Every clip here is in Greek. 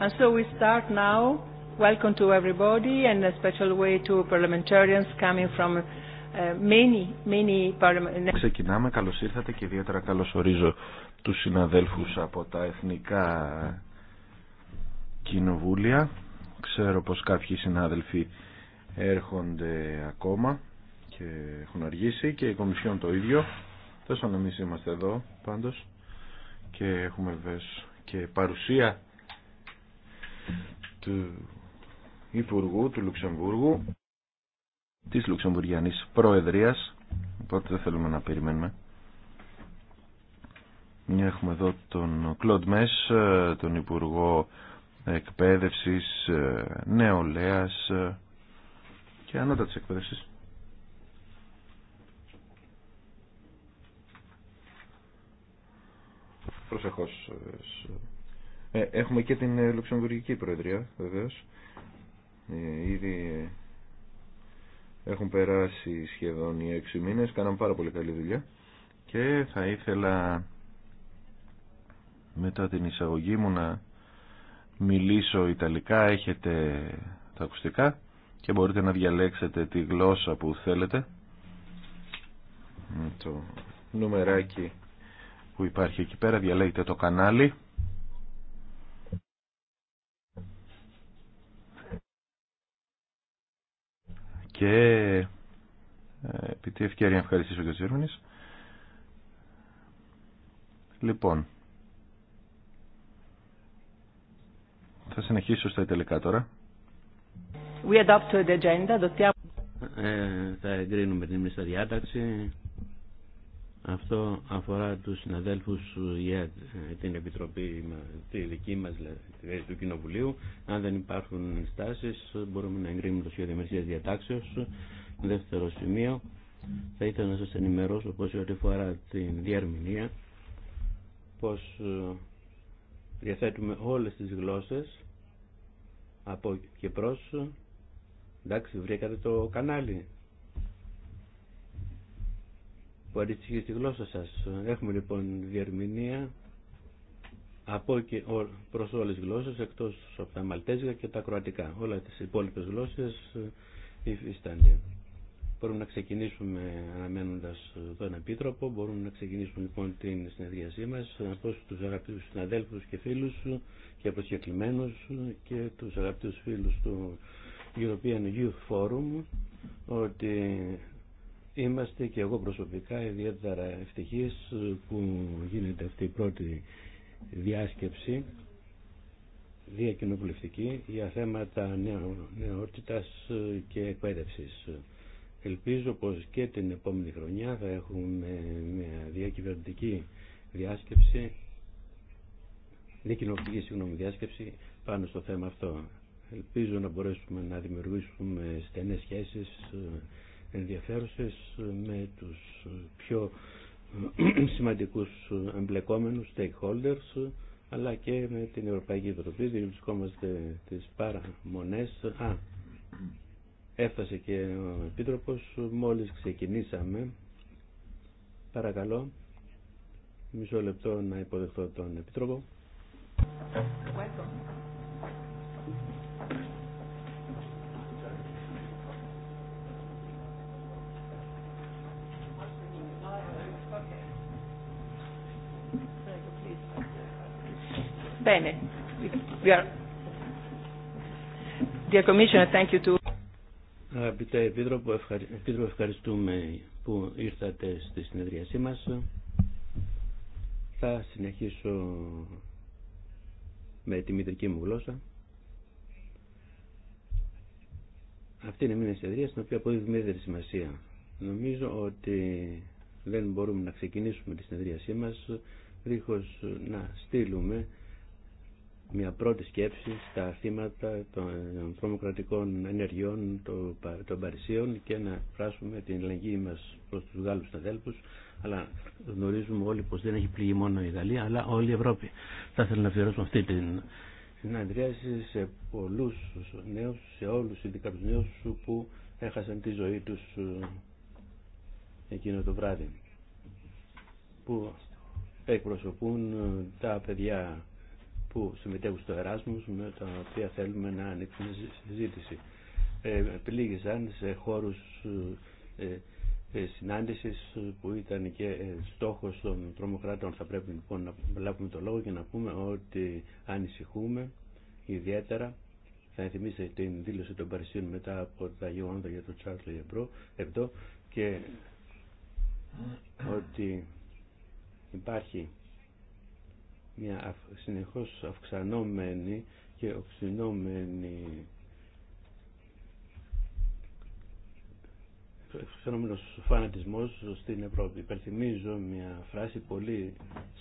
And so we start now. Welcome to everybody and a special way to parliamentarians coming from uh, many, many Ξεκινάμε. Καλώς ήρθατε και ιδιαίτερα καλώς ορίζω τους συναδέλφους από τα εθνικά κοινοβούλια. Ξέρω πως κάποιοι συνάδελφοι έρχονται ακόμα και έχουν αργήσει και η Κομισιόν το ίδιο. Τόσο εμείς είμαστε εδώ πάντως και έχουμε βέβαια και παρουσία του Υπουργού του Λουξεμβούργου της Λουξεμβουργιανής Προεδρίας οπότε δεν θέλουμε να περιμένουμε έχουμε εδώ τον Κλοντ Μες ε, τον Υπουργό Εκπαίδευσης ε, Νεολαίας ε, και της Εκπαίδευσης προσεχώς ε, έχουμε και την ε, Λουξεμβουργική Προεδρία, βεβαίως. Ε, ήδη έχουν περάσει σχεδόν οι έξι μήνες, κάναμε πάρα πολύ καλή δουλειά και θα ήθελα μετά την εισαγωγή μου να μιλήσω Ιταλικά, έχετε τα ακουστικά και μπορείτε να διαλέξετε τη γλώσσα που θέλετε. Το νούμεράκι που υπάρχει εκεί πέρα, διαλέγετε το κανάλι. και ε, επί τη ευκαιρία ευχαριστήσω και τους Λοιπόν, θα συνεχίσω στα Ιταλικά τώρα. We adopt the agenda. Ε, θα εγκρίνουμε την μισθοδιάταξη. Αυτό αφορά τους συναδέλφους για ε, την Επιτροπή τη δική μας, δηλαδή, του Κοινοβουλίου. Αν δεν υπάρχουν στάσεις, μπορούμε να εγκρίνουμε το σχέδιο μερικές διατάξεως. Δεύτερο σημείο, θα ήθελα να σας ενημερώσω πως ό,τι αφορά την διαρμηνία, πως ε, διαθέτουμε όλες τις γλώσσες από και προς. Εντάξει, βρήκατε το κανάλι που αντιστοιχεί στη γλώσσα σας. Έχουμε λοιπόν διερμηνία από και προς όλες τις γλώσσες εκτός από τα μαλτέζικα και τα κροατικά. Όλα τις υπόλοιπες γλώσσες ε, υφίστανται. Μπορούμε να ξεκινήσουμε αναμένοντας τον Επίτροπο. Μπορούμε να ξεκινήσουμε λοιπόν την συνεδρίασή μας από τους αγαπητούς συναδέλφους και φίλου και προσκεκλημένους και του αγαπητούς φίλου του European Youth Forum ότι Είμαστε και εγώ προσωπικά ιδιαίτερα ευτυχής που γίνεται αυτή η πρώτη διάσκεψη διακοινοβουλευτική για θέματα νεότητας και εκπαίδευσης. Ελπίζω πως και την επόμενη χρονιά θα έχουμε μια διακυβερνητική διάσκεψη διακοινοβουλευτική συγγνώμη διάσκεψη πάνω στο θέμα αυτό. Ελπίζω να μπορέσουμε να δημιουργήσουμε στενές σχέσεις ενδιαφέρουσες με τους πιο σημαντικούς εμπλεκόμενους stakeholders αλλά και με την Ευρωπαϊκή Επιτροπή διότι βρισκόμαστε τις παραμονές Α, έφτασε και ο Επίτροπος μόλις ξεκινήσαμε παρακαλώ μισό λεπτό να υποδεχτώ τον Επίτροπο Bene. We are... Dear Commissioner, thank you Αγαπητέ Επίτροπο, ευχαριστούμε που ήρθατε στη συνεδρίασή μας. Θα συνεχίσω με τη μητρική μου γλώσσα. Αυτή είναι μια συνεδρία στην οποία αποδίδει ιδιαίτερη σημασία. Νομίζω ότι δεν μπορούμε να ξεκινήσουμε τη συνεδρίασή μας δίχως να στείλουμε μια πρώτη σκέψη στα θύματα των τρομοκρατικών ενεργειών των Παρισίων και να φράσουμε την ελεγγύη μας προς τους Γάλλους αδέλφους. αλλά γνωρίζουμε όλοι πως δεν έχει πληγεί μόνο η Γαλλία αλλά όλη η Ευρώπη. Θα ήθελα να αφιερώσουμε αυτή την συναντρίαση σε πολλούς νέους, σε όλους ειδικά τους νέους που έχασαν τη ζωή τους ε, εκείνο το βράδυ που εκπροσωπούν ε, τα παιδιά που συμμετέχουν στο Εράσμους με τα οποία θέλουμε να ανοίξουμε συζήτηση. Ε, πλήγησαν σε χώρους ε, ε, συνάντησης που ήταν και ε, στόχος των τρομοκράτων. Θα πρέπει λοιπόν να λάβουμε το λόγο και να πούμε ότι ανησυχούμε ιδιαίτερα. Θα θυμίσετε την δήλωση των Παρισίων μετά από τα γεγονότα για τον Τσάρλι Εμπρό και ότι υπάρχει μια συνεχώς αυξανόμενη και οξυνόμενη φαινόμενος φανατισμός στην Ευρώπη. Υπερθυμίζω μια φράση πολύ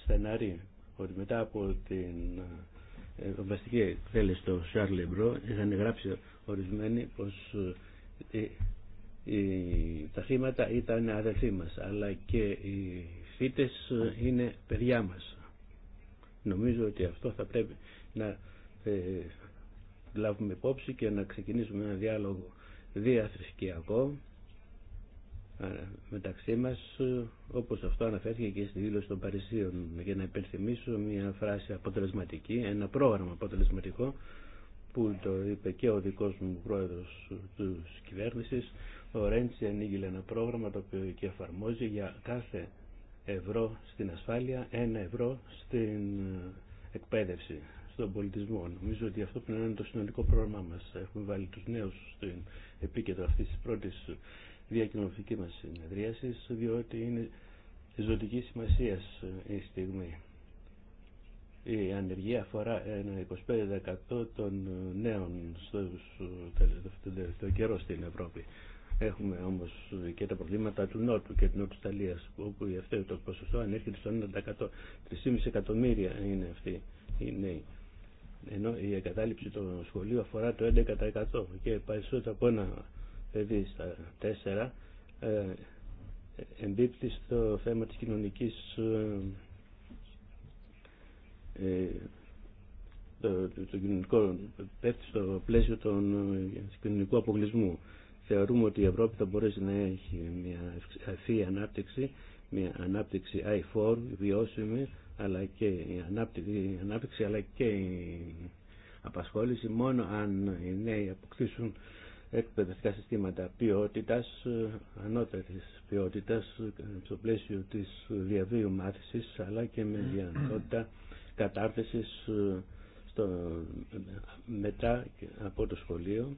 στεναρή ότι μετά από την ε, βασική εκτέλεση στο Σάρλ Εμπρό είχαν γράψει ορισμένοι πως ε, τα θύματα ήταν αδελφοί μας αλλά και οι θύτες είναι παιδιά μας Νομίζω ότι αυτό θα πρέπει να ε, λάβουμε υπόψη και να ξεκινήσουμε ένα διάλογο διαθρησκιακό μεταξύ μας όπως αυτό αναφέρθηκε και στη δήλωση των Παρισίων για να υπενθυμίσω μια φράση αποτελεσματική, ένα πρόγραμμα αποτελεσματικό που το είπε και ο δικός μου πρόεδρος της κυβέρνησης ο Ρέντσι ανήγγειλε ένα πρόγραμμα το οποίο και εφαρμόζει για κάθε ευρώ στην ασφάλεια, ένα ευρώ στην εκπαίδευση, στον πολιτισμό. Νομίζω ότι αυτό πρέπει να είναι το συνολικό πρόγραμμά μας. Έχουμε βάλει του νέου στην επίκεντρο αυτή της πρώτης διακοινωνική μας συνεδρίασης, διότι είναι ζωτική σημασία η στιγμή. Η ανεργία αφορά ένα 25% των νέων στο τελευταίο καιρό στην Ευρώπη. Έχουμε όμω και τα προβλήματα του Νότου και του Νότου Ιταλία, όπου η αυτή το ποσοστό ανέρχεται στο 90%. 3,5 εκατομμύρια είναι αυτοί οι νέοι. Ενώ η εγκατάλειψη των σχολείων αφορά το 11% και περισσότερο από ένα παιδί στα 4 ε, εμπίπτει στο θέμα της κοινωνικής ε, ε το, το, κοινωνικό πέφτει στο πλαίσιο των ε, κοινωνικού αποκλεισμού θεωρούμε ότι η Ευρώπη θα μπορέσει να έχει μια ευφύ ανάπτυξη, μια ανάπτυξη i4, βιώσιμη, αλλά και η ανάπτυξη, αλλά και η απασχόληση μόνο αν οι νέοι αποκτήσουν εκπαιδευτικά συστήματα ποιότητας, ανώτερης ποιότητας στο πλαίσιο της διαβίου μάθησης αλλά και με δυνατότητα κατάρτισης ε, στο, ε, μετά από το σχολείο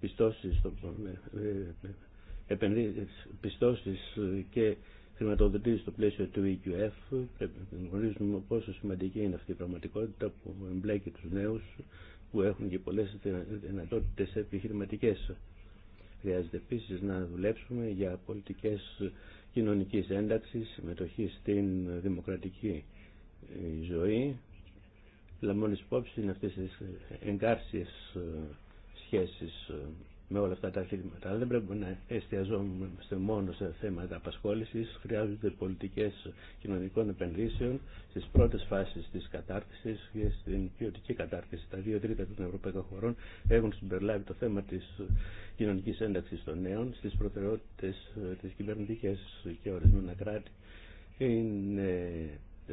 πιστώσεις, ε, ε, ε, πιστώσεις και χρηματοδοτήσεις στο πλαίσιο του EQF. γνωρίζουμε πόσο σημαντική είναι αυτή η πραγματικότητα που εμπλέκει τους νέους που έχουν και πολλές δυνατότητες επιχειρηματικές. Χρειάζεται επίση να δουλέψουμε για πολιτικές κοινωνικής ένταξης, συμμετοχή στην δημοκρατική ζωή. Λαμβάνεις υπόψη είναι αυτές τις εγκάρσεις σχέσεις ε, με όλα αυτά τα θύματα. Αλλά δεν πρέπει να εστιαζόμαστε μόνο σε θέματα απασχόλησης. Χρειάζονται πολιτικές κοινωνικών επενδύσεων στις πρώτες φάσεις της κατάρτισης και στην ποιοτική κατάρτιση. Τα δύο τρίτα των ευρωπαϊκών χωρών έχουν συμπεριλάβει το θέμα της κοινωνικής ένταξης των νέων στις προτεραιότητες ε, της κυβερνητικές και ορισμένα κράτη. Είναι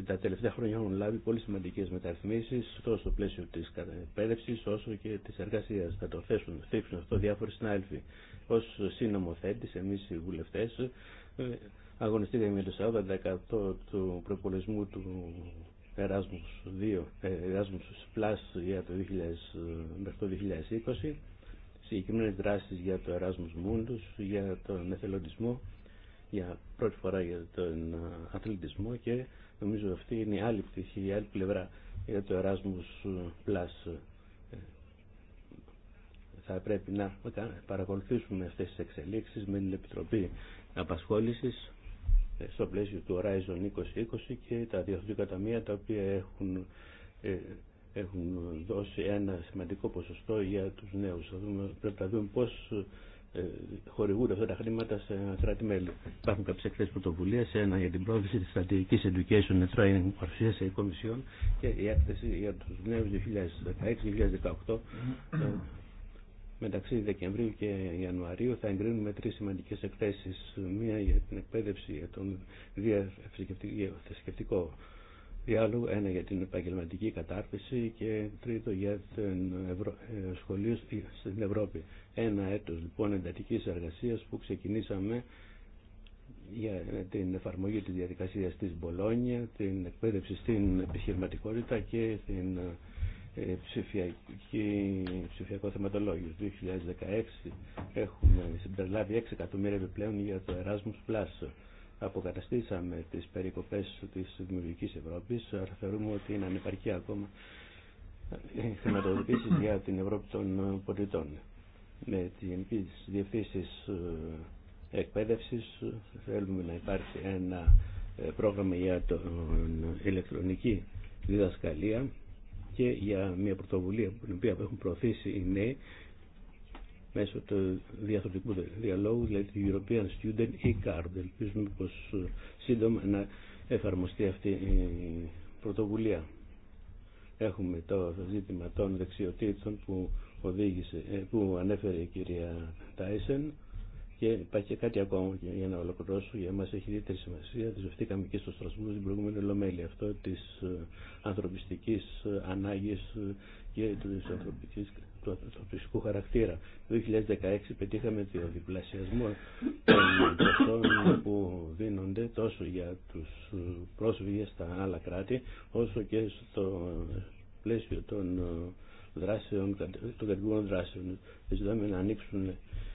τα τελευταία χρόνια έχουν λάβει πολύ σημαντικέ μεταρρυθμίσει τόσο στο πλαίσιο τη εκπαίδευση όσο και τη εργασία. Θα το θέσουν, θίξουν αυτό διάφοροι συνάδελφοι. Ω συνομοθέτη, εμεί οι βουλευτέ, ε, αγωνιστήκαμε για το 40% του προπολισμού του Erasmus, 2, ε, Erasmus Plus για το 2000, 2020, συγκεκριμένε δράσει για το Erasmus Mundus, για τον εθελοντισμό, για πρώτη φορά για τον αθλητισμό και Νομίζω αυτή είναι η άλλη πτυχή, η άλλη πλευρά για το Erasmus Plus. Ε, θα πρέπει να παρακολουθήσουμε αυτές τις εξελίξεις με την Επιτροπή Απασχόλησης ε, στο πλαίσιο του Horizon 2020 και τα διευθυντικά ταμεία τα οποία έχουν, ε, έχουν δώσει ένα σημαντικό ποσοστό για τους νέους. Θα δούμε, πρέπει να δούμε πώς ε, χορηγούνται αυτά τα χρήματα σε κράτη-μέλη. Υπάρχουν κάποιε εκθέσει πρωτοβουλία, ένα για την πρόθεση τη στρατηγική education and training που παρουσίασε η Κομισιόν και η έκθεση για του νέου 2016-2018. Μεταξύ Δεκεμβρίου και Ιανουαρίου θα εγκρίνουμε τρει σημαντικέ εκθέσει. Μία για την εκπαίδευση, για τον θρησκευτικό διάλογο, ένα για την επαγγελματική κατάρτιση και τρίτο για την Ευρω... Ε, σχολείο ε, στην Ευρώπη. Ένα έτος λοιπόν εντατικής εργασίας που ξεκινήσαμε για την εφαρμογή της διαδικασίας της Μπολόνια, την εκπαίδευση στην επιχειρηματικότητα και την ε, ψηφιακή, ψηφιακό θεματολόγιο. Το 2016 έχουμε συμπεριλάβει 6 εκατομμύρια επιπλέον για το Erasmus αποκαταστήσαμε τις περικοπές της δημιουργικής Ευρώπης, αλλά θεωρούμε ότι είναι ανεπαρκή ακόμα χρηματοδοτήσεις για την Ευρώπη των πολιτών. Με τις διευθύνσεις ε, εκπαίδευσης θέλουμε να υπάρξει ένα ε, πρόγραμμα για την ηλεκτρονική διδασκαλία και για μια πρωτοβουλία που έχουν προωθήσει οι νέοι μέσω του διαθροτικού διαλόγου, δηλαδή του European Student e-Card. Ελπίζουμε πως ε, σύντομα να εφαρμοστεί αυτή η πρωτοβουλία. Έχουμε το ζήτημα των δεξιοτήτων που, οδήγησε, ε, που ανέφερε η κυρία Τάισεν και υπάρχει και κάτι ακόμα για να ολοκληρώσω. Για μας έχει ιδιαίτερη σημασία. Δεσμευτήκαμε και στο Στρασβούργο την προηγούμενη Ολομέλεια αυτό της ε, ανθρωπιστικής ανάγκης και της ανθρωπιστικής του φυσικού χαρακτήρα. Το 2016 πετύχαμε το διπλασιασμό των ποσών που δίνονται τόσο για τους πρόσφυγες στα άλλα κράτη όσο και στο πλαίσιο των δράσεων, των δράσεων. Ζητάμε να ανοίξουν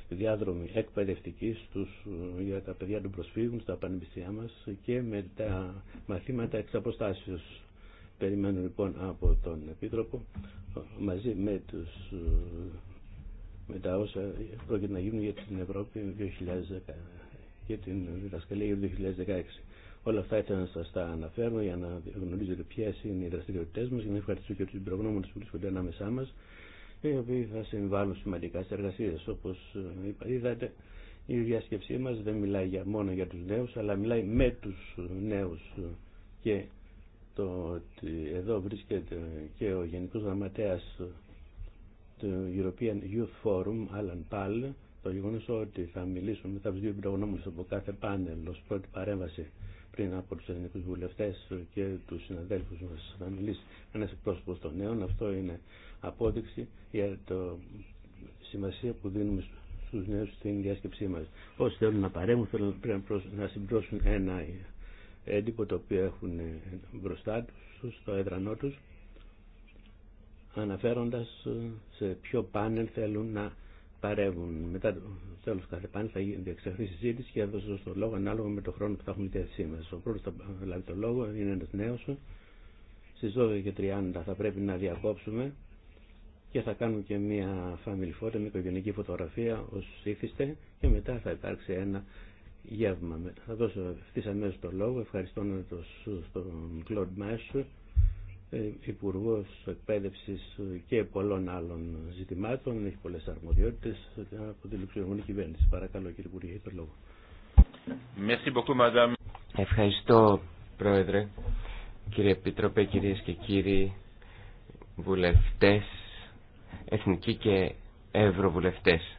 διάδρομοι εκπαιδευτικοί τους, για τα παιδιά των προσφύγων στα πανεπιστήμια μας και με τα μαθήματα εξ Περιμένω λοιπόν από τον Επίτροπο μαζί με, τους, με τα όσα πρόκειται να γίνουν για την Ευρώπη 2010 και την διδασκαλία για το 2016. Όλα αυτά ήθελα να σα τα αναφέρω για να γνωρίζετε ποιε είναι οι δραστηριότητέ μα, και να ευχαριστήσω και του προγνώμονε που βρίσκονται ανάμεσά μα, οι οποίοι θα συμβάλλουν σημαντικά σε εργασίε. Όπω ε, είδατε, η διάσκεψή μα δεν μιλάει μόνο για του νέου, αλλά μιλάει με του νέου και το ότι εδώ βρίσκεται και ο Γενικός Γραμματέας του European Youth Forum, Alan Pal, το γεγονό ότι θα μιλήσουμε μετά από του δύο εμπειρογνώμονε από κάθε πάνελ ω πρώτη παρέμβαση πριν από του ελληνικού βουλευτέ και του συναδέλφου μα θα μιλήσει ένα εκπρόσωπο των νέων. Αυτό είναι απόδειξη για το σημασία που δίνουμε στου νέου στην διάσκεψή μα. Όσοι θέλουν να παρέμβουν, θέλουν να συμπληρώσουν ένα έντυπο το οποίο έχουν μπροστά τους, στο έδρανό τους, αναφέροντας ε, σε ποιο πάνελ θέλουν να παρεύουν. Μετά το τέλος κάθε πάνελ θα διεξαχθεί συζήτηση και θα δώσω στο λόγο ανάλογα με το χρόνο που θα έχουμε διαθεσή μας. Ο πρώτος θα λάβει το λόγο, είναι ένας νέος. Στις 12.30 θα πρέπει να διακόψουμε και θα κάνουμε και μια family photo, μια οικογενική φωτογραφία όσους ήθιστε και μετά θα υπάρξει ένα γεύμα. Θα δώσω αυτή αμέσω το λόγο, Ευχαριστώ τον Κλοντ Μάσου, ε, Υπουργό Εκπαίδευση και πολλών άλλων ζητημάτων. Έχει πολλέ αρμοδιότητε από τη Λουξεμβουργική κυβέρνηση. Παρακαλώ, κύριε Υπουργέ, το λόγο. Ευχαριστώ, Πρόεδρε, κύριε Επίτροπε, κυρίε και κύριοι βουλευτέ, εθνικοί και ευρωβουλευτές.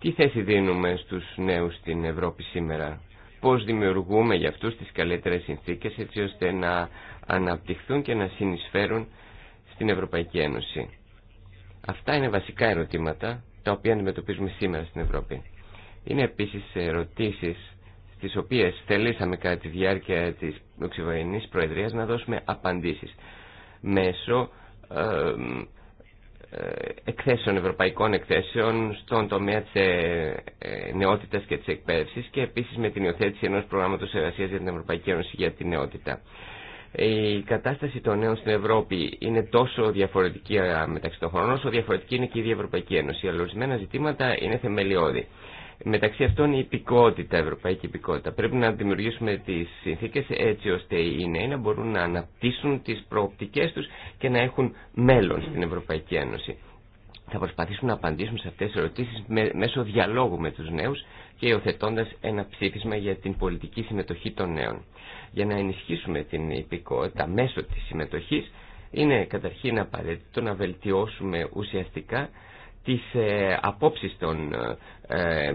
Τι θέση δίνουμε στους νέους στην Ευρώπη σήμερα. Πώς δημιουργούμε για αυτούς τις καλύτερες συνθήκες έτσι ώστε να αναπτυχθούν και να συνεισφέρουν στην Ευρωπαϊκή Ένωση. Αυτά είναι βασικά ερωτήματα τα οποία αντιμετωπίζουμε σήμερα στην Ευρώπη. Είναι επίσης ερωτήσεις στις οποίες θελήσαμε κατά τη διάρκεια της Λουξιβοϊνής προεδρίας να δώσουμε απαντήσεις μέσω ε, εκθέσεων, ευρωπαϊκών εκθέσεων στον τομέα της ε, ε, νεότητας και της εκπαίδευσης και επίσης με την υιοθέτηση ενός προγράμματος εργασίας για την Ευρωπαϊκή Ένωση για την νεότητα. Η κατάσταση των νέων στην Ευρώπη είναι τόσο διαφορετική ε, μεταξύ των χωρών όσο διαφορετική είναι και η ίδια Ευρωπαϊκή Ένωση. Αλλά ορισμένα ζητήματα είναι θεμελιώδη. Μεταξύ αυτών η υπηκότητα, η ευρωπαϊκή υπηκότητα. Πρέπει να δημιουργήσουμε τις συνθήκες έτσι ώστε οι νέοι να μπορούν να αναπτύσσουν τις προοπτικές τους και να έχουν μέλλον στην Ευρωπαϊκή Ένωση. Θα προσπαθήσουμε να απαντήσουμε σε αυτές τις ερωτήσεις μέσω διαλόγου με τους νέους και υιοθετώντα ένα ψήφισμα για την πολιτική συμμετοχή των νέων. Για να ενισχύσουμε την υπηκότητα μέσω της συμμετοχής είναι καταρχήν απαραίτητο να βελτιώσουμε ουσιαστικά τις ε, απόψεις ε, ε,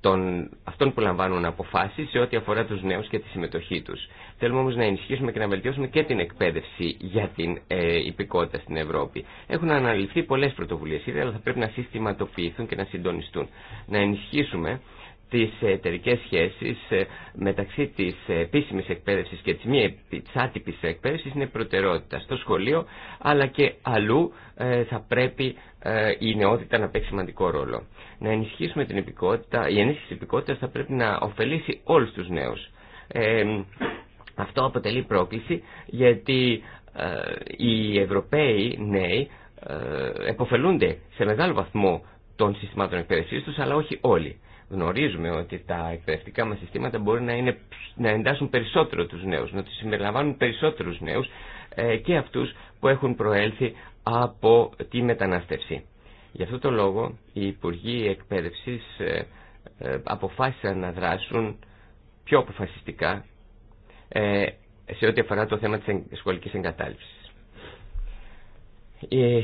των, αυτών που λαμβάνουν αποφάσεις σε ό,τι αφορά τους νέους και τη συμμετοχή τους. Θέλουμε όμως να ενισχύσουμε και να βελτιώσουμε και την εκπαίδευση για την ε, υπηκότητα στην Ευρώπη. Έχουν αναλυθεί πολλές πρωτοβουλίες αλλά θα πρέπει να συστηματοποιηθούν και να συντονιστούν. Να ενισχύσουμε τις εταιρικέ σχέσεις ε, μεταξύ της επίσημης εκπαίδευσης και της μη άτυπης εκπαίδευσης είναι προτεραιότητα στο σχολείο αλλά και αλλού ε, θα πρέπει ε, η νεότητα να παίξει σημαντικό ρόλο. Να ενισχύσουμε την επικότητα η ενίσχυση της επικότητας θα πρέπει να ωφελήσει όλους τους νέους. αυτό αποτελεί πρόκληση γιατί οι Ευρωπαίοι νέοι εποφελούνται σε μεγάλο βαθμό των συστημάτων εκπαίδευσής τους αλλά όχι όλοι. Γνωρίζουμε ότι τα εκπαιδευτικά μας συστήματα μπορεί να, είναι, να εντάσσουν περισσότερο τους νέους, να τους συμπεριλαμβάνουν περισσότερους νέους ε, και αυτούς που έχουν προέλθει από τη μετανάστευση. Γι' αυτό το λόγο οι Υπουργοί Εκπαίδευσης ε, ε αποφάσισαν να δράσουν πιο αποφασιστικά ε, σε ό,τι αφορά το θέμα της σχολικής εγκατάλειψης.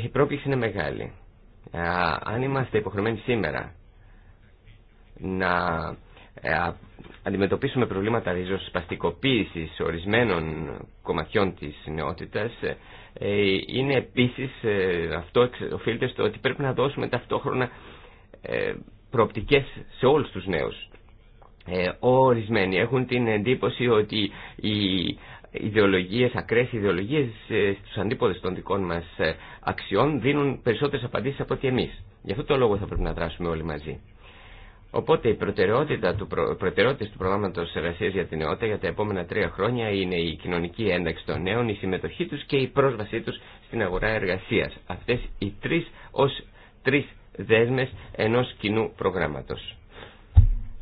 Η πρόκληση είναι μεγάλη. Αν είμαστε υποχρεωμένοι σήμερα να ε, αντιμετωπίσουμε προβλήματα ριζοσπαστικοποίησης ορισμένων κομματιών της νεότητας ε, ε, είναι επίσης αυτό οφείλεται στο ότι πρέπει να δώσουμε ταυτόχρονα προοπτικές σε όλους τους νέους. Ορισμένοι έχουν την εντύπωση ότι οι ιδεολογίες, ακραίες ιδεολογίες στους αντίποδες των δικών μας αξιών δίνουν περισσότερες απαντήσεις από ότι εμείς. Γι' αυτό το λόγο θα πρέπει να δράσουμε όλοι μαζί. Οπότε η προτεραιότητα του, προ... προτεραιότητες του προγράμματος Εργασία για την νεότητα για τα επόμενα τρία χρόνια είναι η κοινωνική ένταξη των νέων, η συμμετοχή τους και η πρόσβασή τους στην αγορά εργασίας. Αυτές οι τρεις ως τρεις δέσμες ενός κοινού προγράμματος.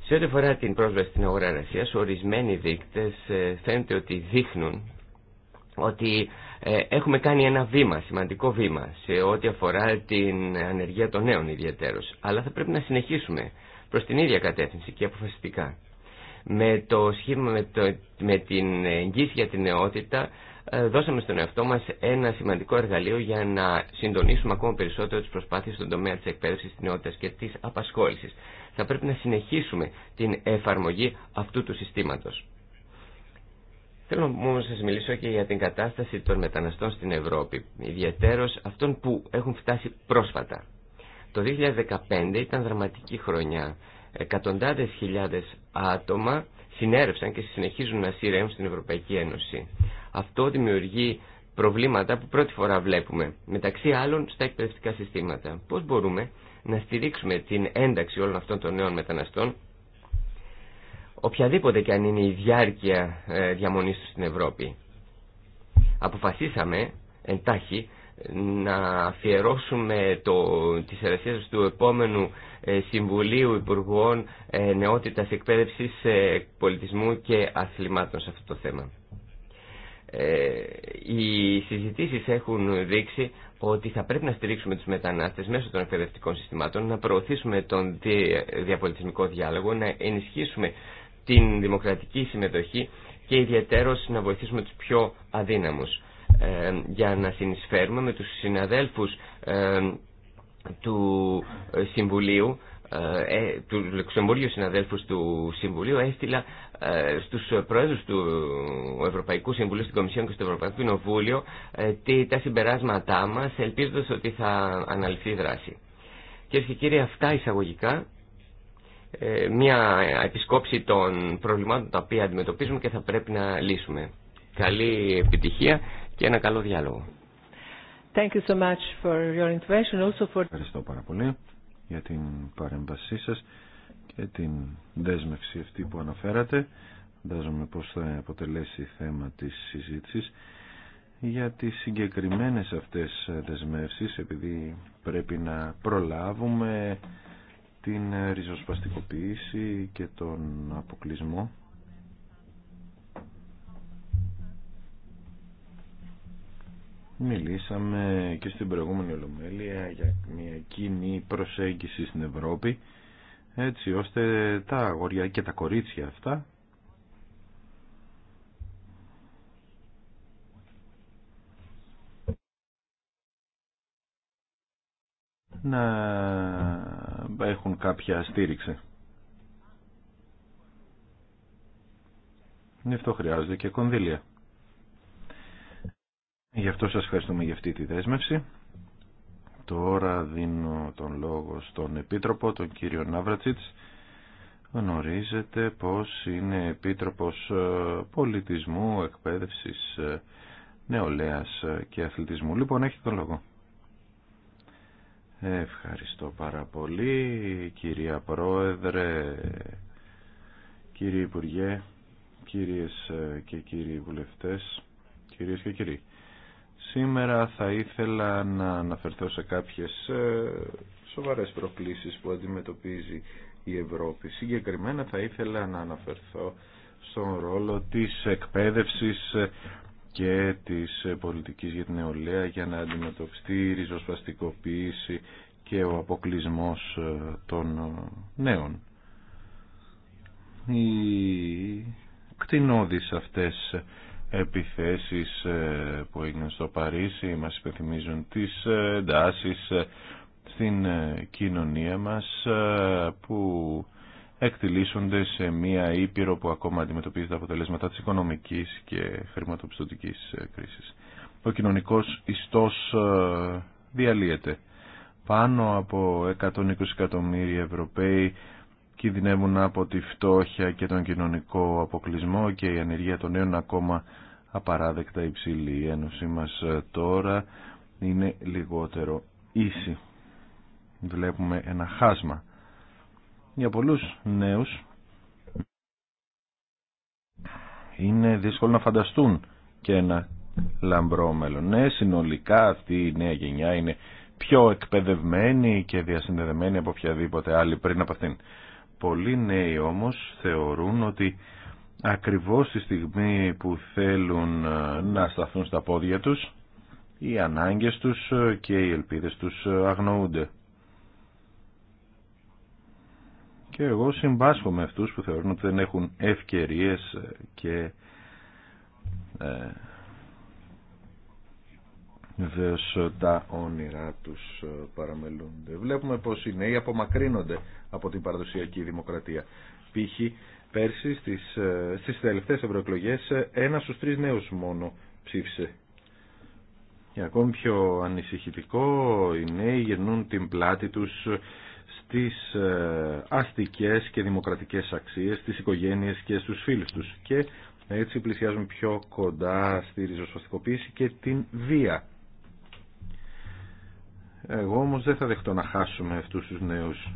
Σε ό,τι αφορά την πρόσβαση στην αγορά εργασία, ορισμένοι δείκτε ε, φαίνεται ότι δείχνουν ότι ε, έχουμε κάνει ένα βήμα, σημαντικό βήμα, σε ό,τι αφορά την ανεργία των νέων ιδιαίτερως. Αλλά θα πρέπει να συνεχίσουμε Προ την ίδια κατεύθυνση και αποφασιστικά. Με το σχήμα, με, το, με την εγγύηση για την νεότητα, ε, δώσαμε στον εαυτό μας ένα σημαντικό εργαλείο για να συντονίσουμε ακόμα περισσότερο τις προσπάθειες στον τομέα της εκπαίδευση της νεότητας και της απασχόλησης. Θα πρέπει να συνεχίσουμε την εφαρμογή αυτού του συστήματος. Θέλω όμω να σα μιλήσω και για την κατάσταση των μεταναστών στην Ευρώπη, ιδιαίτερω αυτών που έχουν φτάσει πρόσφατα το 2015 ήταν δραματική χρονιά. Εκατοντάδες χιλιάδες άτομα συνέρευσαν και συνεχίζουν να σειραίνουν στην Ευρωπαϊκή Ένωση. Αυτό δημιουργεί προβλήματα που πρώτη φορά βλέπουμε, μεταξύ άλλων στα εκπαιδευτικά συστήματα. Πώς μπορούμε να στηρίξουμε την ένταξη όλων αυτών των νέων μεταναστών, οποιαδήποτε και αν είναι η διάρκεια ε, διαμονής του στην Ευρώπη. Αποφασίσαμε εντάχει να αφιερώσουμε το, τις του επόμενου ε, Συμβουλίου Υπουργών ε, Νεότητας Εκπαίδευσης ε, Πολιτισμού και Αθλημάτων σε αυτό το θέμα. οι συζητήσεις έχουν δείξει ότι θα πρέπει να στηρίξουμε τους μετανάστες μέσω των εκπαιδευτικών συστημάτων, να προωθήσουμε τον διαπολιτισμικό διάλογο, να ενισχύσουμε την δημοκρατική συμμετοχή και ιδιαίτερως να βοηθήσουμε τους πιο αδύναμους για να συνεισφέρουμε με τους συναδέλφους του Συμβουλίου ε, ε, του Λεξεμβούργιου συναδέλφους του Συμβουλίου έστειλα ε, στους πρόεδρους του Ευρωπαϊκού Συμβουλίου στην Κομισιόν και στο Ευρωπαϊκό Κοινοβούλιο ε, τι, τα συμπεράσματά μας ελπίζοντας ότι θα αναλυθεί η δράση. Κυρίε και κύριοι αυτά εισαγωγικά ε, μια επισκόψη των προβλημάτων τα οποία αντιμετωπίζουμε και θα πρέπει να λύσουμε. Καλή επιτυχία και ένα καλό διάλογο. Thank you so much for your Ευχαριστώ πάρα πολύ για την παρέμβασή σας και την δέσμευση αυτή που αναφέρατε. Φαντάζομαι πως θα αποτελέσει θέμα της συζήτησης για τις συγκεκριμένες αυτές δεσμεύσεις επειδή πρέπει να προλάβουμε την ριζοσπαστικοποίηση και τον αποκλεισμό Μιλήσαμε και στην προηγούμενη Ολομέλεια για μια κοινή προσέγγιση στην Ευρώπη έτσι ώστε τα αγόρια και τα κορίτσια αυτά να έχουν κάποια στήριξη. Γι' αυτό και κονδύλια. Γι' αυτό σας ευχαριστούμε για αυτή τη δέσμευση. Τώρα δίνω τον λόγο στον Επίτροπο, τον κύριο Ναύρατσιτς. Γνωρίζετε πως είναι Επίτροπος ε, Πολιτισμού, Εκπαίδευσης, ε, Νεολαίας και Αθλητισμού. Λοιπόν, έχετε τον λόγο. Ευχαριστώ πάρα πολύ, κυρία Πρόεδρε, κύριε Υπουργέ, κυρίες ε, και κύριοι βουλευτές, κυρίες και κύριοι. Σήμερα θα ήθελα να αναφερθώ σε κάποιες ε, σοβαρές προκλήσεις που αντιμετωπίζει η Ευρώπη. Συγκεκριμένα θα ήθελα να αναφερθώ στον ρόλο της εκπαίδευσης και της πολιτικής για την νεολαία για να αντιμετωπιστεί η ριζοσπαστικοποίηση και ο αποκλεισμός ε, των ε, νέων. Οι κτηνώδεις αυτές επιθέσεις ε, που έγιναν στο Παρίσι μας υπενθυμίζουν τις ε, εντάσεις ε, στην κοινωνία μας που εκτιλήσονται σε μία ήπειρο που ακόμα αντιμετωπίζει τα αποτελέσματα της οικονομικής και χρηματοπιστωτικής κρίσης. Ο κοινωνικός ιστός διαλύεται. Πάνω από 120 εκατομμύρια Ευρωπαίοι κινδυνεύουν από τη φτώχεια και τον κοινωνικό αποκλεισμό και η ανεργία των νέων ακόμα απαράδεκτα υψηλή. Η ένωση μας ε, τώρα είναι λιγότερο ίση. Βλέπουμε ένα χάσμα. Για πολλούς νέους είναι δύσκολο να φανταστούν και ένα λαμπρό μέλλον. Ναι, συνολικά αυτή η νέα γενιά είναι πιο εκπαιδευμένη και διασυνδεδεμένη από οποιαδήποτε άλλη πριν από αυτήν. Πολλοί νέοι όμως θεωρούν ότι ακριβώς τη στιγμή που θέλουν ε, να σταθούν στα πόδια τους, οι ανάγκες τους ε, και οι ελπίδες τους ε, αγνοούνται. Και εγώ συμπάσχω με αυτούς που θεωρούν ότι δεν έχουν ευκαιρίες και Βεβαίω ε, τα όνειρά τους ε, παραμελούνται. Βλέπουμε πως οι νέοι απομακρύνονται από την παραδοσιακή δημοκρατία. Π.χ. πέρσι στις, ε, στις τελευταίες ένα στους τρεις νέους μόνο ψήφισε. Και ακόμη πιο ανησυχητικό, οι νέοι γεννούν την πλάτη τους στις αστικές και δημοκρατικές αξίες, στι οικογένειες και στους φίλους τους. Και έτσι πλησιάζουν πιο κοντά στη ριζοσπαστικοποίηση και την βία εγώ όμως δεν θα δεχτώ να χάσουμε αυτούς τους νέους.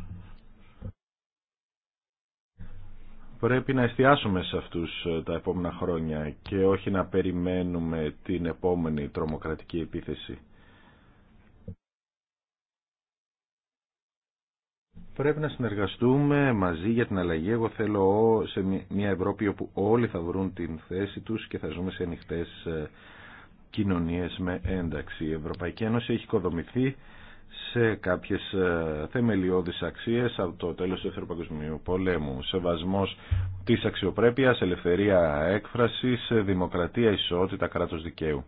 Πρέπει να εστιάσουμε σε αυτούς ε, τα επόμενα χρόνια και όχι να περιμένουμε την επόμενη τρομοκρατική επίθεση. Πρέπει να συνεργαστούμε μαζί για την αλλαγή. Εγώ θέλω σε μια Ευρώπη όπου όλοι θα βρουν την θέση τους και θα ζούμε σε ανοιχτές ε, κοινωνίες με ένταξη. Η Ευρωπαϊκή Ένωση έχει οικοδομηθεί σε κάποιες ε, θεμελιώδεις αξίες από το τέλος του Δεύτερου Παγκοσμίου Πολέμου. Σεβασμός της αξιοπρέπειας, ελευθερία έκφρασης, δημοκρατία, ισότητα, κράτος δικαίου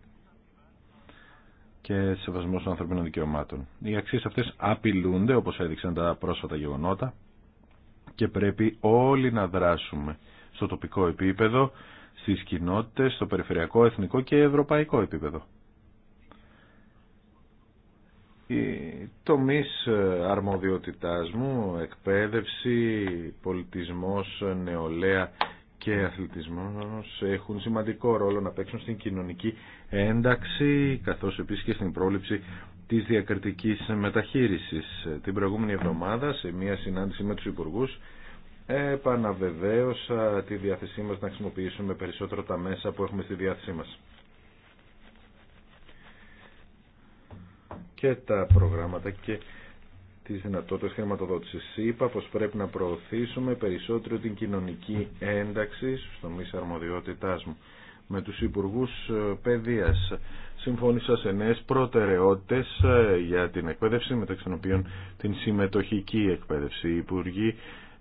και σεβασμός των ανθρωπίνων δικαιωμάτων. Οι αξίες αυτές απειλούνται, όπως έδειξαν τα πρόσφατα γεγονότα, και πρέπει όλοι να δράσουμε στο τοπικό επίπεδο, στις κοινότητες, στο περιφερειακό, εθνικό και ευρωπαϊκό επίπεδο οι τομείς ε, αρμοδιότητάς μου, εκπαίδευση, πολιτισμός, νεολαία και αθλητισμός έχουν σημαντικό ρόλο να παίξουν στην κοινωνική ένταξη καθώς επίσης και στην πρόληψη της διακριτικής μεταχείρισης. Την προηγούμενη εβδομάδα σε μια συνάντηση με τους υπουργούς επαναβεβαίωσα τη διάθεσή μας να χρησιμοποιήσουμε περισσότερο τα μέσα που έχουμε στη διάθεσή μας. και τα προγράμματα και τις δυνατότητες χρηματοδότησης. Είπα πως πρέπει να προωθήσουμε περισσότερο την κοινωνική ένταξη στους τομείς αρμοδιότητάς μου. Με τους Υπουργούς ε, Παιδείας συμφώνησα σε νέες προτεραιότητες ε, για την εκπαίδευση, μεταξύ των οποίων την συμμετοχική εκπαίδευση. Οι Υπουργοί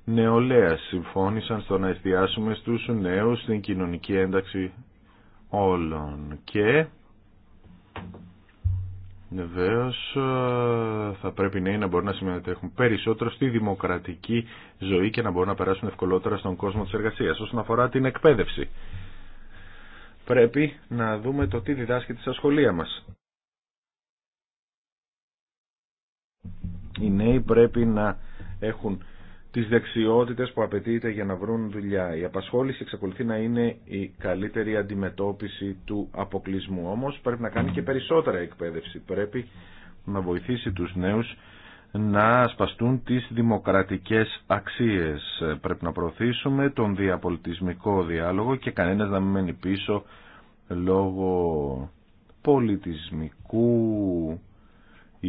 Νεολαία συμφώνησαν στο να εστιάσουμε στους νέους την κοινωνική ένταξη όλων και Βεβαίω ε, θα πρέπει οι νέοι να μπορούν να συμμετέχουν περισσότερο στη δημοκρατική ζωή και να μπορούν να περάσουν ευκολότερα στον κόσμο της εργασίας. Όσον αφορά την εκπαίδευση, πρέπει να δούμε το τι διδάσκεται στα σχολεία μας. Οι νέοι πρέπει να έχουν τις δεξιότητες που απαιτείται για να βρουν δουλειά. Η απασχόληση εξακολουθεί να είναι η καλύτερη αντιμετώπιση του αποκλεισμού. Όμως πρέπει να κάνει και περισσότερα εκπαίδευση. Πρέπει να βοηθήσει τους νέους να ασπαστούν τις δημοκρατικές αξίες. Πρέπει να προωθήσουμε τον διαπολιτισμικό διάλογο και κανένα να μην μένει πίσω λόγω πολιτισμικού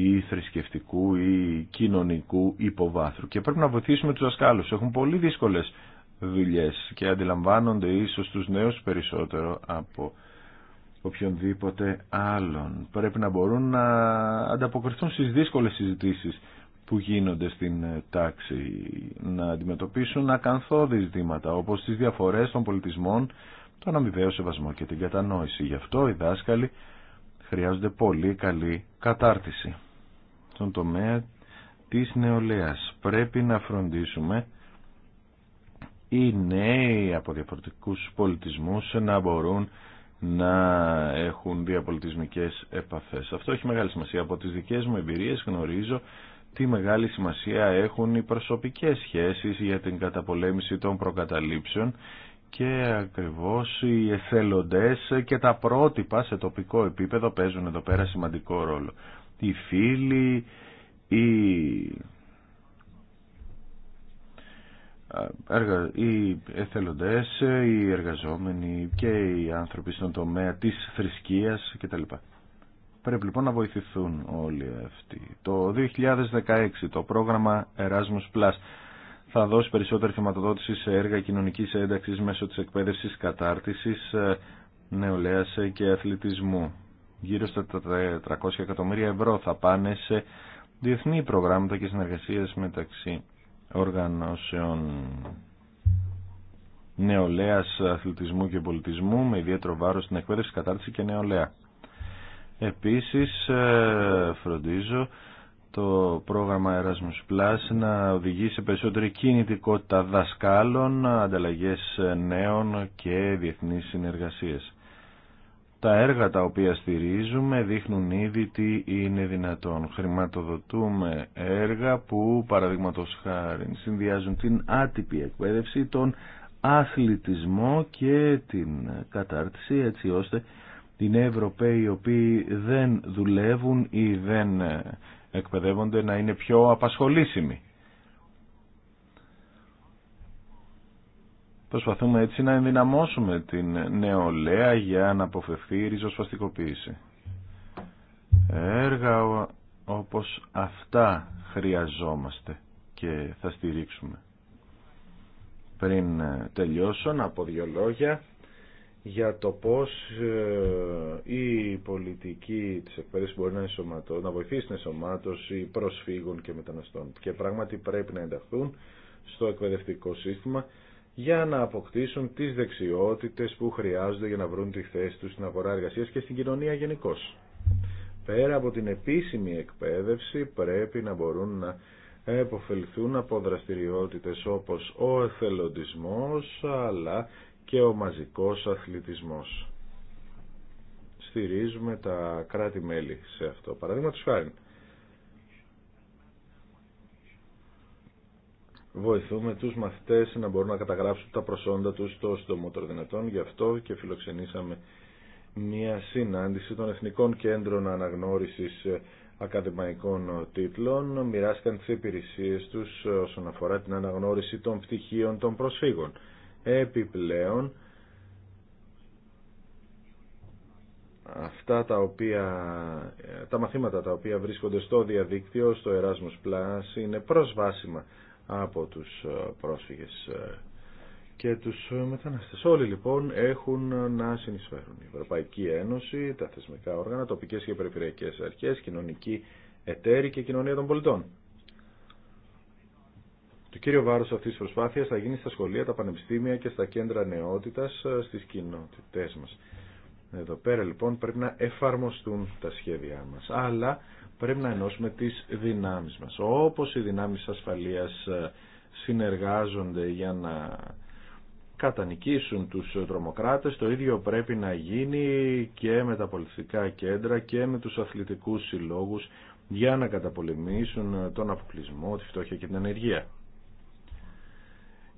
ή θρησκευτικού ή κοινωνικού υποβάθρου. Και πρέπει να βοηθήσουμε τους δασκάλους. Έχουν πολύ δύσκολες δουλειέ και αντιλαμβάνονται ίσως τους νέους περισσότερο από οποιονδήποτε άλλον. Πρέπει να μπορούν να ανταποκριθούν στις δύσκολες συζητήσεις που γίνονται στην τάξη, να αντιμετωπίσουν ακαθόδη ζητήματα όπως τις διαφορές των πολιτισμών, τον αμοιβαίο σεβασμό και την κατανόηση. Γι' αυτό οι δάσκαλοι χρειάζονται πολύ καλή κατάρτιση στον τομέα της νεολαίας. Πρέπει να φροντίσουμε οι νέοι από διαφορετικούς πολιτισμούς να μπορούν να έχουν διαπολιτισμικές επαφές. Αυτό έχει μεγάλη σημασία. Από τις δικές μου εμπειρίες γνωρίζω τι μεγάλη σημασία έχουν οι προσωπικές σχέσεις για την καταπολέμηση των προκαταλήψεων και ακριβώς οι εθελοντές και τα πρότυπα σε τοπικό επίπεδο παίζουν εδώ πέρα σημαντικό ρόλο οι φίλοι, οι, οι εθελοντές, οι εργαζόμενοι και οι άνθρωποι στον τομέα της θρησκείας κτλ. Πρέπει λοιπόν να βοηθηθούν όλοι αυτοί. Το 2016 το πρόγραμμα Erasmus Plus θα δώσει περισσότερη χρηματοδότηση σε έργα κοινωνικής ένταξης μέσω της εκπαίδευσης, κατάρτισης, ε, νεολαίας και αθλητισμού. Γύρω στα 400 εκατομμύρια ευρώ θα πάνε σε διεθνή προγράμματα και συνεργασίες μεταξύ οργανώσεων νεολαίας αθλητισμού και πολιτισμού με ιδιαίτερο βάρος στην εκπαίδευση, κατάρτιση και νεολαία. Επίσης ε, φροντίζω το πρόγραμμα Erasmus Plus να οδηγεί σε περισσότερη κινητικότητα δασκάλων, ανταλλαγές νέων και διεθνείς συνεργασίες. Τα έργα τα οποία στηρίζουμε δείχνουν ήδη τι είναι δυνατόν. Χρηματοδοτούμε έργα που παραδείγματος χάρη συνδυάζουν την άτυπη εκπαίδευση, τον αθλητισμό και την κατάρτιση έτσι ώστε την Ευρωπαίοι οι οποίοι δεν δουλεύουν ή δεν εκπαιδεύονται να είναι πιο απασχολήσιμοι. Προσπαθούμε έτσι να ενδυναμώσουμε την νεολαία για να αποφευθεί η ριζοσπαστικοποίηση. Έργα όπως αυτά χρειαζόμαστε και θα στηρίξουμε. Πριν ε, τελειώσω να πω δύο λόγια για το πώς ε, η πολιτική της εκπαίδευσης μπορεί να, ενσωματώ, να βοηθήσει την ενσωμάτωση προσφύγων και μεταναστών και πράγματι πρέπει να ενταχθούν στο εκπαιδευτικό σύστημα για να αποκτήσουν τις δεξιότητες που χρειάζονται για να βρουν τη θέση τους στην αγορά εργασίας και στην κοινωνία γενικώ. Πέρα από την επίσημη εκπαίδευση πρέπει να μπορούν να εποφελθούν από δραστηριότητες όπως ο εθελοντισμός αλλά και ο μαζικός αθλητισμός. Στηρίζουμε τα κράτη-μέλη σε αυτό. Παραδείγματος χάρη, βοηθούμε τους μαθητές να μπορούν να καταγράψουν τα προσόντα τους στο συντομότερο δυνατόν. Γι' αυτό και φιλοξενήσαμε μια συνάντηση των Εθνικών Κέντρων Αναγνώρισης Ακαδημαϊκών Τίτλων. Μοιράστηκαν τι υπηρεσίε τους όσον αφορά την αναγνώριση των πτυχίων των προσφύγων. Επιπλέον, αυτά τα οποία τα μαθήματα τα οποία βρίσκονται στο διαδίκτυο στο Erasmus Plus είναι προσβάσιμα από τους ε, πρόσφυγες ε, και τους ε, μεταναστές. Όλοι λοιπόν έχουν να συνεισφέρουν. Η Ευρωπαϊκή Ένωση, τα θεσμικά όργανα, τοπικές και περιφερειακές αρχές, κοινωνική εταίροι και κοινωνία των πολιτών. Το κύριο βάρος αυτής της προσπάθειας θα γίνει στα σχολεία, τα πανεπιστήμια και στα κέντρα νεότητας στις κοινότητές μας. Εδώ πέρα λοιπόν πρέπει να εφαρμοστούν τα σχέδιά μας. Αλλά πρέπει να ενώσουμε τις δυνάμεις μας. Όπως οι δυνάμεις ασφαλείας ε, συνεργάζονται για να κατανικήσουν τους τρομοκράτες, το ίδιο πρέπει να γίνει και με τα πολιτικά κέντρα και με τους αθλητικούς συλλόγους για να καταπολεμήσουν τον αποκλεισμό, τη φτώχεια και την ανεργία.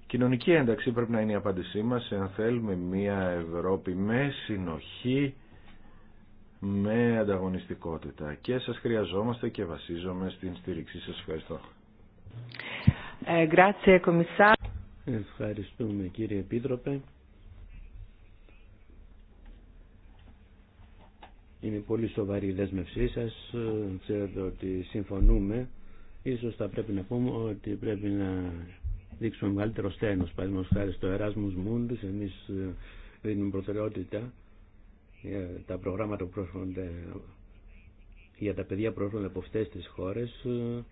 Κοινωνική ένταξη πρέπει να είναι η απάντησή μας εάν θέλουμε μια Ευρώπη με συνοχή με ανταγωνιστικότητα και σας χρειαζόμαστε και βασίζομαι στην στήριξή σας. Ευχαριστώ. Ε, Ευχαριστούμε κύριε Επίτροπε. Είναι πολύ σοβαρή η δέσμευσή σας. Ξέρετε ότι συμφωνούμε. Ίσως θα πρέπει να πούμε ότι πρέπει να δείξουμε μεγαλύτερο στένος. Παραδείγματος χάρη στο Erasmus Mundus εμείς ε, δίνουμε προτεραιότητα τα προγράμματα που για τα παιδιά που από αυτές τις χώρες ε,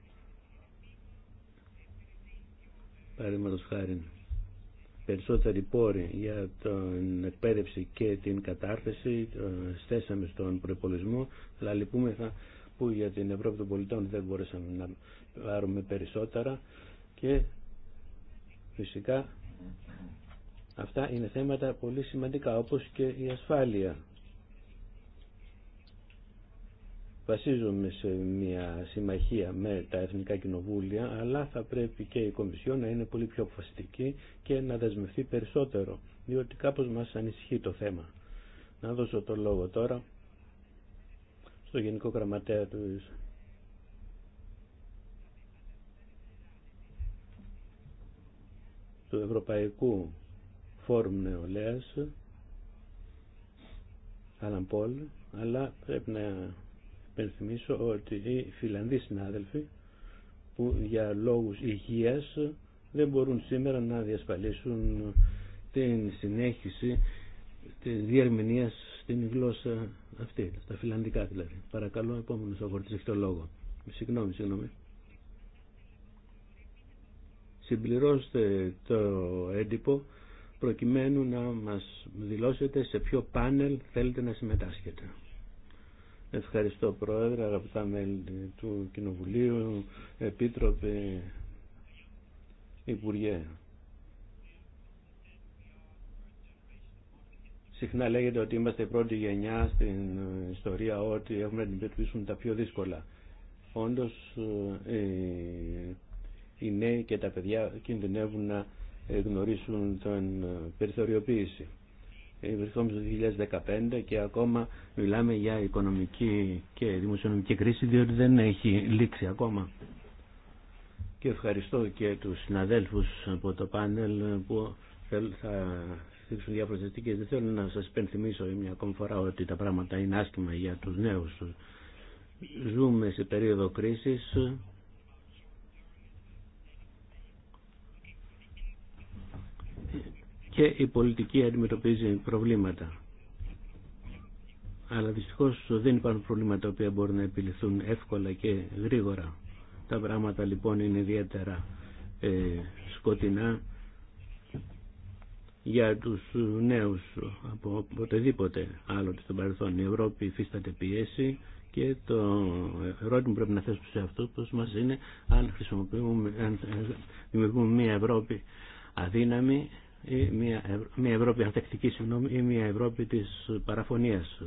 παραδείγματος χάρη περισσότεροι πόροι για την εκπαίδευση και την κατάρτιση ε, στέσαμε στον προπολισμό αλλά λυπούμεθα που για την Ευρώπη των πολιτών δεν μπορέσαμε να πάρουμε περισσότερα και φυσικά αυτά είναι θέματα πολύ σημαντικά όπως και η ασφάλεια βασίζομαι σε μια συμμαχία με τα Εθνικά Κοινοβούλια, αλλά θα πρέπει και η Κομισιό να είναι πολύ πιο αποφασιστική και να δεσμευτεί περισσότερο, διότι κάπως μας ανησυχεί το θέμα. Να δώσω το λόγο τώρα στο Γενικό Γραμματέα του του Ευρωπαϊκού Φόρουμ Νεολαίας Αναμπόλ αλλά πρέπει να υπενθυμίσω ότι οι Φιλανδοί συνάδελφοι που για λόγους υγείας δεν μπορούν σήμερα να διασφαλίσουν την συνέχιση της διερμηνίας στην γλώσσα αυτή, στα φιλανδικά δηλαδή. Παρακαλώ, επόμενος αγορτής έχει το λόγο. Συγγνώμη, συγγνώμη. Συμπληρώστε το έντυπο προκειμένου να μας δηλώσετε σε ποιο πάνελ θέλετε να συμμετάσχετε. Ευχαριστώ Πρόεδρε, αγαπητά μέλη του Κοινοβουλίου, Επίτροπε, Υπουργέ. Συχνά λέγεται ότι είμαστε η πρώτη γενιά στην ιστορία ότι έχουμε να αντιμετωπίσουμε τα πιο δύσκολα. Όντως ε, οι νέοι και τα παιδιά κινδυνεύουν να γνωρίσουν την ε, περιθωριοποίηση. Ε, βρισκόμαστε το 2015 και ακόμα μιλάμε για οικονομική και δημοσιονομική κρίση διότι δεν έχει λήξει ακόμα. Και ευχαριστώ και τους συναδέλφους από το πάνελ που θα στήριξουν διάφορες Δεν θέλω να σας υπενθυμίσω μια ακόμη φορά ότι τα πράγματα είναι άσχημα για τους νέους. Ζούμε σε περίοδο κρίσης και η πολιτική αντιμετωπίζει προβλήματα. Αλλά δυστυχώς δεν υπάρχουν προβλήματα τα οποία μπορούν να επιληθούν εύκολα και γρήγορα. Τα πράγματα λοιπόν είναι ιδιαίτερα ε, σκοτεινά για τους νέους από οποτεδήποτε άλλοτε στον παρελθόν. Η Ευρώπη υφίσταται πιέση και το ερώτημα που πρέπει να θέσουμε σε αυτό πως μας είναι αν, χρησιμοποιούμε, αν δημιουργούμε μια Ευρώπη αδύναμη ή μια, μια Ευρώπη ανθεκτική συγγνώμη ή μια Ευρώπη της παραφωνίας.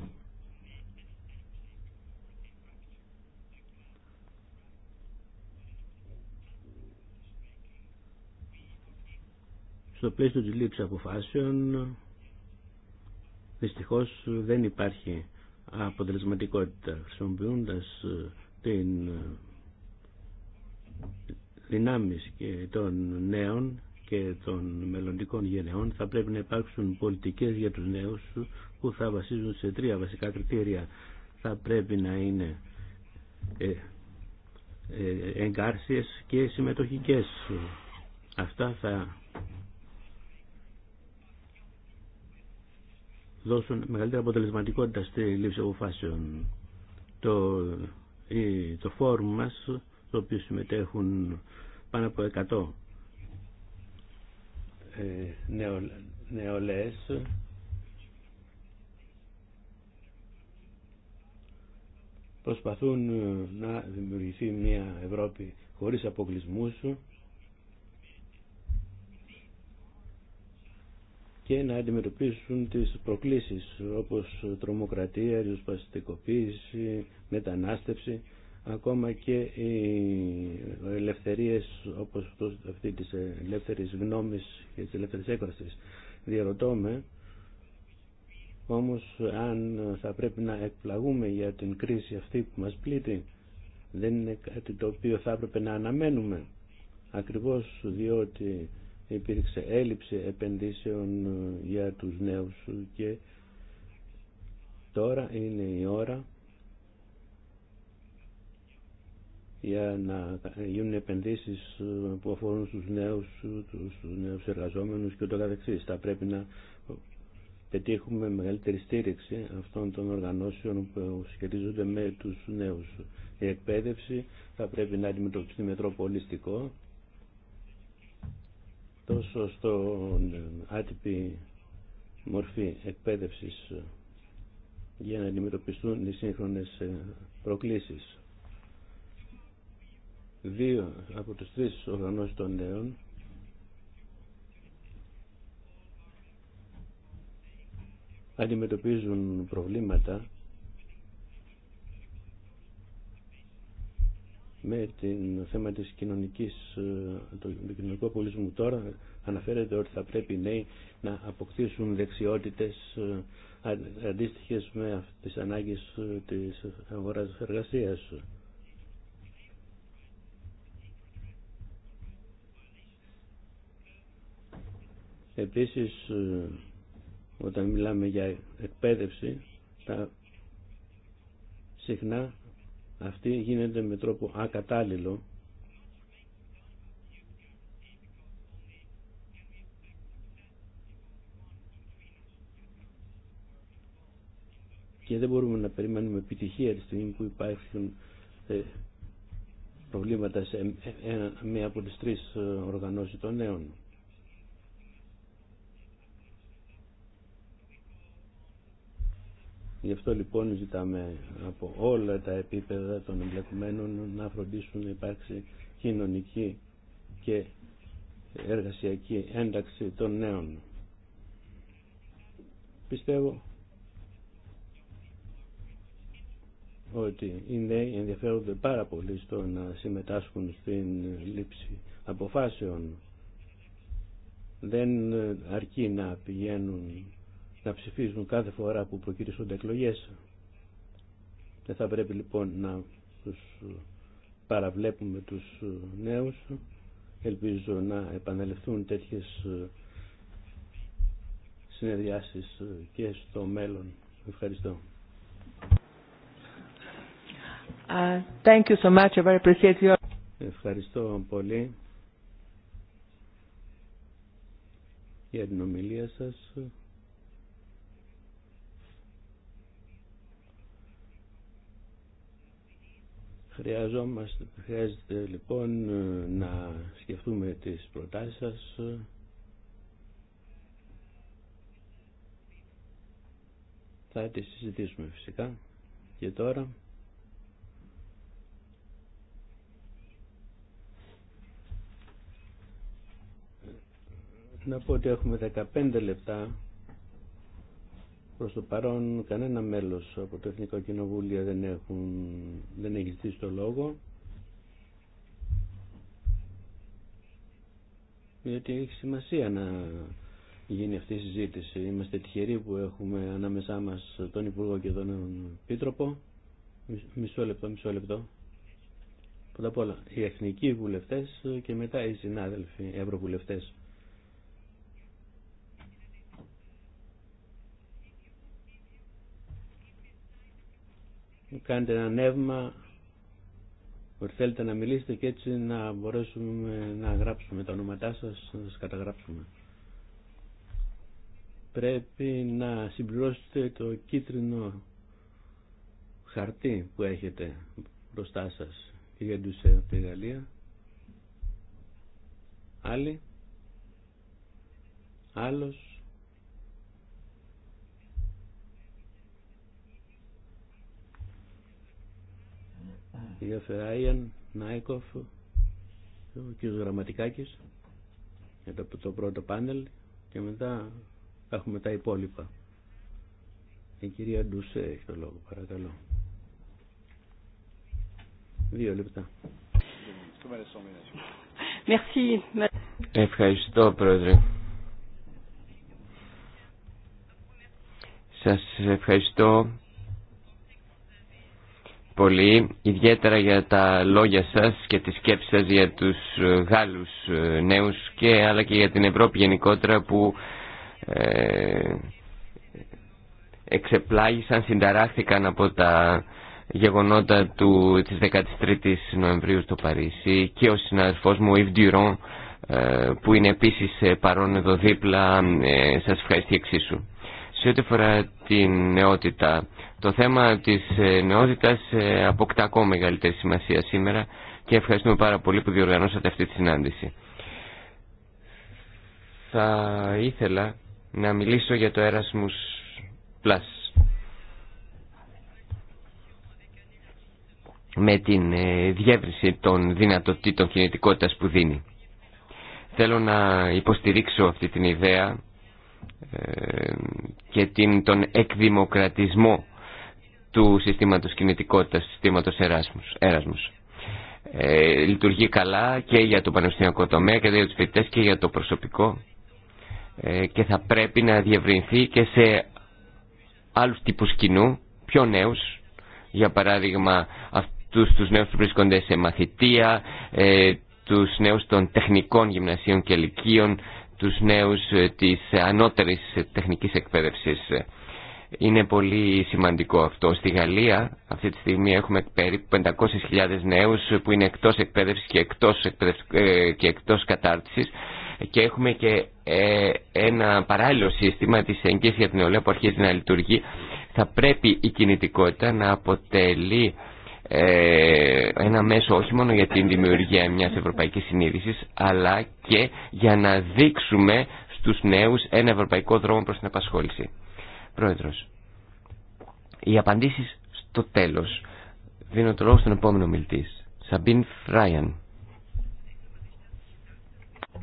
Στο πλαίσιο της λήψης αποφάσεων δυστυχώς δεν υπάρχει αποτελεσματικότητα χρησιμοποιώντας ε, την ε, δυνάμεις και των νέων και των μελλοντικών γενεών θα πρέπει να υπάρξουν πολιτικές για τους νέους που θα βασίζουν σε τρία βασικά κριτήρια. Θα πρέπει να είναι ε, ε, εγκάρσιες και συμμετοχικές. Αυτά θα δώσουν μεγαλύτερη αποτελεσματικότητα στη λήψη αποφάσεων. Το, ε, το φόρουμ μας, οποίο συμμετέχουν πάνω από 100 ε, νεολαίες προσπαθούν ε, να δημιουργηθεί μια Ευρώπη χωρίς αποκλεισμούς και να αντιμετωπίσουν τις προκλήσεις όπως τρομοκρατία, ριζοσπαστικοποίηση, μετανάστευση ακόμα και οι ελευθερίες όπως αυτή της ελεύθερης γνώμης και της ελεύθερης έκφρασης. διαρωτώμε. όμως αν θα πρέπει να εκπλαγούμε για την κρίση αυτή που μας πλήττει δεν είναι κάτι το οποίο θα έπρεπε να αναμένουμε ακριβώς διότι υπήρξε έλλειψη επενδύσεων για τους νέους και τώρα είναι η ώρα για να γίνουν επενδύσεις που αφορούν στους νέους, τους νέους εργαζόμενους και ούτω καθεξής. Θα πρέπει να πετύχουμε μεγαλύτερη στήριξη αυτών των οργανώσεων που σχετίζονται με τους νέους. Η εκπαίδευση θα πρέπει να αντιμετωπιστεί με τρόπο ολιστικό τόσο στο άτυπη μορφή εκπαίδευσης για να αντιμετωπιστούν οι σύγχρονες προκλήσεις δύο από τους τρεις οργανώσεις των νέων αντιμετωπίζουν προβλήματα με το θέμα της κοινωνικής, ε, Το κοινωνικό πολιτισμού. Τώρα αναφέρεται ότι θα πρέπει οι νέοι να αποκτήσουν δεξιότητες ε, αντίστοιχες με τις ανάγκες ε, της αγοράς εργασίας. Επίσης, ε, όταν μιλάμε για εκπαίδευση, τα... συχνά αυτή γίνεται με τρόπο ακατάλληλο και δεν μπορούμε να περιμένουμε επιτυχία τη στιγμή που υπάρχουν ε, προβλήματα σε μία από τις τρεις ε, οργανώσεις των νέων. Γι' αυτό λοιπόν ζητάμε από όλα τα επίπεδα των εμπλεκομένων να φροντίσουν να υπάρξει κοινωνική και εργασιακή ένταξη των νέων. Πιστεύω ότι οι νέοι ενδιαφέρονται πάρα πολύ στο να συμμετάσχουν στην λήψη αποφάσεων. Δεν αρκεί να πηγαίνουν να ψηφίζουν κάθε φορά που προκυρήσονται εκλογέ. Δεν θα πρέπει λοιπόν να τους παραβλέπουμε τους νέους. Ελπίζω να επαναληφθούν τέτοιες συνεδριάσεις και στο μέλλον. Ευχαριστώ. Uh, thank you so much. I appreciate your... Ευχαριστώ πολύ για την ομιλία σας. Χρειαζόμαστε, χρειάζεται λοιπόν ε, να σκεφτούμε τις προτάσεις σας. Θα τις συζητήσουμε φυσικά και τώρα. Ε, να πω ότι έχουμε 15 λεπτά Προς το παρόν κανένα μέλος από το Εθνικό Κοινοβούλιο δεν, έχουν, δεν έχει ζητήσει το λόγο. Διότι έχει σημασία να γίνει αυτή η συζήτηση. Είμαστε τυχεροί που έχουμε ανάμεσά μας τον Υπουργό και τον Πίτροπο. Μισό λεπτό, μισό λεπτό. Πρώτα απ' όλα, οι εθνικοί βουλευτές και μετά οι συνάδελφοι ευρωβουλευτές. κάντε ένα νεύμα που θέλετε να μιλήσετε και έτσι να μπορέσουμε να γράψουμε τα ονόματά σας, να σας καταγράψουμε. Πρέπει να συμπληρώσετε το κίτρινο χαρτί που έχετε μπροστά σας για Ντουσέ από τη Γαλλία. Άλλοι. Άλλος. κυρία Φεράιαν, Νάικοφ, ο κ. Γραμματικάκης για το πρώτο πάνελ και μετά έχουμε τα υπόλοιπα. Η κυρία Ντουσέ έχει το λόγο, παρακαλώ. Δύο λεπτά. Ευχαριστώ, Πρόεδρε. Σας ευχαριστώ πολύ, ιδιαίτερα για τα λόγια σας και τις σκέψεις σας για τους ε, Γάλλους ε, νέους και αλλά και για την Ευρώπη γενικότερα που ε, εξεπλάγησαν, συνταράχθηκαν από τα γεγονότα του, της 13ης Νοεμβρίου στο Παρίσι και ο συναδελφός μου, Yves Ιβ ε, που είναι επίσης παρόν εδώ δίπλα, ε, σας ευχαριστεί εξίσου. Σε ό,τι αφορά την νεότητα, το θέμα της ε, νεότητας ε, αποκτά ακόμα μεγαλύτερη σημασία σήμερα και ευχαριστούμε πάρα πολύ που διοργανώσατε αυτή τη συνάντηση. Θα ήθελα να μιλήσω για το Erasmus Plus. Με την ε, διεύρυνση των δυνατοτήτων κινητικότητας που δίνει. Θέλω να υποστηρίξω αυτή την ιδέα ε, και την, τον εκδημοκρατισμό του συστήματος κινητικότητας, του συστήματος Εράσμους. Ε, λειτουργεί καλά και για το πανεπιστημιακό τομέα και για τους φοιτητές και για το προσωπικό ε, και θα πρέπει να διευρυνθεί και σε άλλους τύπους κοινού, πιο νέους, για παράδειγμα αυτούς τους νέους που βρίσκονται σε μαθητεία, ε, τους νέους των τεχνικών γυμνασίων και λυκείων, τους νέους ε, της ανώτερης τεχνικής εκπαίδευσης. Είναι πολύ σημαντικό αυτό. Στη Γαλλία αυτή τη στιγμή έχουμε περίπου 500.000 νέους που είναι εκτός εκπαίδευσης και εκτός, ε, και κατάρτισης και έχουμε και ε, ένα παράλληλο σύστημα της εγγύησης για την νεολαία που αρχίζει να λειτουργεί. Θα πρέπει η κινητικότητα να αποτελεί ε, ένα μέσο όχι μόνο για την δημιουργία μιας ευρωπαϊκής συνείδησης αλλά και για να δείξουμε στους νέους ένα ευρωπαϊκό δρόμο προς την απασχόληση. Πρόεδρος, οι απαντήσεις στο τέλος. Δίνω το λόγο στον επόμενο μιλτή. Σαμπίν Φράιαν.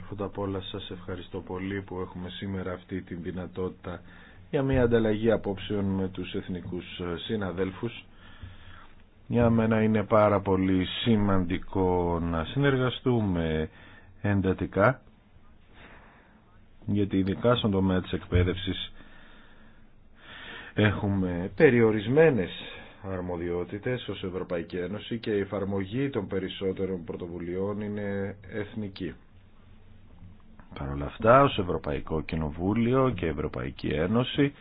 Πρώτα απ' όλα σας ευχαριστώ πολύ που έχουμε σήμερα αυτή την δυνατότητα για μια ανταλλαγή απόψεων με τους εθνικούς συναδέλφους για μένα είναι πάρα πολύ σημαντικό να συνεργαστούμε εντατικά γιατί ειδικά στον τομέα της εκπαίδευσης έχουμε περιορισμένες αρμοδιότητες ως Ευρωπαϊκή Ένωση και η εφαρμογή των περισσότερων πρωτοβουλειών είναι εθνική. Παρ' όλα αυτά, ως Ευρωπαϊκό Κοινοβούλιο και Ευρωπαϊκή Ένωση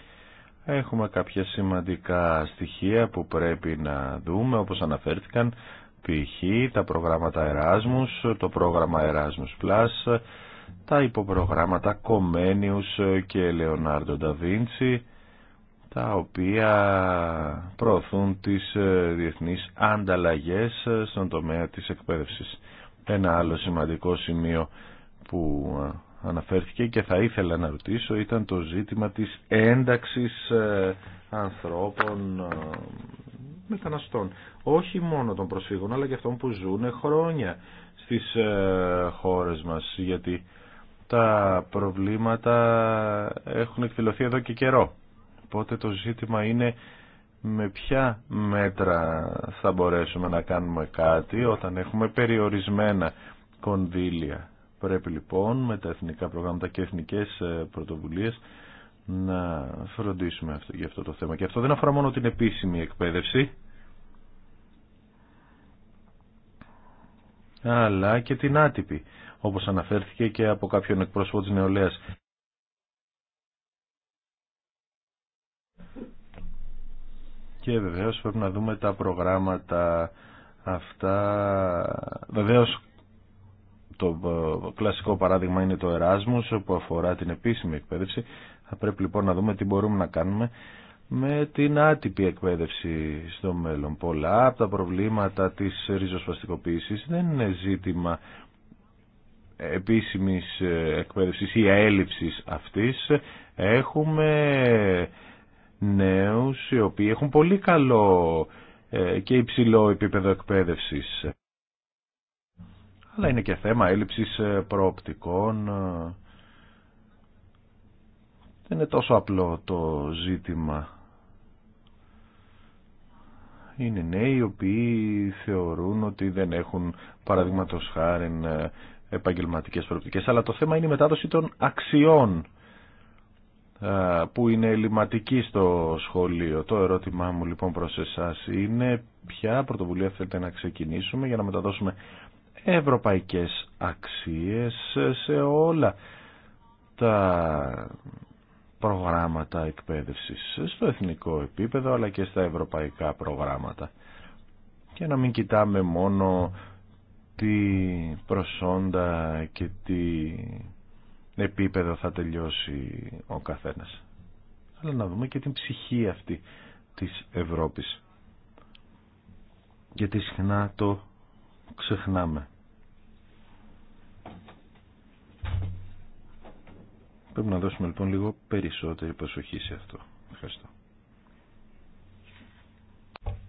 Έχουμε κάποια σημαντικά στοιχεία που πρέπει να δούμε, όπως αναφέρθηκαν, π.χ. τα προγράμματα Erasmus, το πρόγραμμα Erasmus Plus, τα υποπρογράμματα Κομένιους και Leonardo da τα οποία προωθούν τις ε, διεθνείς ανταλλαγές ε, στον τομέα της εκπαίδευσης. Ένα άλλο σημαντικό σημείο που ε, αναφέρθηκε και θα ήθελα να ρωτήσω ήταν το ζήτημα της ένταξης ε, ανθρώπων ε, μεταναστών. Όχι μόνο των προσφύγων αλλά και αυτών που ζουν χρόνια στις ε, χώρες μας γιατί τα προβλήματα έχουν εκδηλωθεί εδώ και καιρό. Οπότε το ζήτημα είναι με ποια μέτρα θα μπορέσουμε να κάνουμε κάτι όταν έχουμε περιορισμένα κονδύλια Πρέπει λοιπόν με τα εθνικά προγράμματα και εθνικές ε, πρωτοβουλίες να φροντίσουμε αυτό, για αυτό το θέμα. Και αυτό δεν αφορά μόνο την επίσημη εκπαίδευση, αλλά και την άτυπη, όπως αναφέρθηκε και από κάποιον εκπρόσωπο της νεολαίας. Και βεβαίως πρέπει να δούμε τα προγράμματα αυτά. Βεβαίως το ε, κλασικό παράδειγμα είναι το Εράσμος που αφορά την επίσημη εκπαίδευση. Θα πρέπει λοιπόν να δούμε τι μπορούμε να κάνουμε με την άτυπη εκπαίδευση στο μέλλον. Πολλά από τα προβλήματα της ριζοσπαστικοποίησης δεν είναι ζήτημα επίσημης ε, εκπαίδευσης ή έλλειψης αυτής. Έχουμε νέους οι οποίοι έχουν πολύ καλό ε, και υψηλό επίπεδο εκπαίδευσης αλλά είναι και θέμα έλλειψης ε, προοπτικών. Ε. Δεν είναι τόσο απλό το ζήτημα. Είναι νέοι οι οποίοι θεωρούν ότι δεν έχουν παραδείγματο χάρη ε, επαγγελματικές προοπτικές, αλλά το θέμα είναι η μετάδοση των αξιών που είναι ελληματική στο σχολείο. Το ερώτημά μου λοιπόν προς εσάς είναι ποια πρωτοβουλία θέλετε να ξεκινήσουμε για να μεταδώσουμε ευρωπαϊκές αξίες σε όλα τα προγράμματα εκπαίδευσης στο εθνικό επίπεδο αλλά και στα ευρωπαϊκά προγράμματα και να μην κοιτάμε μόνο τι προσόντα και τι επίπεδο θα τελειώσει ο καθένας αλλά να δούμε και την ψυχή αυτή της Ευρώπης γιατί συχνά το ξεχνάμε. Πρέπει να δώσουμε λοιπόν λίγο περισσότερη προσοχή σε αυτό. Ευχαριστώ.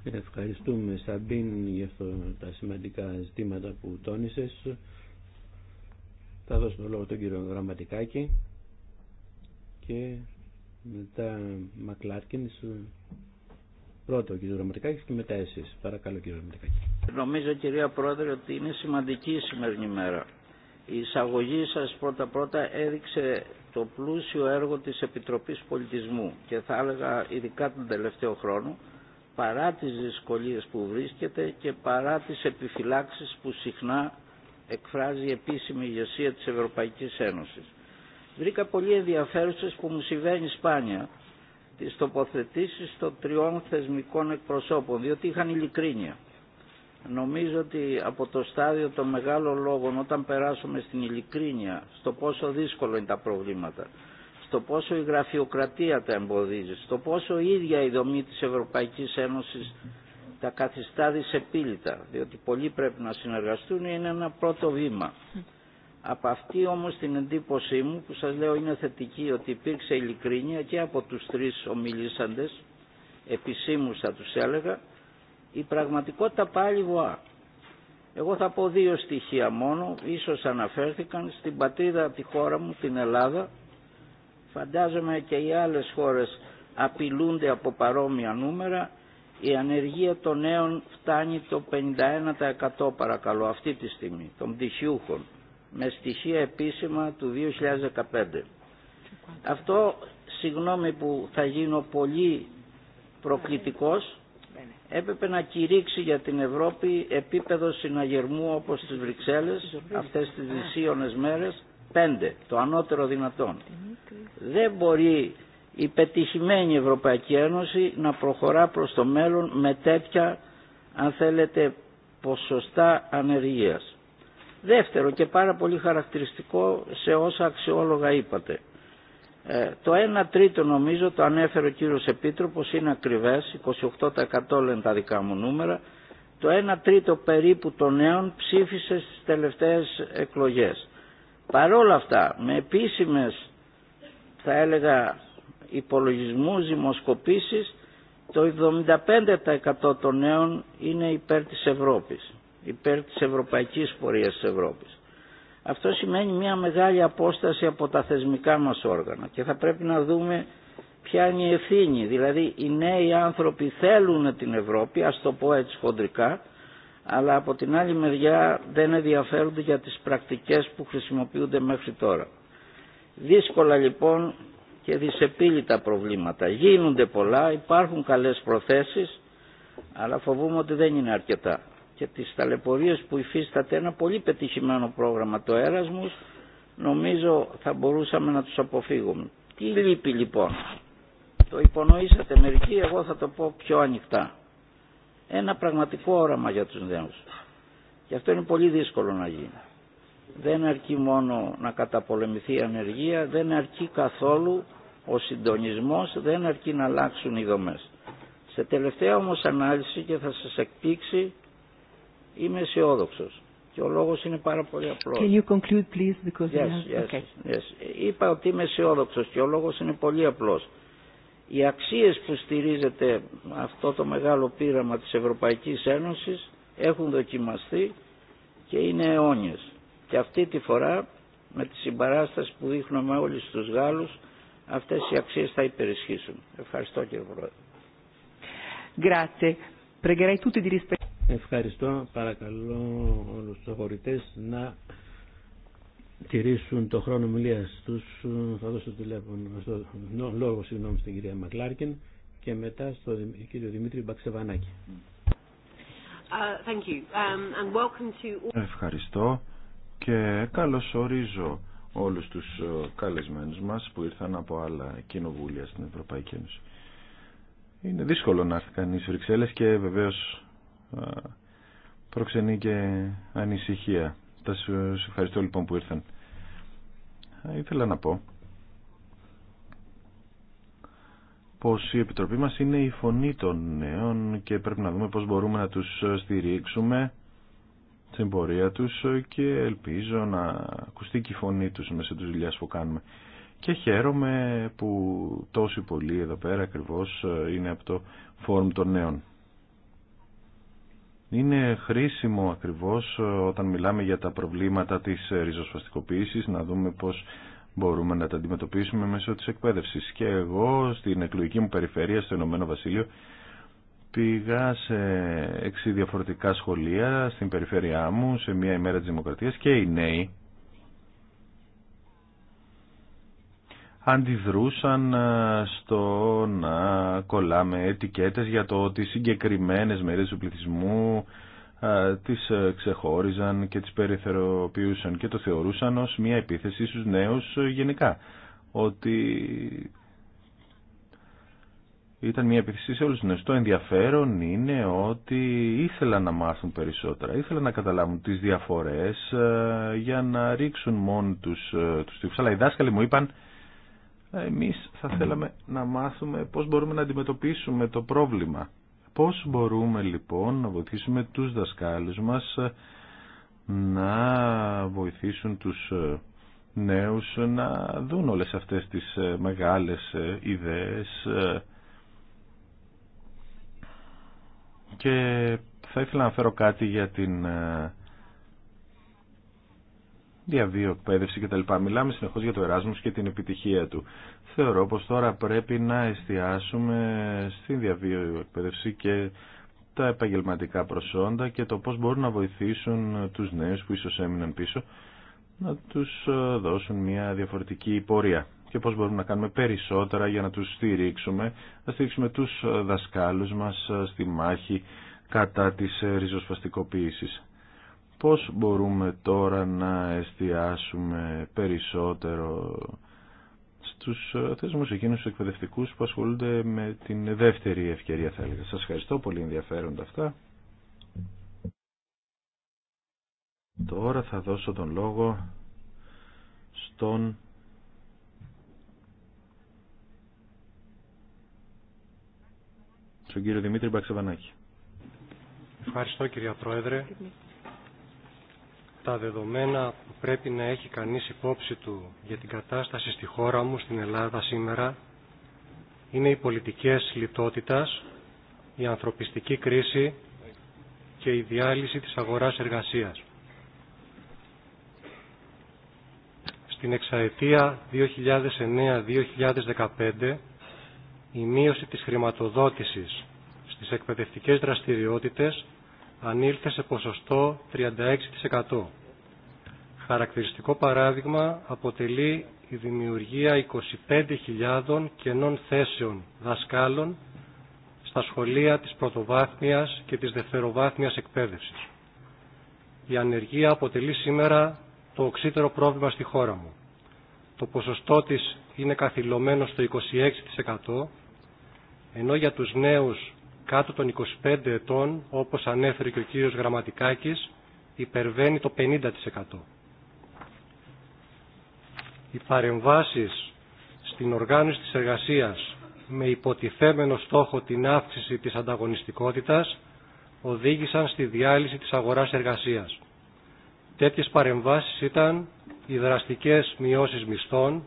Ευχαριστούμε Σαμπίν για αυτό, τα σημαντικά ζητήματα που τόνισες. Θα δώσω το λόγο τον κύριο Γραμματικάκη και μετά Μακλάρκιν πρώτο ο κύριο Γραμματικάκης και μετά εσείς. Παρακαλώ κύριο Γραμματικάκη νομίζω κυρία Πρόεδρε ότι είναι σημαντική η σημερινή μέρα. Η εισαγωγή σας πρώτα-πρώτα έδειξε το πλούσιο έργο της Επιτροπής Πολιτισμού και θα έλεγα ειδικά τον τελευταίο χρόνο παρά τις δυσκολίες που βρίσκεται και παρά τις επιφυλάξεις που συχνά εκφράζει η επίσημη ηγεσία της Ευρωπαϊκής Ένωσης. Βρήκα πολύ ενδιαφέρουσες που μου συμβαίνει σπάνια τις τοποθετήσεις των τριών θεσμικών εκπροσώπων, διότι είχαν ειλικρίνεια. Νομίζω ότι από το στάδιο των μεγάλων λόγων όταν περάσουμε στην ειλικρίνεια στο πόσο δύσκολο είναι τα προβλήματα, στο πόσο η γραφειοκρατία τα εμποδίζει, στο πόσο η ίδια η δομή της Ευρωπαϊκής Ένωσης τα καθιστά δυσεπίλητα, διότι πολλοί πρέπει να συνεργαστούν είναι ένα πρώτο βήμα. Από αυτή όμως την εντύπωσή μου που σας λέω είναι θετική ότι υπήρξε ειλικρίνεια και από τους τρεις ομιλήσαντες, επισήμους θα τους έλεγα, η πραγματικότητα πάλι βοά. Εγώ θα πω δύο στοιχεία μόνο, ίσως αναφέρθηκαν, στην πατρίδα τη χώρα μου, την Ελλάδα, φαντάζομαι και οι άλλες χώρες απειλούνται από παρόμοια νούμερα, η ανεργία των νέων φτάνει το 51% παρακαλώ αυτή τη στιγμή, των πτυχιούχων, με στοιχεία επίσημα του 2015. Αυτό, συγγνώμη που θα γίνω πολύ προκλητικός, έπρεπε να κηρύξει για την Ευρώπη επίπεδο συναγερμού όπως στις Βρυξέλλες αυτές τις δυσίωνες μέρες πέντε, το ανώτερο δυνατόν. Δεν μπορεί η πετυχημένη Ευρωπαϊκή Ένωση να προχωρά προς το μέλλον με τέτοια, αν θέλετε, ποσοστά ανεργίας. Δεύτερο και πάρα πολύ χαρακτηριστικό σε όσα αξιόλογα είπατε. Ε, το 1 τρίτο νομίζω το ανέφερε ο κύριος Επίτροπος είναι ακριβές, 28% λένε τα δικά μου νούμερα, το 1 τρίτο περίπου των νέων ψήφισε στις τελευταίες εκλογές. Παρόλα αυτά, με επίσημες θα έλεγα υπολογισμούς, δημοσκοπήσεις, το 75% των νέων είναι υπέρ της Ευρώπης, υπέρ της ευρωπαϊκής πορείας της Ευρώπης. Αυτό σημαίνει μια μεγάλη απόσταση από τα θεσμικά μας όργανα και θα πρέπει να δούμε ποια είναι η ευθύνη. Δηλαδή οι νέοι άνθρωποι θέλουν την Ευρώπη, ας το πω έτσι χοντρικά, αλλά από την άλλη μεριά δεν ενδιαφέρονται για τις πρακτικές που χρησιμοποιούνται μέχρι τώρα. Δύσκολα λοιπόν και δυσεπίλητα προβλήματα. Γίνονται πολλά, υπάρχουν καλές προθέσεις, αλλά φοβούμαι ότι δεν είναι αρκετά και τις ταλαιπωρίες που υφίσταται ένα πολύ πετυχημένο πρόγραμμα το Έρασμος νομίζω θα μπορούσαμε να τους αποφύγουμε. Τι λείπει λοιπόν. Το υπονοήσατε μερικοί, εγώ θα το πω πιο ανοιχτά. Ένα πραγματικό όραμα για τους νέους. Και αυτό είναι πολύ δύσκολο να γίνει. Δεν αρκεί μόνο να καταπολεμηθεί η ανεργία, δεν αρκεί καθόλου ο συντονισμός, δεν αρκεί να αλλάξουν οι δομές. Σε τελευταία όμως ανάλυση και θα σας εκπίξει Είμαι αισιόδοξο. Και ο λόγο είναι πάρα πολύ απλό. Can you conclude please because yes, have... yes, okay. yes. Είπα ότι είμαι αισιόδοξο και ο λόγο είναι πολύ απλό. Οι αξίε που στηρίζεται αυτό το μεγάλο πείραμα τη Ευρωπαϊκή Ένωση έχουν δοκιμαστεί και είναι αιώνιε. Και αυτή τη φορά με τη συμπαράσταση που δείχνουμε όλοι στους Γάλλους αυτές οι αξίες θα υπερισχύσουν. Ευχαριστώ κύριε Πρόεδρε. Grazie. Pregherei tutti di rispettare Ευχαριστώ. Παρακαλώ όλους τους αγορητές να τηρήσουν το χρόνο μιλίας τους. Θα δώσω τηλέφωνο, στο, λόγο συγγνώμη στην κυρία Μακλάρκιν και μετά στον κύριο Δημήτρη Μπαξεβανάκη. Uh, um, Ευχαριστώ και καλώς ορίζω όλους τους ε, καλεσμένους μας που ήρθαν από άλλα κοινοβούλια στην Ευρωπαϊκή Ένωση. Είναι δύσκολο να έρθει κανείς Βρυξέλλες και βεβαίως προξενεί και ανησυχία. Τα σου ευχαριστώ λοιπόν που ήρθαν. Ήθελα να πω πως η Επιτροπή μας είναι η φωνή των νέων και πρέπει να δούμε πώς μπορούμε να τους στηρίξουμε στην πορεία τους και ελπίζω να ακουστεί και η φωνή τους μέσα τους δουλειά που κάνουμε. Και χαίρομαι που τόσοι πολλοί εδώ πέρα ακριβώς ε, είναι από το Φόρουμ των Νέων. Είναι χρήσιμο ακριβώς ε, όταν μιλάμε για τα προβλήματα της ε, ριζοσφαστικοποίησης να δούμε πώς μπορούμε να τα αντιμετωπίσουμε μέσω της εκπαίδευσης. Και εγώ στην εκλογική μου περιφέρεια στο Ηνωμένο Βασίλειο πήγα σε έξι διαφορετικά σχολεία στην περιφέρειά μου σε μια ημέρα της Δημοκρατίας και οι νέοι αντιδρούσαν ε, στο να κολλάμε ετικέτες για το ότι συγκεκριμένες μέρες του πληθυσμού ε, τις ε, ξεχώριζαν και τις περιθεροποιούσαν και το θεωρούσαν ως μια επίθεση στους νέους γενικά. Ότι ήταν μια επίθεση σε όλους τους νέους. Το ενδιαφέρον είναι ότι ήθελαν να μάθουν περισσότερα, ήθελαν να καταλάβουν τις διαφορές για να ρίξουν μόνο τους τους τύπους. Αλλά οι δάσκαλοι μου είπαν ε, εμείς θα θέλαμε να μάθουμε πώς μπορούμε να αντιμετωπίσουμε το πρόβλημα. Πώς μπορούμε λοιπόν να βοηθήσουμε τους δασκάλους μας ε, να βοηθήσουν τους ε, νέους να δουν όλες αυτές τις μεγάλες ιδέες και θα ήθελα να φέρω κάτι για την διαβίω εκπαίδευση κτλ. Μιλάμε συνεχώς για το Εράσμος και την επιτυχία του. Θεωρώ πως τώρα πρέπει να εστιάσουμε στη διαβίω εκπαίδευση και τα επαγγελματικά προσόντα και το πώς μπορούν να βοηθήσουν τους νέους που ίσως έμειναν πίσω να τους ε, δώσουν μια διαφορετική πορεία και πώς μπορούμε να κάνουμε περισσότερα για να τους στηρίξουμε, να στηρίξουμε τους ε, δασκάλους μας ε, στη μάχη κατά της ριζοσπαστικοποίησης. Πώς μπορούμε τώρα να εστιάσουμε περισσότερο στους ε, θεσμούς εκείνους τους εκπαιδευτικούς που ασχολούνται με την δεύτερη ευκαιρία θα έλεγα. Σας ευχαριστώ πολύ ενδιαφέροντα αυτά. Τώρα θα δώσω τον λόγο στον στον κύριο Δημήτρη Μπαξεβανάκη. Ευχαριστώ κυρία Πρόεδρε τα δεδομένα που πρέπει να έχει κανείς υπόψη του για την κατάσταση στη χώρα μου, στην Ελλάδα σήμερα, είναι οι πολιτικές λιτότητας, η ανθρωπιστική κρίση και η διάλυση της αγοράς εργασίας. Στην εξαετία 2009-2015 η μείωση της χρηματοδότησης στις εκπαιδευτικές δραστηριότητες ανήλθε σε ποσοστό 36%. Χαρακτηριστικό παράδειγμα αποτελεί η δημιουργία 25.000 κενών θέσεων δασκάλων στα σχολεία της πρωτοβάθμιας και της δευτεροβάθμιας εκπαίδευσης. Η ανεργία αποτελεί σήμερα το οξύτερο πρόβλημα στη χώρα μου. Το ποσοστό της είναι καθυλωμένο στο 26%, ενώ για τους νέους κάτω των 25 ετών, όπως ανέφερε και ο κύριος Γραμματικάκης, υπερβαίνει το 50%. Οι παρεμβάσεις στην οργάνωση της εργασίας με υποτιθέμενο στόχο την αύξηση της ανταγωνιστικότητας οδήγησαν στη διάλυση της αγοράς εργασίας. Τέτοιες παρεμβάσεις ήταν οι δραστικές μειώσεις μισθών,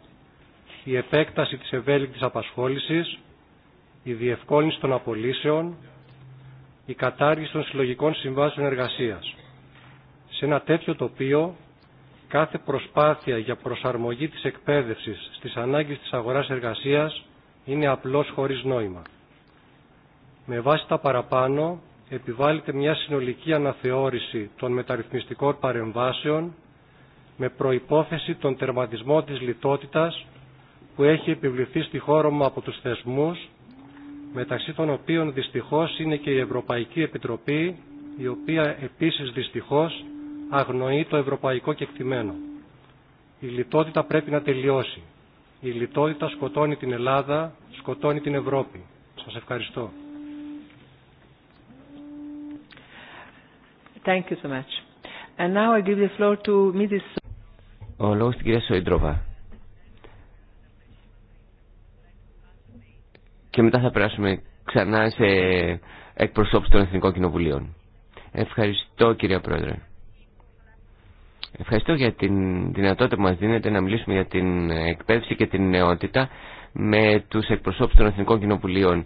η επέκταση της ευέλικτης απασχόλησης, η διευκόλυνση των απολύσεων, η κατάργηση των συλλογικών συμβάσεων εργασίας. Σε ένα τέτοιο τοπίο, κάθε προσπάθεια για προσαρμογή της εκπαίδευσης στις ανάγκες της αγοράς εργασίας είναι απλώς χωρίς νόημα. Με βάση τα παραπάνω, επιβάλλεται μια συνολική αναθεώρηση των μεταρρυθμιστικών παρεμβάσεων με προϋπόθεση τον τερματισμό της λιτότητας που έχει επιβληθεί στη χώρα μου από τους θεσμούς μεταξύ των οποίων δυστυχώς είναι και η Ευρωπαϊκή Επιτροπή, η οποία επίσης δυστυχώς αγνοεί το ευρωπαϊκό κεκτημένο. Η λιτότητα πρέπει να τελειώσει. Η λιτότητα σκοτώνει την Ελλάδα, σκοτώνει την Ευρώπη. Σας ευχαριστώ. Thank you so much. And now I give the floor to Mrs. Ο λόγος στην κυρία και μετά θα περάσουμε ξανά σε εκπροσώπηση των Εθνικών Κοινοβουλίων. Ευχαριστώ κυρία Πρόεδρε. Ευχαριστώ για την δυνατότητα που μας δίνετε να μιλήσουμε για την εκπαίδευση και την νεότητα με τους εκπροσώπους των Εθνικών Κοινοβουλίων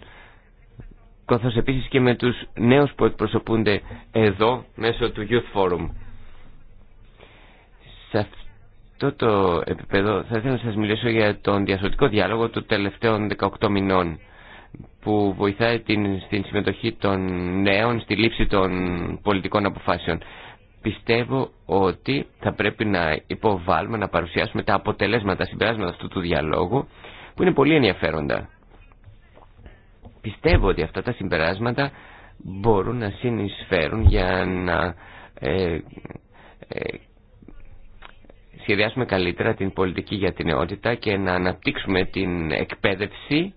καθώς επίσης και με τους νέους που εκπροσωπούνται εδώ μέσω του Youth Forum. Σε αυτό το επίπεδο θα ήθελα να σας μιλήσω για τον διασωτικό διάλογο των τελευταίων 18 μηνών που βοηθάει την, στην συμμετοχή των νέων στη λήψη των πολιτικών αποφάσεων. Πιστεύω ότι θα πρέπει να υποβάλουμε, να παρουσιάσουμε τα αποτελέσματα, τα συμπεράσματα αυτού του διαλόγου που είναι πολύ ενδιαφέροντα. Πιστεύω ότι αυτά τα συμπεράσματα μπορούν να συνεισφέρουν για να ε, ε, σχεδιάσουμε καλύτερα την πολιτική για την νεότητα και να αναπτύξουμε την εκπαίδευση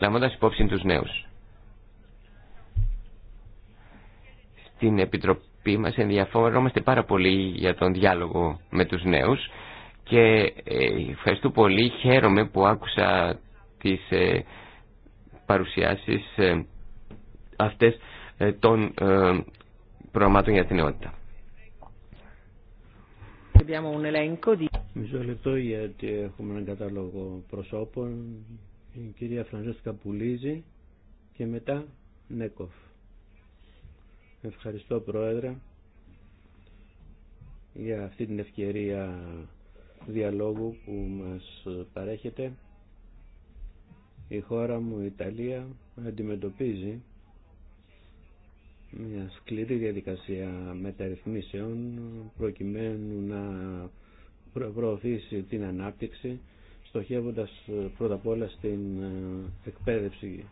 λαμβάνοντας υπόψη τους νέους. Στην Επιτροπή μας ενδιαφερόμαστε πάρα πολύ για τον διάλογο με τους νέους και ε, ευχαριστώ πολύ, χαίρομαι που άκουσα τις ε, παρουσιάσεις ε, αυτές των προγραμμάτων για την νεότητα. Μισό λεπτό γιατί έχουμε έναν κατάλογο προσώπων η κυρία Φρανζέσκα Πουλίζη και μετά Νέκοφ. Ευχαριστώ Πρόεδρε για αυτή την ευκαιρία διαλόγου που μας παρέχεται. Η χώρα μου, η Ιταλία, αντιμετωπίζει μια σκληρή διαδικασία μεταρρυθμίσεων προκειμένου να προωθήσει την ανάπτυξη στοχεύοντας ε, πρώτα απ' όλα στην ε, εκπαίδευση.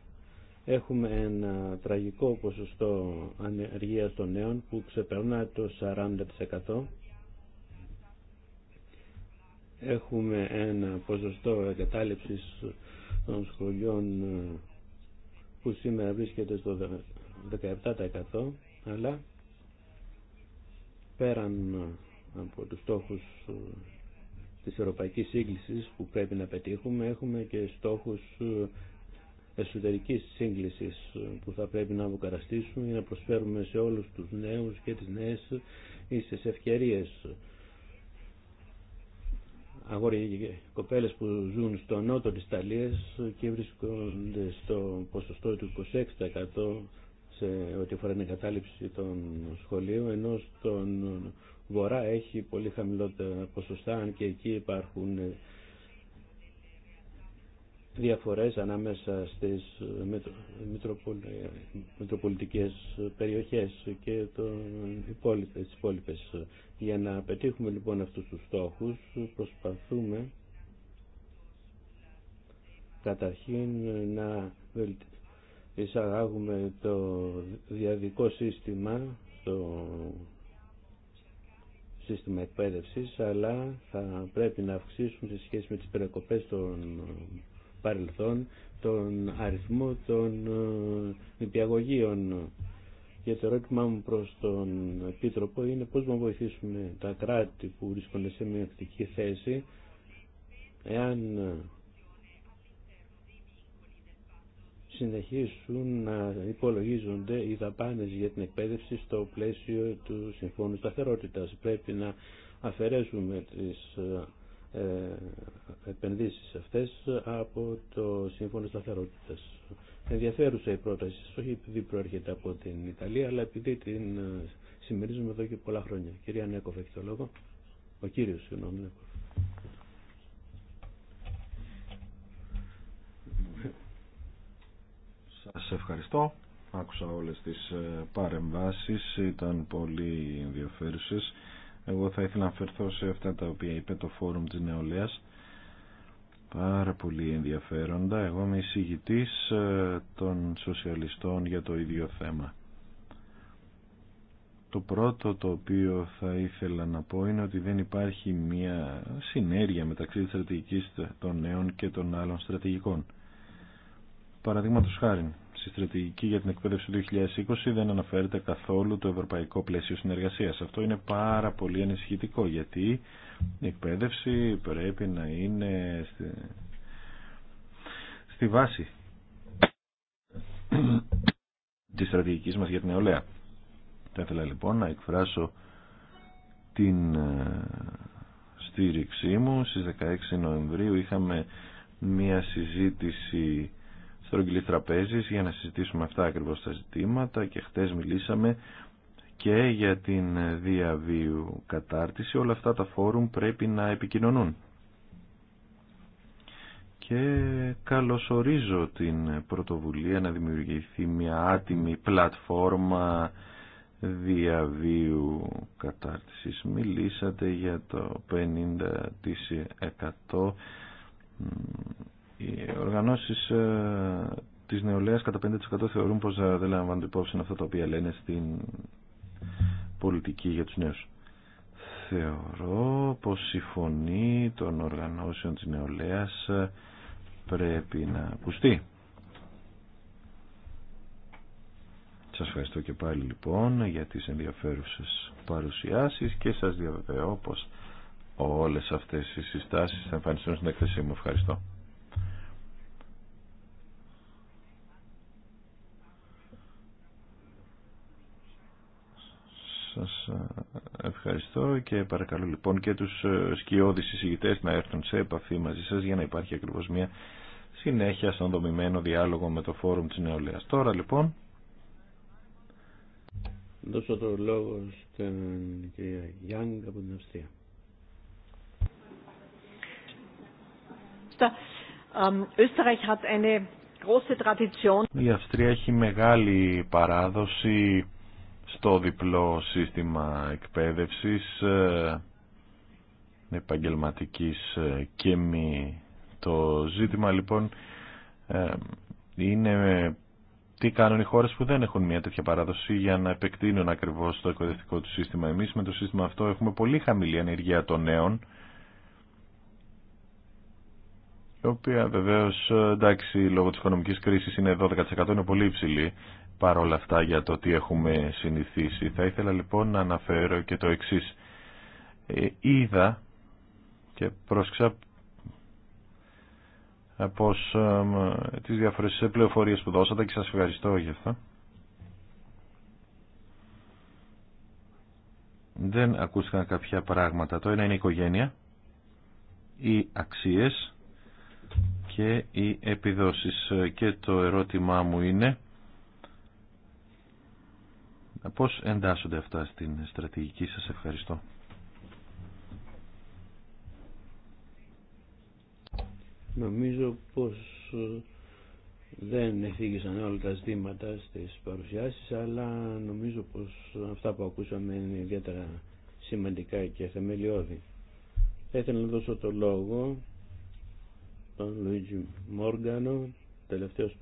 Έχουμε ένα τραγικό ποσοστό ανεργίας των νέων που ξεπερνά το 40%. Έχουμε ένα ποσοστό εγκατάλειψης των σχολιών, ε, που σήμερα βρίσκεται στο 17% αλλά πέραν από τους στόχους της ευρωπαϊκής σύγκληση που πρέπει να πετύχουμε έχουμε και στόχους ε, εσωτερικής σύγκληση ε, που θα πρέπει να αποκαταστήσουμε για να προσφέρουμε σε όλους τους νέους και τις νέες ίσες ευκαιρίες. Αγόρια και ε, κοπέλες που ζουν στο νότο της Ιταλίας και βρίσκονται στο ποσοστό του 26% σε ό,τι αφορά την εγκατάλειψη των σχολείων, ενώ στον Βορρά έχει πολύ χαμηλότερα ποσοστά, αν και εκεί υπάρχουν ε, διαφορές ανάμεσα στις ε, ε, μετροπολιτικές περιοχές και τις υπόλοιπες. Για να πετύχουμε λοιπόν αυτούς τους στόχους προσπαθούμε καταρχήν να εισαγάγουμε το διαδικό σύστημα στο σύστημα εκπαίδευση, αλλά θα πρέπει να αυξήσουν σε σχέση με τις περικοπέ των παρελθόν τον αριθμό των ε, νηπιαγωγείων. Και το ερώτημά μου προς τον Επίτροπο είναι πώς να βοηθήσουμε τα κράτη που βρίσκονται σε μια θέση εάν ε, συνεχίσουν να υπολογίζονται οι δαπάνες για την εκπαίδευση στο πλαίσιο του Συμφώνου Σταθερότητας. Πρέπει να αφαιρέσουμε τις ε, ε, επενδύσεις αυτές από το Σύμφωνο Σταθερότητας. Ενδιαφέρουσα η πρόταση, όχι επειδή προέρχεται από την Ιταλία, αλλά επειδή την ε, συμμερίζουμε εδώ και πολλά χρόνια. Κυρία Νέκοφ, έχει το λόγο. Ο κύριος, συγγνώμη, Σας ευχαριστώ. Άκουσα όλες τις ε, παρεμβάσεις, ήταν πολύ ενδιαφέρουσες. Εγώ θα ήθελα να φερθώ σε αυτά τα οποία είπε το Φόρουμ της Νεολαίας. Πάρα πολύ ενδιαφέροντα. Εγώ είμαι εισηγητής ε, των σοσιαλιστών για το ίδιο θέμα. Το πρώτο το οποίο θα ήθελα να πω είναι ότι δεν υπάρχει μια συνέργεια μεταξύ της στρατηγικής των νέων και των άλλων στρατηγικών. Παραδείγματος χάρη, η στρατηγική για την εκπαίδευση του 2020 δεν αναφέρεται καθόλου το ευρωπαϊκό πλαίσιο συνεργασίας. Αυτό είναι πάρα πολύ ανησυχητικό γιατί η εκπαίδευση πρέπει να είναι στη, βάση της στρατηγικής μας για την νεολαία. Θα ήθελα λοιπόν να εκφράσω την ε, στήριξή μου. Στις 16 Νοεμβρίου είχαμε μία συζήτηση στρογγυλή τραπέζη για να συζητήσουμε αυτά ακριβώ τα ζητήματα και χτε μιλήσαμε και για την διαβίου κατάρτιση. Όλα αυτά τα φόρουμ πρέπει να επικοινωνούν. Και καλωσορίζω την πρωτοβουλία να δημιουργηθεί μια άτιμη πλατφόρμα διαβίου κατάρτισης. Μιλήσατε για το 50% οι οργανώσεις ε, της νεολαίας κατά 50% θεωρούν πως ε, δεν λαμβάνονται υπόψη αυτά τα οποία λένε στην πολιτική για τους νέους. Θεωρώ πως η φωνή των οργανώσεων της νεολαίας ε, πρέπει να ακουστεί. Σας ευχαριστώ και πάλι λοιπόν για τις ενδιαφέρουσες παρουσιάσεις και σας διαβεβαιώ πως όλες αυτές οι συστάσεις θα εμφανιστούν στην έκθεσή μου. Ευχαριστώ. Σας ε, ευχαριστώ και παρακαλώ λοιπόν και τους ε, σκιώδεις εισηγητές να έρθουν σε επαφή μαζί σας για να υπάρχει ακριβώς μια συνέχεια στον δομημένο διάλογο με το Φόρουμ της Νεολαίας. Τώρα λοιπόν... Δώσω το λόγο στην κυρία Γιάνγκ από την Αυστρία. Ε, Η Αυστρία έχει μεγάλη παράδοση στο διπλό σύστημα εκπαίδευσης ε, επαγγελματικής ε, και μη. Το ζήτημα λοιπόν ε, είναι τι κάνουν οι χώρες που δεν έχουν μια τέτοια παράδοση για να επεκτείνουν ακριβώς το εκπαιδευτικό του σύστημα. Εμείς με το σύστημα αυτό έχουμε πολύ χαμηλή ανεργία των νέων η οποία βεβαίως εντάξει λόγω της οικονομικής κρίσης είναι 12% είναι πολύ υψηλή παρόλα αυτά για το τι έχουμε συνηθίσει. Θα ήθελα λοιπόν να αναφέρω και το εξής. Ε, είδα και πρόσεξα από ε, τις διαφορετικές πληροφορίες που δώσατε και σας ευχαριστώ για αυτό. Δεν ακούστηκαν κάποια πράγματα. Το ένα είναι η οικογένεια, οι αξίες και οι επιδόσεις. Ε, και το ερώτημά μου είναι Πώς εντάσσονται αυτά στην στρατηγική σας. Ευχαριστώ. Νομίζω πως ε, δεν εφήγησαν όλα τα ζητήματα στις παρουσιάσεις, αλλά νομίζω πως αυτά που ακούσαμε είναι ιδιαίτερα σημαντικά και θεμελιώδη. Θα ήθελα να δώσω το λόγο τον Λουίτζι Μόργανο, τελευταίος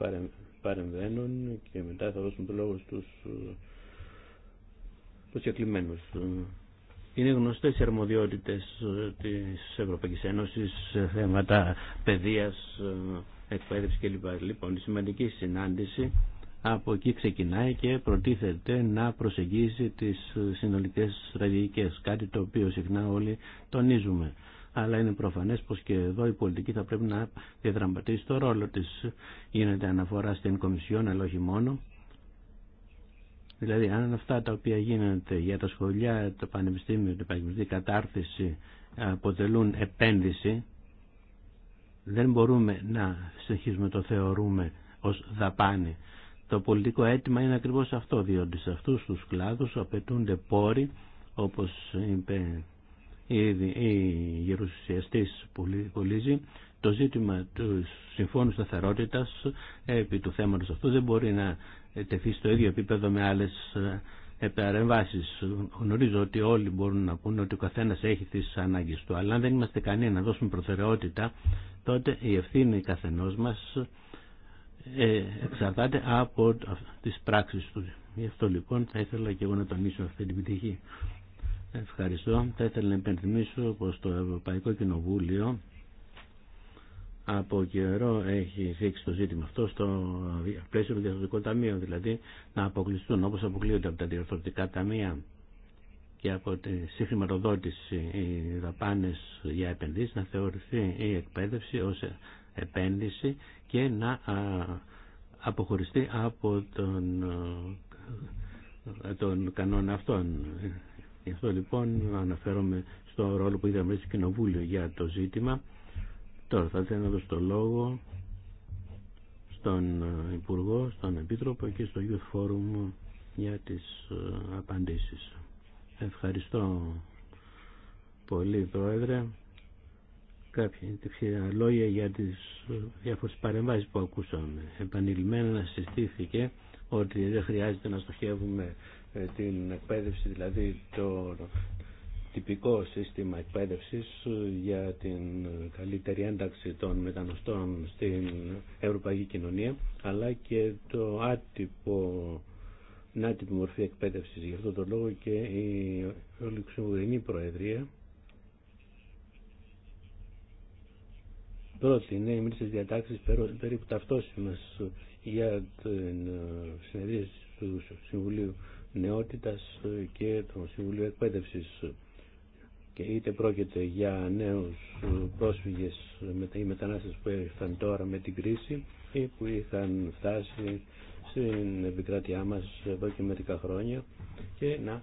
παρεμβαίνων και μετά θα δώσουμε το λόγο στους ε, είναι γνωστές οι αρμοδιότητες ε, της Ευρωπαϊκής Ένωσης, θέματα παιδείας, ε, εκπαίδευση κλπ. Λοιπόν, η σημαντική συνάντηση από εκεί ξεκινάει και προτίθεται να προσεγγίσει τις συνολικές στρατηγικές, κάτι το οποίο συχνά όλοι τονίζουμε. Αλλά είναι προφανές πως και εδώ η πολιτική θα πρέπει να διαδραματίσει το ρόλο της. Γίνεται αναφορά στην Κομισιόν, αλλά όχι μόνο. Δηλαδή, αν αυτά τα οποία γίνονται για τα σχολεία, το πανεπιστήμιο, την πανεπιστήμια κατάρτιση αποτελούν επένδυση, δεν μπορούμε να συνεχίσουμε το θεωρούμε ως δαπάνη. Το πολιτικό αίτημα είναι ακριβώς αυτό, διότι σε αυτούς τους κλάδους απαιτούνται πόροι, όπως είπε ήδη η γερουσιαστής που το ζήτημα του Συμφώνου Σταθερότητα επί του θέματος αυτού δεν μπορεί να τεθεί στο ίδιο επίπεδο με άλλε ε, επαρεμβάσεις. Γνωρίζω ότι όλοι μπορούν να πούνε ότι ο καθένα έχει τι ανάγκε του, αλλά αν δεν είμαστε κανένα να δώσουμε προτεραιότητα, τότε η ευθύνη καθενό μα ε, εξαρτάται από τις πράξεις του. Γι' αυτό λοιπόν θα ήθελα και εγώ να τονίσω αυτή την επιτυχία. Ευχαριστώ. Θα ήθελα να υπενθυμίσω πως το Ευρωπαϊκό Κοινοβούλιο από καιρό έχει θίξει το ζήτημα αυτό στο πλαίσιο του ταμείο, ταμείου δηλαδή να αποκλειστούν όπως αποκλείονται από τα διορθωτικά ταμεία και από τη συγχρηματοδότηση οι δαπάνες για επενδύσεις, να θεωρηθεί η εκπαίδευση ως επένδυση και να αποχωριστεί από τον, ε, τον κανόνα αυτόν. Γι' αυτό λοιπόν αναφέρομαι στο ρόλο που είδαμε στο Κοινοβούλιο για το ζήτημα Τώρα θα ήθελα να δώσω το λόγο στον ε, Υπουργό, στον Επίτροπο και στο Youth Forum για τις ε, απαντήσεις. Ευχαριστώ πολύ Πρόεδρε. Κάποια λόγια για τις ε, διάφορες παρεμβάσεις που ακούσαμε. Επανειλημμένα συστήθηκε ότι δεν χρειάζεται να στοχεύουμε την εκπαίδευση, δηλαδή το, τυπικό σύστημα εκπαίδευσης ε, για την καλύτερη ένταξη των μεταναστών στην ευρωπαϊκή κοινωνία αλλά και το άτυπο την μορφή εκπαίδευση. για αυτό το λόγο και η Λουξεμβουργική Προεδρία πρότεινε οι τη διατάξει περίπου ταυτόσιμε για την ε, συνεδρίαση του Συμβουλίου Νεότητας ε, και του Συμβουλίου Εκπαίδευση και είτε πρόκειται για νέους πρόσφυγες ή μετανάστες που ήρθαν τώρα με την κρίση ή που είχαν φτάσει στην επικράτειά μας εδώ και μερικά χρόνια και να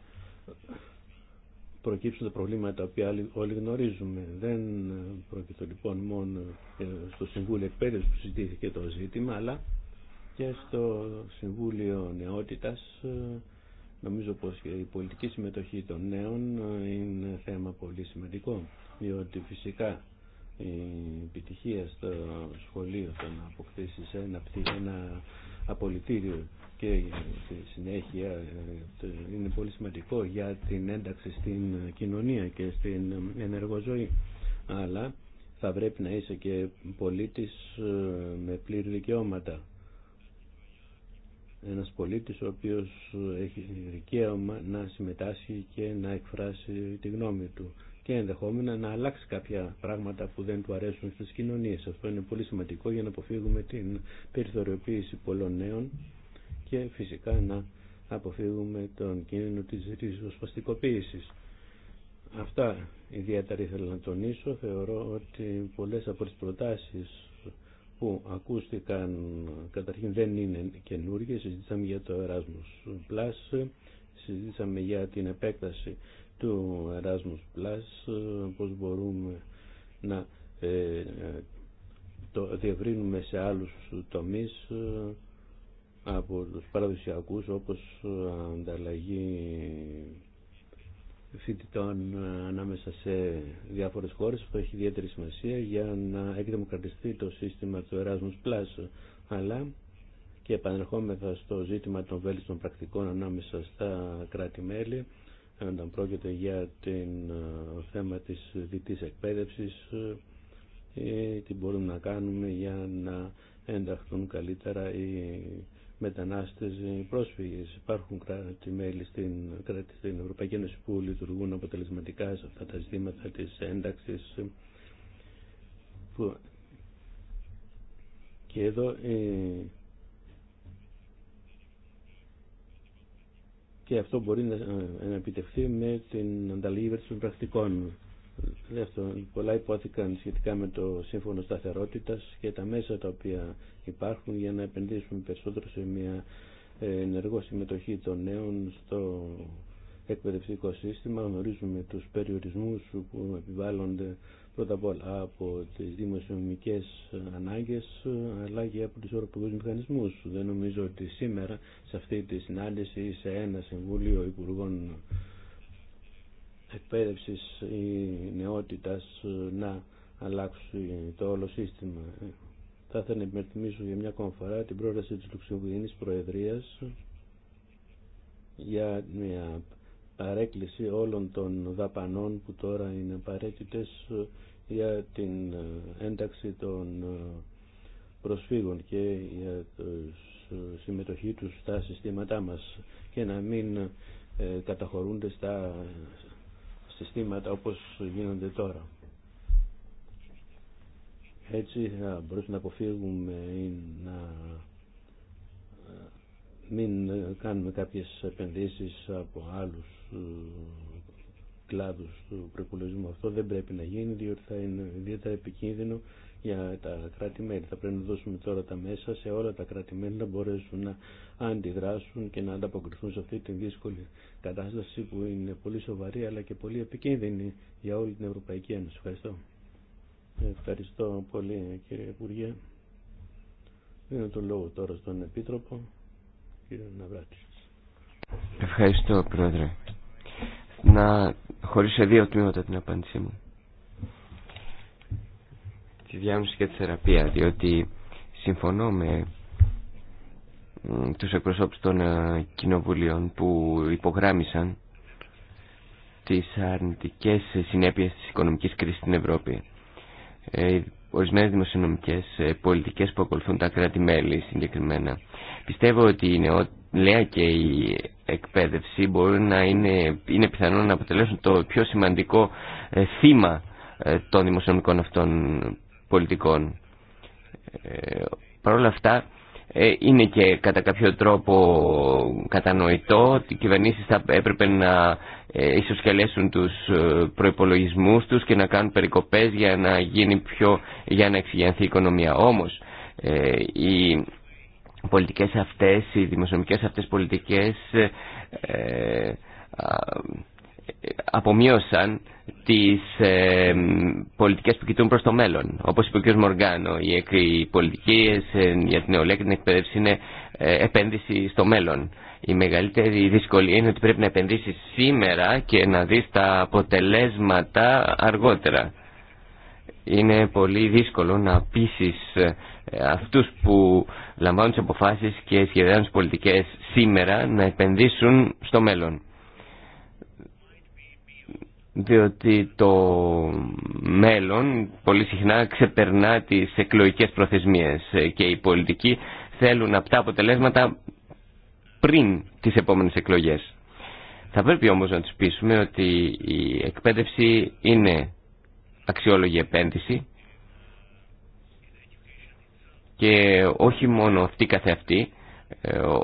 προκύψουν τα προβλήματα τα οποία όλοι γνωρίζουμε. Δεν πρόκειται λοιπόν μόνο στο Συμβούλιο Εκπαίδευση που συζητήθηκε το ζήτημα, αλλά και στο Συμβούλιο Νεότητας ε, Νομίζω πως η πολιτική συμμετοχή των νέων ε, είναι θέμα πολύ σημαντικό, διότι φυσικά η επιτυχία στο σχολείο το να αποκτήσει ένα, ένα απολυτήριο και στη συνέχεια ε, είναι πολύ σημαντικό για την ένταξη στην κοινωνία και στην ενεργοζωή. Αλλά θα πρέπει να είσαι και πολίτης ε, με πλήρη δικαιώματα ένας πολίτης ο οποίος έχει δικαίωμα να συμμετάσχει και να εκφράσει τη γνώμη του και ενδεχόμενα να αλλάξει κάποια πράγματα που δεν του αρέσουν στις κοινωνίες. Αυτό είναι πολύ σημαντικό για να αποφύγουμε την περιθωριοποίηση πολλών νέων και φυσικά να αποφύγουμε τον κίνδυνο της ριζοσπαστικοποίησης. Αυτά ιδιαίτερα ήθελα να τονίσω. Θεωρώ ότι πολλές από τις προτάσεις που ακούστηκαν καταρχήν δεν είναι καινούργιες, Συζήτησαμε για το Erasmus Plus, συζήτησαμε για την επέκταση του Erasmus Plus, πώς μπορούμε να ε, το διευρύνουμε σε άλλους τομείς από τους παραδοσιακούς όπως ανταλλαγή φοιτητών ε, ανάμεσα σε διάφορες χώρες. που έχει ιδιαίτερη σημασία για να εκδημοκρατιστεί το σύστημα του Erasmus Plus. Αλλά και επανερχόμεθα στο ζήτημα των βέλτιστων πρακτικών ανάμεσα στα κράτη-μέλη, όταν πρόκειται για το ε, θέμα της διτής εκπαίδευσης, ε, τι μπορούμε να κάνουμε για να ενταχθούν καλύτερα οι μεταναστες οι ή πρόσφυγες. Υπάρχουν κράτη-μέλη στην, Ευρωπαϊκή Ένωση που λειτουργούν αποτελεσματικά σε αυτά τα ζητήματα της ένταξης. Που... Και εδώ ε, και αυτό μπορεί ε, να, επιτευχθεί με την ανταλλαγή των πρακτικών. Δεύτερον, πολλά υπόθηκαν σχετικά με το σύμφωνο σταθερότητα και τα μέσα τα οποία υπάρχουν για να επενδύσουμε περισσότερο σε μια ε, ενεργό συμμετοχή των νέων στο εκπαιδευτικό σύστημα. Γνωρίζουμε τους περιορισμούς που επιβάλλονται πρώτα απ' όλα από τις δημοσιονομικέ ανάγκες αλλά και από του ευρωπαϊκού μηχανισμού. Δεν νομίζω ότι σήμερα σε αυτή τη συνάντηση ή σε ένα Συμβούλιο Υπουργών εκπαίδευσης ή νεότητας ε, να αλλάξει το όλο σύστημα. Ε, θα ήθελα να υπενθυμίσω για μια ακόμα φορά την πρόταση της Λουξεμβουργικής Προεδρίας για μια παρέκκληση όλων των δαπανών που τώρα είναι απαραίτητε ε, για την ένταξη των προσφύγων και για τη συμμετοχή τους στα συστήματά μας και να μην καταχωρούνται στα συστήματα όπως γίνονται τώρα. Έτσι θα μπορούσαμε να αποφύγουμε ή να ε, μην κάνουμε κάποιες επενδύσεις από άλλους ε, κλάδους του προπολογισμού. Αυτό δεν πρέπει να γίνει διότι θα είναι ιδιαίτερα επικίνδυνο για τα κράτη-μέλη. Θα πρέπει να δώσουμε τώρα τα μέσα σε όλα τα κράτη-μέλη να μπορέσουν να αντιδράσουν και να ανταποκριθούν σε αυτή τη δύσκολη κατάσταση που είναι πολύ σοβαρή αλλά και πολύ επικίνδυνη για όλη την Ευρωπαϊκή Ένωση. Ευχαριστώ. Ευχαριστώ πολύ κύριε Υπουργέ. Δίνω το λόγο τώρα στον Επίτροπο, κύριο Ναυράτη. Ευχαριστώ, Πρόεδρε. Να χωρίσω δύο τμήματα την απάντησή μου τη διάγνωση και τη θεραπεία, διότι συμφωνώ με τους εκπροσώπους των ε, κοινοβουλίων που υπογράμμισαν τις αρνητικές συνέπειες της οικονομικής κρίσης στην Ευρώπη. Ε, ορισμένες δημοσιονομικές ε, πολιτικές που ακολουθούν τα κράτη-μέλη συγκεκριμένα. Πιστεύω ότι η νεολαία και η εκπαίδευση μπορούν να είναι, είναι πιθανό να αποτελέσουν το πιο σημαντικό θύμα των δημοσιονομικών αυτών πολιτικών. Ε, Παρ' όλα αυτά ε, είναι και κατά κάποιο τρόπο κατανοητό ότι οι κυβερνήσεις θα έπρεπε να ε, ίσως καλέσουν τους ε, προϋπολογισμούς τους και να κάνουν περικοπές για να γίνει πιο, για να εξηγιανθεί η οικονομία. Όμως ε, οι πολιτικές αυτές, οι δημοσιονομικές αυτές πολιτικές ε, απομείωσαν τις ε, πολιτικές που κοιτούν προς το μέλλον. Όπως είπε ο κ. Μοργάνο, οι, πολιτικέ πολιτικές για την νεολαία και την εκπαίδευση είναι ε, επένδυση στο μέλλον. Η μεγαλύτερη δυσκολία είναι ότι πρέπει να επενδύσεις σήμερα και να δεις τα αποτελέσματα αργότερα. Είναι πολύ δύσκολο να πείσει ε, αυτούς που λαμβάνουν τις αποφάσεις και σχεδιάζουν τις πολιτικές σήμερα να επενδύσουν στο μέλλον διότι το μέλλον πολύ συχνά ξεπερνά τις εκλογικές προθεσμίες ε, και οι πολιτικοί θέλουν αυτά αποτελέσματα πριν τις επόμενες εκλογές. Θα πρέπει όμως να τους πείσουμε ότι η εκπαίδευση είναι αξιόλογη επένδυση και όχι μόνο αυτή καθεαυτή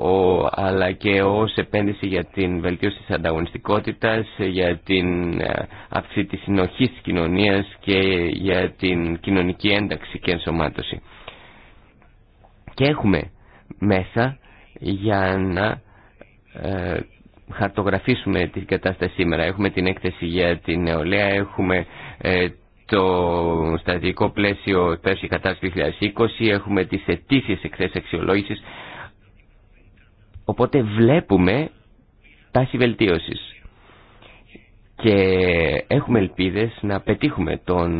ο, αλλά και ως επένδυση για την βελτίωση της ανταγωνιστικότητας, για την ε, αύξηση της συνοχής της κοινωνίας και για την κοινωνική ένταξη και ενσωμάτωση. Και έχουμε μέσα για να ε, χαρτογραφήσουμε την κατάσταση σήμερα. Έχουμε την έκθεση για την νεολαία, έχουμε ε, το στρατηγικό πλαίσιο πέρσι κατάσταση 2020, έχουμε τις αιτήσεις εκθέσεις αξιολόγησης, Οπότε βλέπουμε τάση βελτίωσης και έχουμε ελπίδες να πετύχουμε τον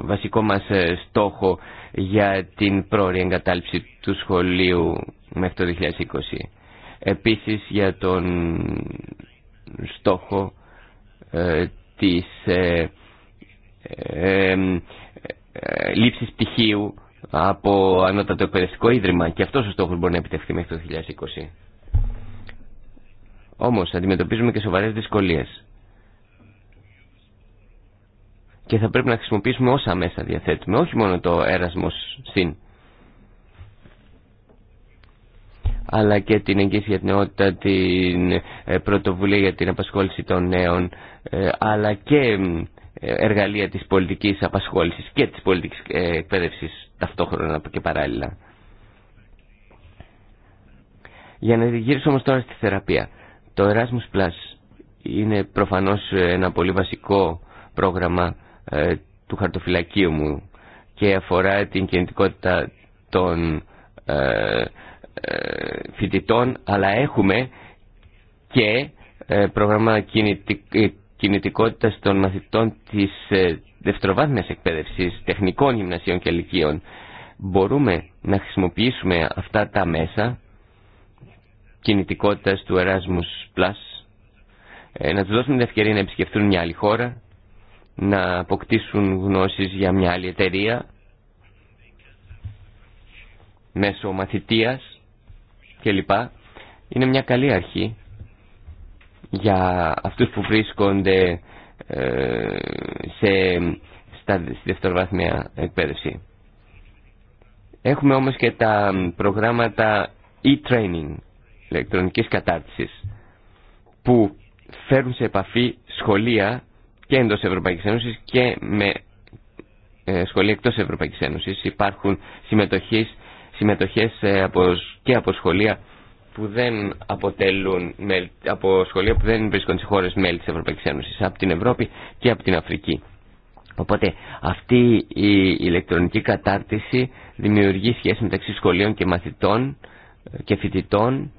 βασικό μας ε, στόχο για την πρόορη εγκατάλειψη του σχολείου μέχρι το 2020. Επίσης για τον στόχο ε, της ε, ε, λήψης πτυχίου από ανώτατο εκπαιδευτικό ίδρυμα και αυτός ο στόχος μπορεί να επιτευχθεί μέχρι το 2020. Όμως αντιμετωπίζουμε και σοβαρές δυσκολίες και θα πρέπει να χρησιμοποιήσουμε όσα μέσα διαθέτουμε, όχι μόνο το έρασμος συν αλλά και την εγγύηση για την νεότητα, την ε, πρωτοβουλία για την απασχόληση των νέων, ε, αλλά και ε, εργαλεία της πολιτικής απασχόλησης και της πολιτικής εκπαίδευσης ταυτόχρονα και παράλληλα. Για να γυρίσω όμως τώρα στη θεραπεία. Το Erasmus Plus είναι προφανώς ένα πολύ βασικό πρόγραμμα ε, του χαρτοφυλακίου μου και αφορά την κινητικότητα των ε, ε, φοιτητών αλλά έχουμε και πρόγραμμα κινητικότητας των μαθητών της δευτεροβάθμιας εκπαίδευσης, τεχνικών γυμνασίων και ηλικίων, μπορούμε να χρησιμοποιήσουμε αυτά τα μέσα κινητικότητας του Erasmus Plus, ε, να τους δώσουμε την ευκαιρία να επισκεφτούν μια άλλη χώρα, να αποκτήσουν γνώσεις για μια άλλη εταιρεία, μέσω μαθητείας κλπ. Είναι μια καλή αρχή για αυτούς που βρίσκονται ε, σε, στα, στη δευτεροβάθμια εκπαίδευση. Έχουμε όμως και τα προγράμματα e-training, ηλεκτρονικής κατάρτισης, που φέρουν σε επαφή σχολεία και εντός Ευρωπαϊκής Ένωσης και με ε, σχολεία εκτός Ευρωπαϊκής Ένωσης. Υπάρχουν συμμετοχές, ε, και από σχολεία που δεν αποτελούν από σχολεία που δεν βρίσκονται σε χώρες μέλη της Ευρωπαϊκής Ένωσης, από την Ευρώπη και από την Αφρική. Οπότε αυτή η ηλεκτρονική κατάρτιση δημιουργεί σχέση μεταξύ σχολείων και μαθητών ε, και φοιτητών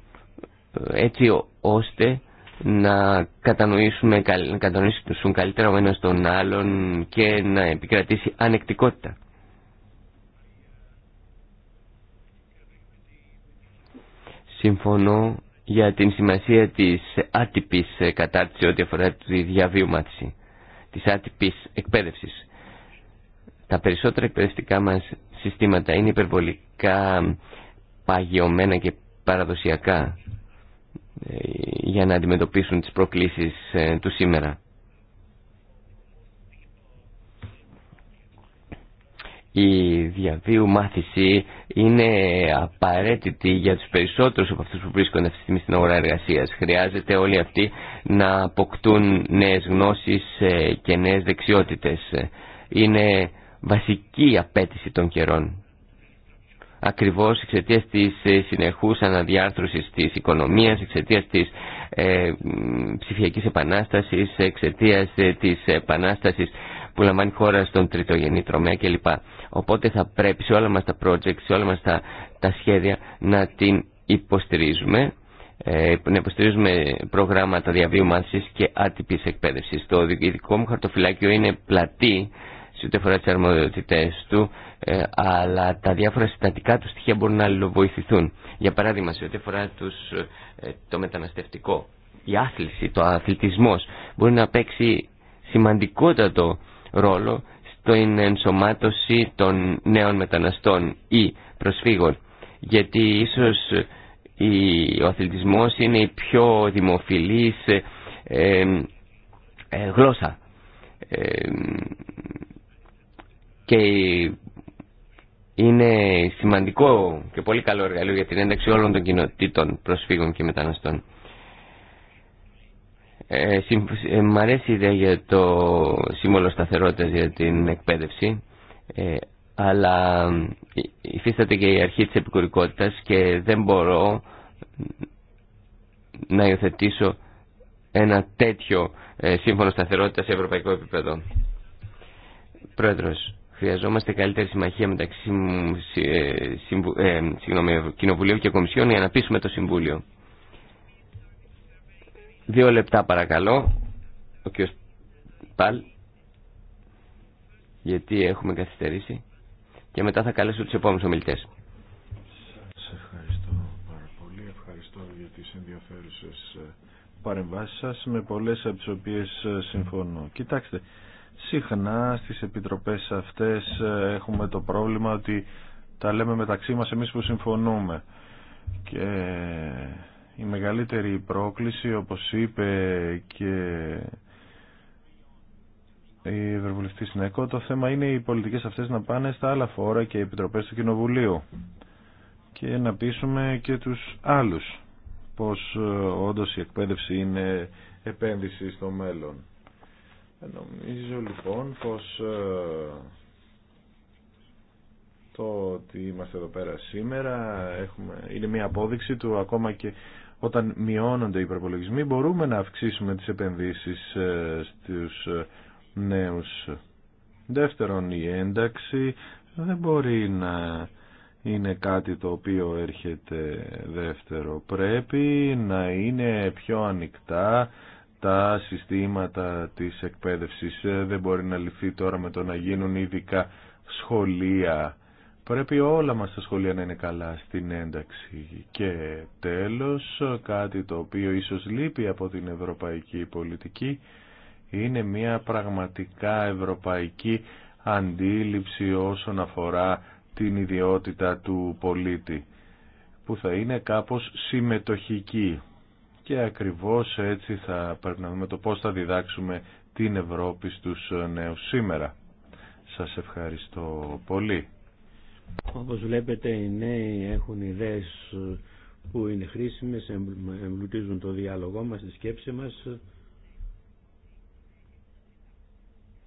ε, έτσι ώστε να κατανοήσουμε, να κατανοήσουν καλύτερα ο ένας τον άλλον και να επικρατήσει ανεκτικότητα. Συμφωνώ για την σημασία της άτυπης ε, κατάρτισης ό,τι αφορά τη διαβίωματιση, της άτυπης εκπαίδευσης. Τα περισσότερα εκπαιδευτικά μας συστήματα είναι υπερβολικά παγιωμένα και παραδοσιακά ε, για να αντιμετωπίσουν τις προκλήσεις ε, του σήμερα. η διαβίου μάθηση είναι απαραίτητη για τους περισσότερους από αυτούς που βρίσκονται αυτή τη στιγμή στην αγορά εργασίας. Χρειάζεται όλοι αυτοί να αποκτούν νέες γνώσεις ε, και νέες δεξιότητες. Είναι βασική απέτηση των καιρών. Ακριβώς εξαιτία της ε, συνεχούς αναδιάρθρωσης της οικονομίας, εξαιτία της ε, ψηφιακής επανάστασης, εξαιτία ε, της επανάστασης που λαμβάνει χώρα στον τριτογενή τρομέα κλπ. Οπότε θα πρέπει σε όλα μας τα project, σε όλα μας τα, τα σχέδια να την υποστηρίζουμε ε, να υποστηρίζουμε προγράμματα διαβίου μάθησης και άτυπη εκπαίδευση. Το ειδικό μου χαρτοφυλάκιο είναι πλατή σε ό,τι αφορά τις αρμοδιότητες του, ε, αλλά τα διάφορα συστατικά του στοιχεία μπορούν να αλληλοβοηθηθούν. Για παράδειγμα, σε ό,τι αφορά τους, ε, το μεταναστευτικό, η άθληση, το αθλητισμός μπορεί να παίξει σημαντικότατο ρόλο την ενσωμάτωση των νέων μεταναστών ή προσφύγων. Γιατί ίσως ο αθλητισμός είναι η πιο δημοφιλής ε, γλώσσα και είναι σημαντικό και πολύ καλό εργαλείο για την ένταξη όλων των κοινοτήτων προσφύγων και μεταναστών. Ε, ε, μ' αρέσει η ιδέα για το σύμβολο σταθερότητας για την εκπαίδευση, ε, αλλά υφίσταται και η αρχή της επικουρικότητας και δεν μπορώ να υιοθετήσω ένα τέτοιο ε, σύμφωνο σταθερότητας σε ευρωπαϊκό επίπεδο. Πρόεδρος, χρειαζόμαστε καλύτερη συμμαχία μεταξύ ε, Κοινοβουλίου και Κομισιόν για να πείσουμε το Συμβούλιο. Δύο λεπτά παρακαλώ. Ο κ. Παλ. Γιατί έχουμε καθυστερήσει. Και μετά θα καλέσω τους επόμενους ομιλητές. Σας ευχαριστώ πάρα πολύ. Ευχαριστώ για τις ενδιαφέρουσες ε, παρεμβάσεις με πολλές από τις οποίες ε, συμφωνώ. Κοιτάξτε, συχνά στις επιτροπές αυτές ε, έχουμε το πρόβλημα ότι τα λέμε μεταξύ μας εμείς που συμφωνούμε. Και η μεγαλύτερη πρόκληση, όπως είπε και η Ευρωβουλευτή Συνέκο, το θέμα είναι οι πολιτικές αυτές να πάνε στα άλλα φόρα και οι επιτροπές του Κοινοβουλίου και να πείσουμε και τους άλλους πως ε, όντως η εκπαίδευση είναι επένδυση στο μέλλον. Ε, νομίζω λοιπόν πως ε, το ότι είμαστε εδώ πέρα σήμερα έχουμε, είναι μια απόδειξη του ακόμα και όταν μειώνονται οι προπολογισμοί μπορούμε να αυξήσουμε τις επενδύσεις ε, στους ε, νέους. Δεύτερον, η ένταξη δεν μπορεί να είναι κάτι το οποίο έρχεται δεύτερο. Πρέπει να είναι πιο ανοιχτά τα συστήματα της εκπαίδευσης. Ε, δεν μπορεί να λυθεί τώρα με το να γίνουν ειδικά σχολεία Πρέπει όλα μας τα σχολεία να είναι καλά στην ένταξη. Και τέλος, κάτι το οποίο ίσως λείπει από την ευρωπαϊκή πολιτική, είναι μια πραγματικά ευρωπαϊκή αντίληψη όσον αφορά την ιδιότητα του πολίτη, που θα είναι κάπως συμμετοχική. Και ακριβώς έτσι θα πρέπει να δούμε το πώς θα διδάξουμε την Ευρώπη στους νέους σήμερα. Σας ευχαριστώ πολύ. Όπως βλέπετε οι νέοι έχουν ιδέες ε, που είναι χρήσιμες, εμπλουτίζουν το διάλογό μας, τη σκέψη μας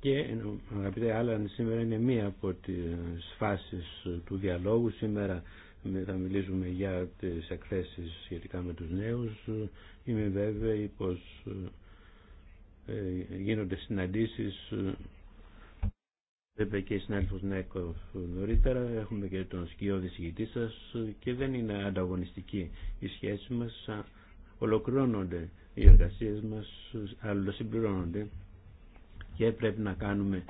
και ε, αγαπητέ αλλά σήμερα είναι μία από τις φάσεις του διαλόγου. Σήμερα θα μιλήσουμε για τις εκθέσεις σχετικά με τους νέους. Είμαι βέβαιη πως ε, γίνονται συναντήσεις Βέβαια και η συνάδελφος Νέκοφ νωρίτερα, έχουμε και τον σκιώδη διηγητή σας και δεν είναι ανταγωνιστική η σχέση μας. Ολοκληρώνονται οι εργασίες μας, συμπληρώνονται και πρέπει να κάνουμε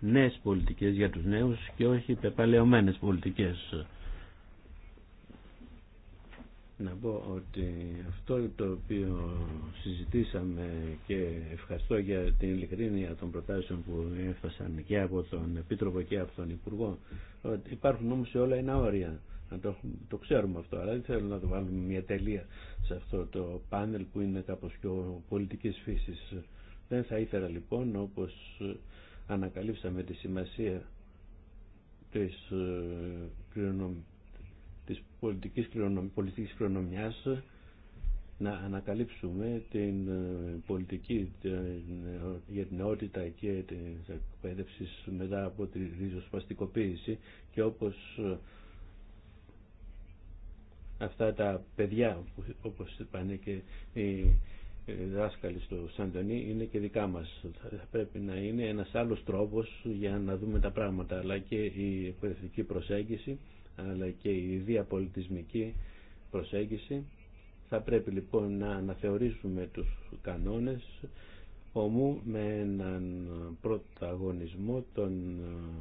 νέες πολιτικές για τους νέους και όχι πεπαλαιωμένε πολιτικές να πω ότι αυτό το οποίο συζητήσαμε και ευχαριστώ για την ειλικρίνεια των προτάσεων που έφτασαν και από τον Επίτροπο και από τον Υπουργό ότι υπάρχουν όμως σε όλα ένα όρια να το, το ξέρουμε αυτό αλλά δεν θέλω να το βάλουμε μια τελεία σε αυτό το πάνελ που είναι κάπως πιο πολιτικής φύσης δεν θα ήθελα λοιπόν όπως ανακαλύψαμε τη σημασία της ε, κληρονομικής της πολιτικής, πολιτικής κληρονομιάς να ανακαλύψουμε την ε, πολιτική ε, για την νεότητα και την εκπαίδευση μετά από τη ριζοσπαστικοποίηση και όπως ε, αυτά τα παιδιά όπως είπαν και οι δάσκαλοι στο Σαντονί είναι και δικά μας. Θα πρέπει να είναι ένας άλλος τρόπος για να δούμε τα πράγματα αλλά και η εκπαιδευτική προσέγγιση αλλά και η διαπολιτισμική προσέγγιση. Θα πρέπει λοιπόν να αναθεωρήσουμε τους κανόνες ομού με έναν πρωταγωνισμό των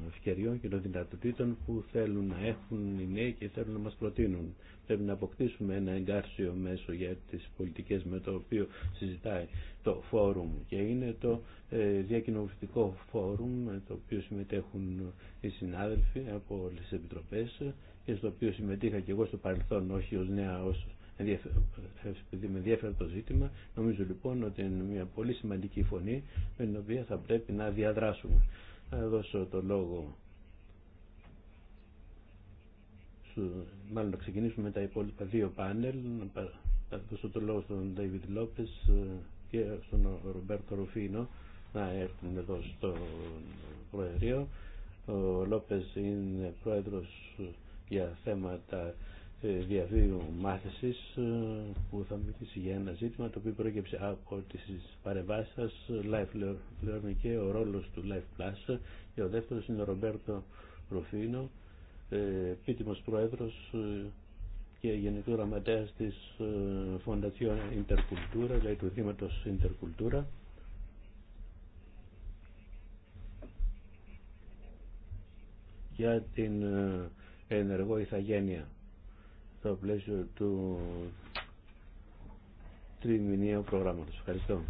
ευκαιριών και των δυνατοτήτων που θέλουν να έχουν οι νέοι και θέλουν να μας προτείνουν. Πρέπει να αποκτήσουμε ένα εγκάρσιο μέσο για τις πολιτικές με το οποίο συζητάει το φόρουμ και είναι το ε, διακοινοβουλευτικό φόρουμ με το οποίο συμμετέχουν οι συνάδελφοι από όλες τις επιτροπές και στο οποίο συμμετείχα και εγώ στο παρελθόν όχι ως νέα ως επειδή με ενδιαφέρει το ζήτημα, νομίζω λοιπόν ότι είναι μια πολύ σημαντική φωνή με την οποία θα πρέπει να διαδράσουμε. Θα δώσω το λόγο Ε, μάλλον να ξεκινήσουμε με τα υπόλοιπα δύο πάνελ, να δώσω το λόγο στον Ντέιβιντ Λόπε και στον Ρομπέρτο Ρουφίνο να έρθουν εδώ στο Προεδρείο. Ο Λόπε είναι πρόεδρο για θέματα ε, διαβίου μάθηση ε, που θα μιλήσει για ένα ζήτημα το οποίο πρόκειψε από τι παρεμβάσει σα. Life Learning και ο ρόλο του Life Plus και ο δεύτερο είναι ο Ρομπέρτο Ρουφίνο ε, επίτιμος πρόεδρος ε, και γενικό γραμματέας της ε, Φοντασιόν Ιντερκουλτούρα, δηλαδή του Δήματος Ιντερκουλτούρα. για την ενεργό ηθαγένεια στο πλαίσιο του τριμηνιαίου προγράμματος. Ευχαριστώ.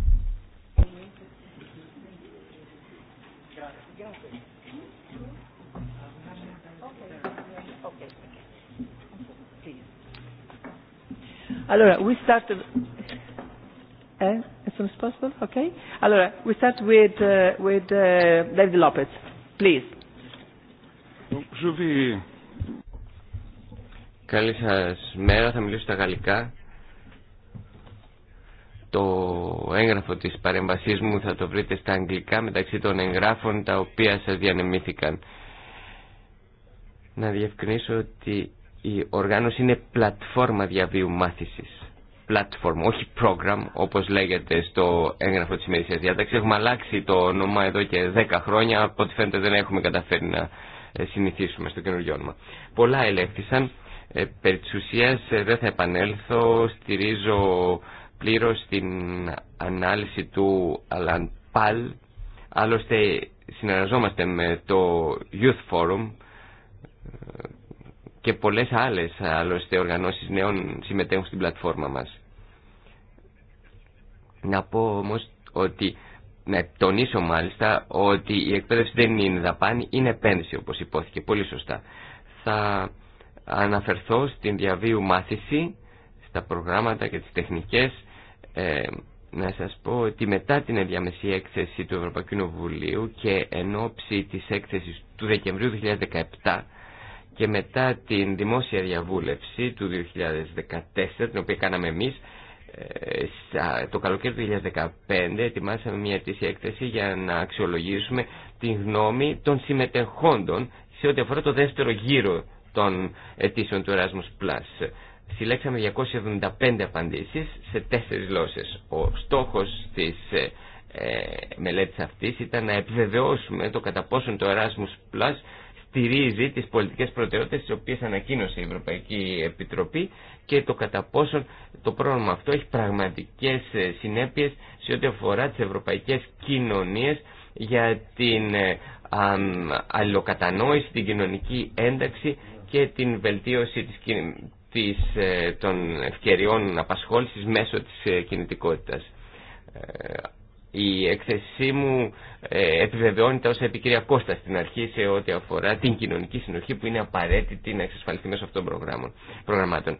Allora, we start. Eh? As soon as possible, okay? Allora, we start with, uh, with uh, David Lopez, please. je vais... Καλή σας μέρα, θα μιλήσω στα γαλλικά. Το έγγραφο της παρέμβασής μου θα το βρείτε στα αγγλικά μεταξύ των εγγράφων τα οποία σας διανεμήθηκαν. Να διευκρινίσω ότι η οργάνωση είναι πλατφόρμα διαβίου μάθησης. Platform, όχι program όπως λέγεται στο έγγραφο της ημερησίας διάταξης. Έχουμε αλλάξει το όνομα εδώ και 10 χρόνια, από ό,τι φαίνεται δεν έχουμε καταφέρει να ε, συνηθίσουμε στο καινούργιο όνομα. Πολλά ελέγχθησαν, ε, περί της ουσίας ε, δεν θα επανέλθω, στηρίζω πλήρω την ανάλυση του Αλαν Παλ, άλλωστε συνεργαζόμαστε με το Youth Forum και πολλές άλλες άλλωστε οργανώσεις νέων συμμετέχουν στην πλατφόρμα μας. Να πω όμως ότι, να τονίσω μάλιστα ότι η εκπαίδευση δεν είναι δαπάνη, είναι επένδυση όπως υπόθηκε πολύ σωστά. Θα αναφερθώ στην διαβίου μάθηση, στα προγράμματα και τις τεχνικές, ε, να σας πω ότι μετά την ενδιαμεσή έκθεση του Ευρωπαϊκού Κοινοβουλίου και εν ώψη της έκθεσης του Δεκεμβρίου 2017 και μετά την δημόσια διαβούλευση του 2014, την οποία κάναμε εμείς, ε, το καλοκαίρι του 2015 ετοιμάσαμε μια αιτήσια έκθεση για να αξιολογήσουμε τη γνώμη των συμμετεχόντων σε ό,τι αφορά το δεύτερο γύρο των αιτήσεων του Erasmus Plus. Συλλέξαμε 275 απαντήσεις σε τέσσερις γλώσσες. Ο στόχος της ε, ε, μελέτης αυτής ήταν να επιβεβαιώσουμε το κατά πόσον το Erasmus Plus στηρίζει τις πολιτικές προτεραιότητες τις οποίες ανακοίνωσε η Ευρωπαϊκή Επιτροπή και το κατά πόσον το πρόγραμμα αυτό έχει πραγματικές ε, συνέπειες σε ό,τι αφορά τις ευρωπαϊκές κοινωνίες για την ε, αλληλοκατανόηση, την κοινωνική ένταξη και την βελτίωση της, της, ε, των ευκαιριών απασχόλησης μέσω της κινητικότητας. Η έκθεσή μου ε, επιβεβαιώνεται όσα είπε η στην αρχή σε ό,τι αφορά την κοινωνική συνοχή που είναι απαραίτητη να εξασφαλιστεί μέσω αυτών των προγραμμάτων.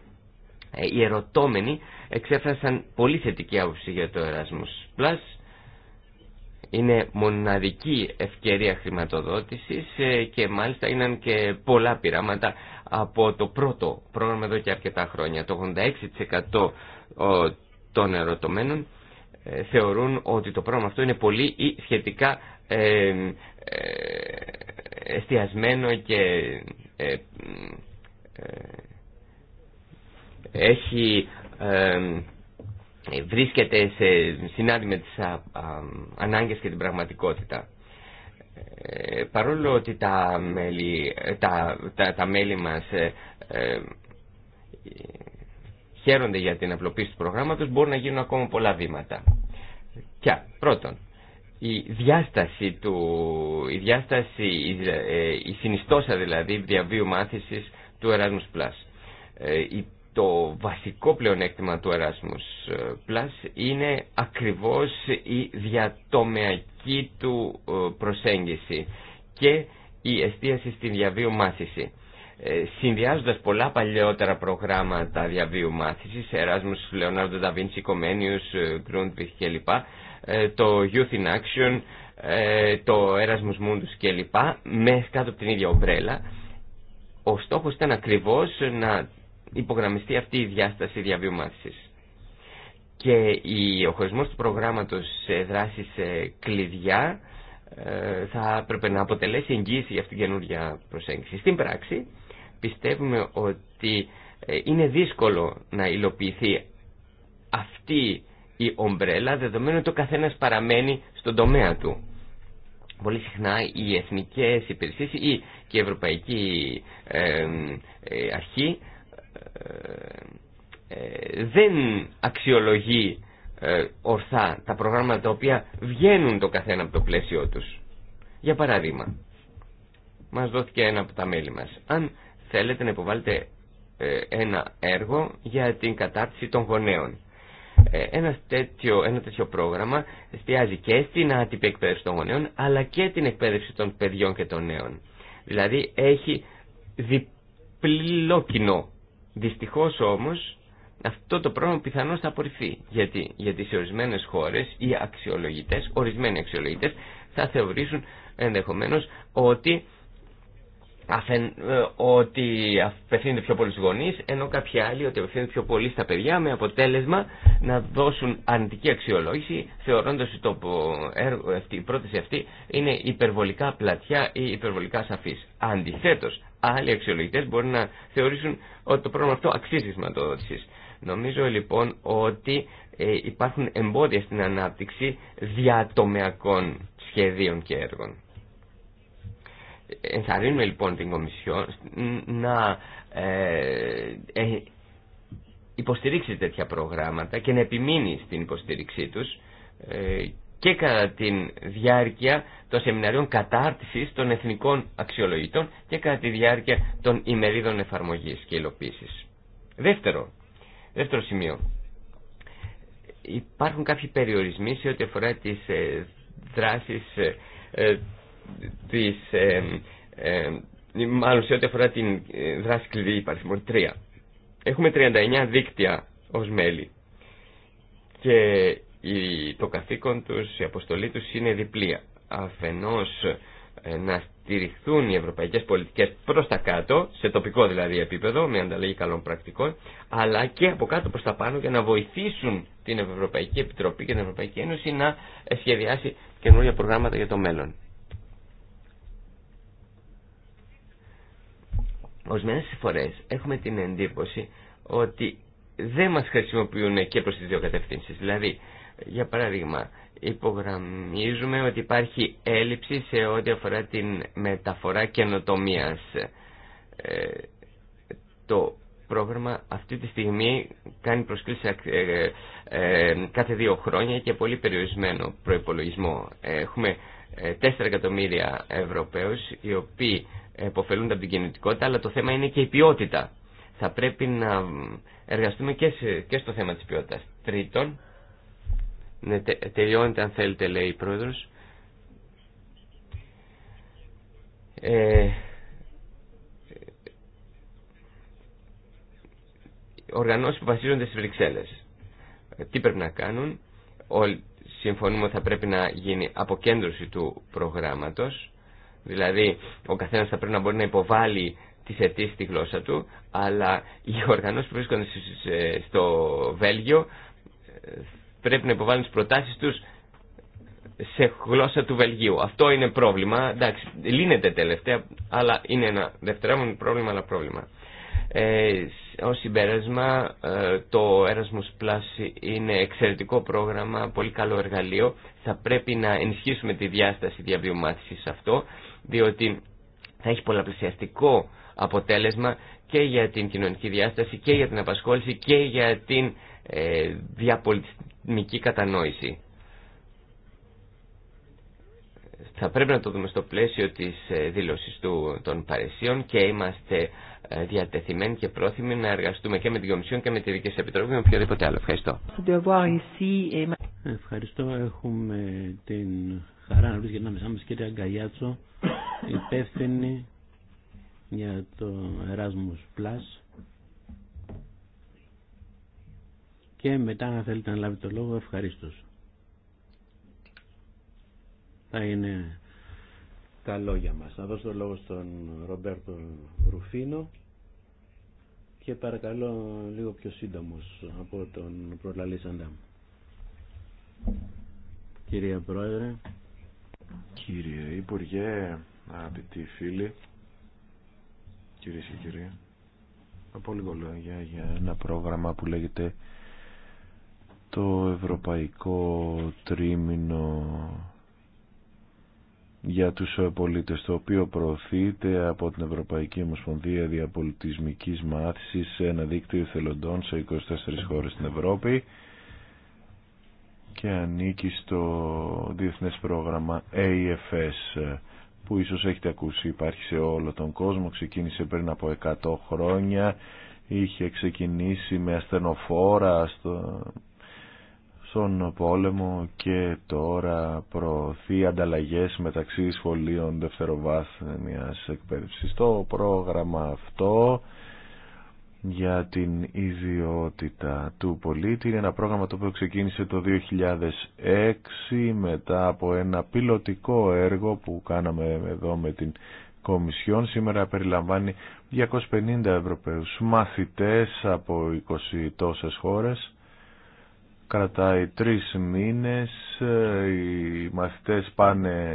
Ε, οι ερωτώμενοι εξέφρασαν πολύ θετική άποψη για το Erasmus Plus. Είναι μοναδική ευκαιρία χρηματοδότησης ε, και μάλιστα ήταν και πολλά πειράματα από το πρώτο πρόγραμμα εδώ και αρκετά χρόνια. Το 86% των ερωτωμένων ε, θεωρούν ότι το πρόγραμμα αυτό είναι πολύ ή σχετικά ε, ε, εστιασμένο και έχει βρίσκεται σε συνάδει με τις ανάγκες και την πραγματικότητα. παρόλο ότι τα μέλη, τα, τα, μέλη μας χαίρονται για την απλοποίηση του προγράμματος μπορούν να γίνουν ακόμα πολλά βήματα. Και πρώτον, η διάσταση του, η διάσταση, ε, η, συνιστόσα δηλαδή διαβίου μάθησης του Erasmus Plus. Ε, το βασικό πλεονέκτημα του Erasmus ε, Plus είναι ακριβώς η διατομεακή του προσέγγιση και η εστίαση στην διαβίου μάθηση. Ε, συνδυάζοντας πολλά παλιότερα προγράμματα διαβίου μάθησης, Εράσμους, Λεωνάρντο Νταβίντσι, Κομένιους, Γκρούντβιχ κλπ, ε, το Youth in Action, ε, το Erasmus Mundus κλπ, μέσα κάτω από την ίδια ομπρέλα. Ο στόχος ήταν ακριβώς να υπογραμμιστεί αυτή η διάσταση διαβίου μάθησης. Και ο χωρισμός του προγράμματος σε κλειδιά θα έπρεπε να αποτελέσει εγγύηση για αυτήν την καινούργια προσέγγιση. Στην πράξη, πιστεύουμε ότι ε, είναι δύσκολο να υλοποιηθεί αυτή η ομπρέλα δεδομένου ότι ο καθένας παραμένει στον τομέα του. Πολύ συχνά οι εθνικές υπηρεσίες ή και η Ευρωπαϊκή ε, Αρχή ε, δεν αξιολογεί ορθά τα προγράμματα τα οποία βγαίνουν το καθένα από το πλαίσιο τους. Για παράδειγμα, μας δόθηκε ένα από τα μέλη μας. Αν θέλετε να υποβάλλετε ε, ένα έργο για την κατάρτιση των γονέων. Ε, ένα τέτοιο, ένα τέτοιο πρόγραμμα εστιάζει και στην άτυπη εκπαίδευση των γονέων αλλά και την εκπαίδευση των παιδιών και των νέων. Δηλαδή έχει διπλό κοινό. Δυστυχώς όμως αυτό το πρόγραμμα πιθανώς θα απορριφθεί γιατί, γιατί σε ορισμένες χώρες οι αξιολογητές, ορισμένοι αξιολογητές θα θεωρήσουν ενδεχομένως ότι αφεν, ε, ότι απευθύνεται πιο πολύ στους γονείς ενώ κάποιοι άλλοι ότι απευθύνεται πιο πολύ στα παιδιά με αποτέλεσμα να δώσουν αρνητική αξιολόγηση θεωρώντας ότι το έργο, η πρόταση αυτή είναι υπερβολικά πλατιά ή υπερβολικά σαφής. Αντιθέτως, άλλοι αξιολογητές μπορεί να θεωρήσουν ότι το πρόγραμμα αυτό αξίζει σηματοδότησης. Νομίζω λοιπόν ότι ε, υπάρχουν εμπόδια στην ανάπτυξη διατομεακών σχεδίων και έργων. Ενθαρρύνουμε λοιπόν την Κομισιόν να ε, ε, υποστηρίξει τέτοια προγράμματα και να επιμείνει στην υποστήριξή τους ε, και κατά τη διάρκεια των σεμιναρίων κατάρτισης των εθνικών αξιολογητών και κατά τη διάρκεια των ημερίδων εφαρμογής και υλοποίησης. Δεύτερο, δεύτερο σημείο. Υπάρχουν κάποιοι περιορισμοί σε ό,τι αφορά τις δράσεις τις, μάλλον σε ό,τι αφορά την ε, δράση κλειδί υπαριθμών 3. Έχουμε 39 δίκτυα ως μέλη και το καθήκον τους, η αποστολή τους είναι διπλή. Αφενός ε, να στηριχθούν οι ευρωπαϊκές πολιτικές προς τα κάτω, σε τοπικό δηλαδή επίπεδο, με ανταλλαγή καλών πρακτικών, αλλά και από κάτω προς τα πάνω για να βοηθήσουν την Ευρωπαϊκή Επιτροπή και την Ευρωπαϊκή Ένωση να ε, σχεδιάσει καινούργια προγράμματα για το μέλλον. Ορισμένε φορέ έχουμε την εντύπωση ότι δεν μας χρησιμοποιούν και προς τις δύο κατευθύνσεις. Δηλαδή, για παράδειγμα, υπογραμμίζουμε ότι υπάρχει έλλειψη σε ό,τι αφορά την μεταφορά καινοτομία. Ε, το πρόγραμμα αυτή τη στιγμή κάνει προσκλήση ε, ε, κάθε δύο χρόνια και πολύ περιορισμένο προπολογισμό. Έχουμε 4 ε, εκατομμύρια Ευρωπαίους οι οποίοι εποφελούνται από την κινητικότητα, αλλά το θέμα είναι και η ποιότητα. Θα πρέπει να εργαστούμε και, σε, και στο θέμα της ποιότητας. Τρίτον, ναι, τελειώνεται αν θέλετε λέει η πρόεδρος, ε, οργανώσεις που βασίζονται στις Βρυξέλλες. Τι πρέπει να κάνουν, όλοι συμφωνούμε ότι θα πρέπει να γίνει αποκέντρωση του προγράμματος, Δηλαδή, ο καθένας θα πρέπει να μπορεί να υποβάλει τις αιτήσει στη γλώσσα του, αλλά οι οργανώσεις που βρίσκονται στο Βέλγιο ε, πρέπει να υποβάλουν τις προτάσεις τους σε γλώσσα του Βελγίου. Αυτό είναι πρόβλημα, εντάξει, λύνεται τελευταία, αλλά είναι ένα δευτερόμενο πρόβλημα, αλλά πρόβλημα. Ε, συμπέρασμα, ε, το Erasmus Plus είναι εξαιρετικό πρόγραμμα, πολύ καλό εργαλείο. Θα πρέπει να ενισχύσουμε τη διάσταση διαβίου σε αυτό διότι θα έχει πολλαπλησιαστικό αποτέλεσμα και για την κοινωνική διάσταση και για την απασχόληση και για την ε, διαπολιτισμική κατανόηση. Θα πρέπει να το δούμε στο πλαίσιο της ε, δήλωσης του, των παρεσίων και είμαστε ε, διατεθειμένοι και πρόθυμοι να εργαστούμε και με την Κομισιόν και με τη Δική Επιτροπή με οποιοδήποτε άλλο. Ευχαριστώ. Ευχαριστώ. Έχουμε την χαρά να βρίσκεται ανάμεσά μας κύριε Αγκαλιάτσο υπεύθυνη για το Erasmus Plus και μετά αν θέλετε να λάβετε το λόγο ευχαρίστως. Θα είναι τα λόγια μας. Θα δώσω το λόγο στον Ρομπέρτο Ρουφίνο και παρακαλώ λίγο πιο σύντομος από τον προλαλήσαντα. Κυρία Πρόεδρε. Κύριε Υπουργέ, αγαπητοί φίλοι, κυρίε και κύριοι. Από λίγο λόγια για ένα πρόγραμμα που λέγεται το Ευρωπαϊκό Τρίμηνο για τους πολίτες, το οποίο προωθείται από την Ευρωπαϊκή Ομοσπονδία Διαπολιτισμική Μάθησης σε ένα δίκτυο θελοντών σε 24 χώρες στην Ευρώπη και ανήκει στο διεθνές πρόγραμμα AFS που ίσως έχετε ακούσει υπάρχει σε όλο τον κόσμο, ξεκίνησε πριν από 100 χρόνια, είχε ξεκινήσει με ασθενοφόρα στο, στον πόλεμο και τώρα προωθεί ανταλλαγές μεταξύ σχολείων δευτεροβάθμιας εκπαίδευσης. Το πρόγραμμα αυτό για την ιδιότητα του πολίτη. Είναι ένα πρόγραμμα το οποίο ξεκίνησε το 2006 μετά από ένα πιλωτικό έργο που κάναμε εδώ με την Κομισιόν. Σήμερα περιλαμβάνει 250 Ευρωπαίους μαθητές από 20 τόσες χώρες. Κρατάει τρεις μήνες, οι μαθητές πάνε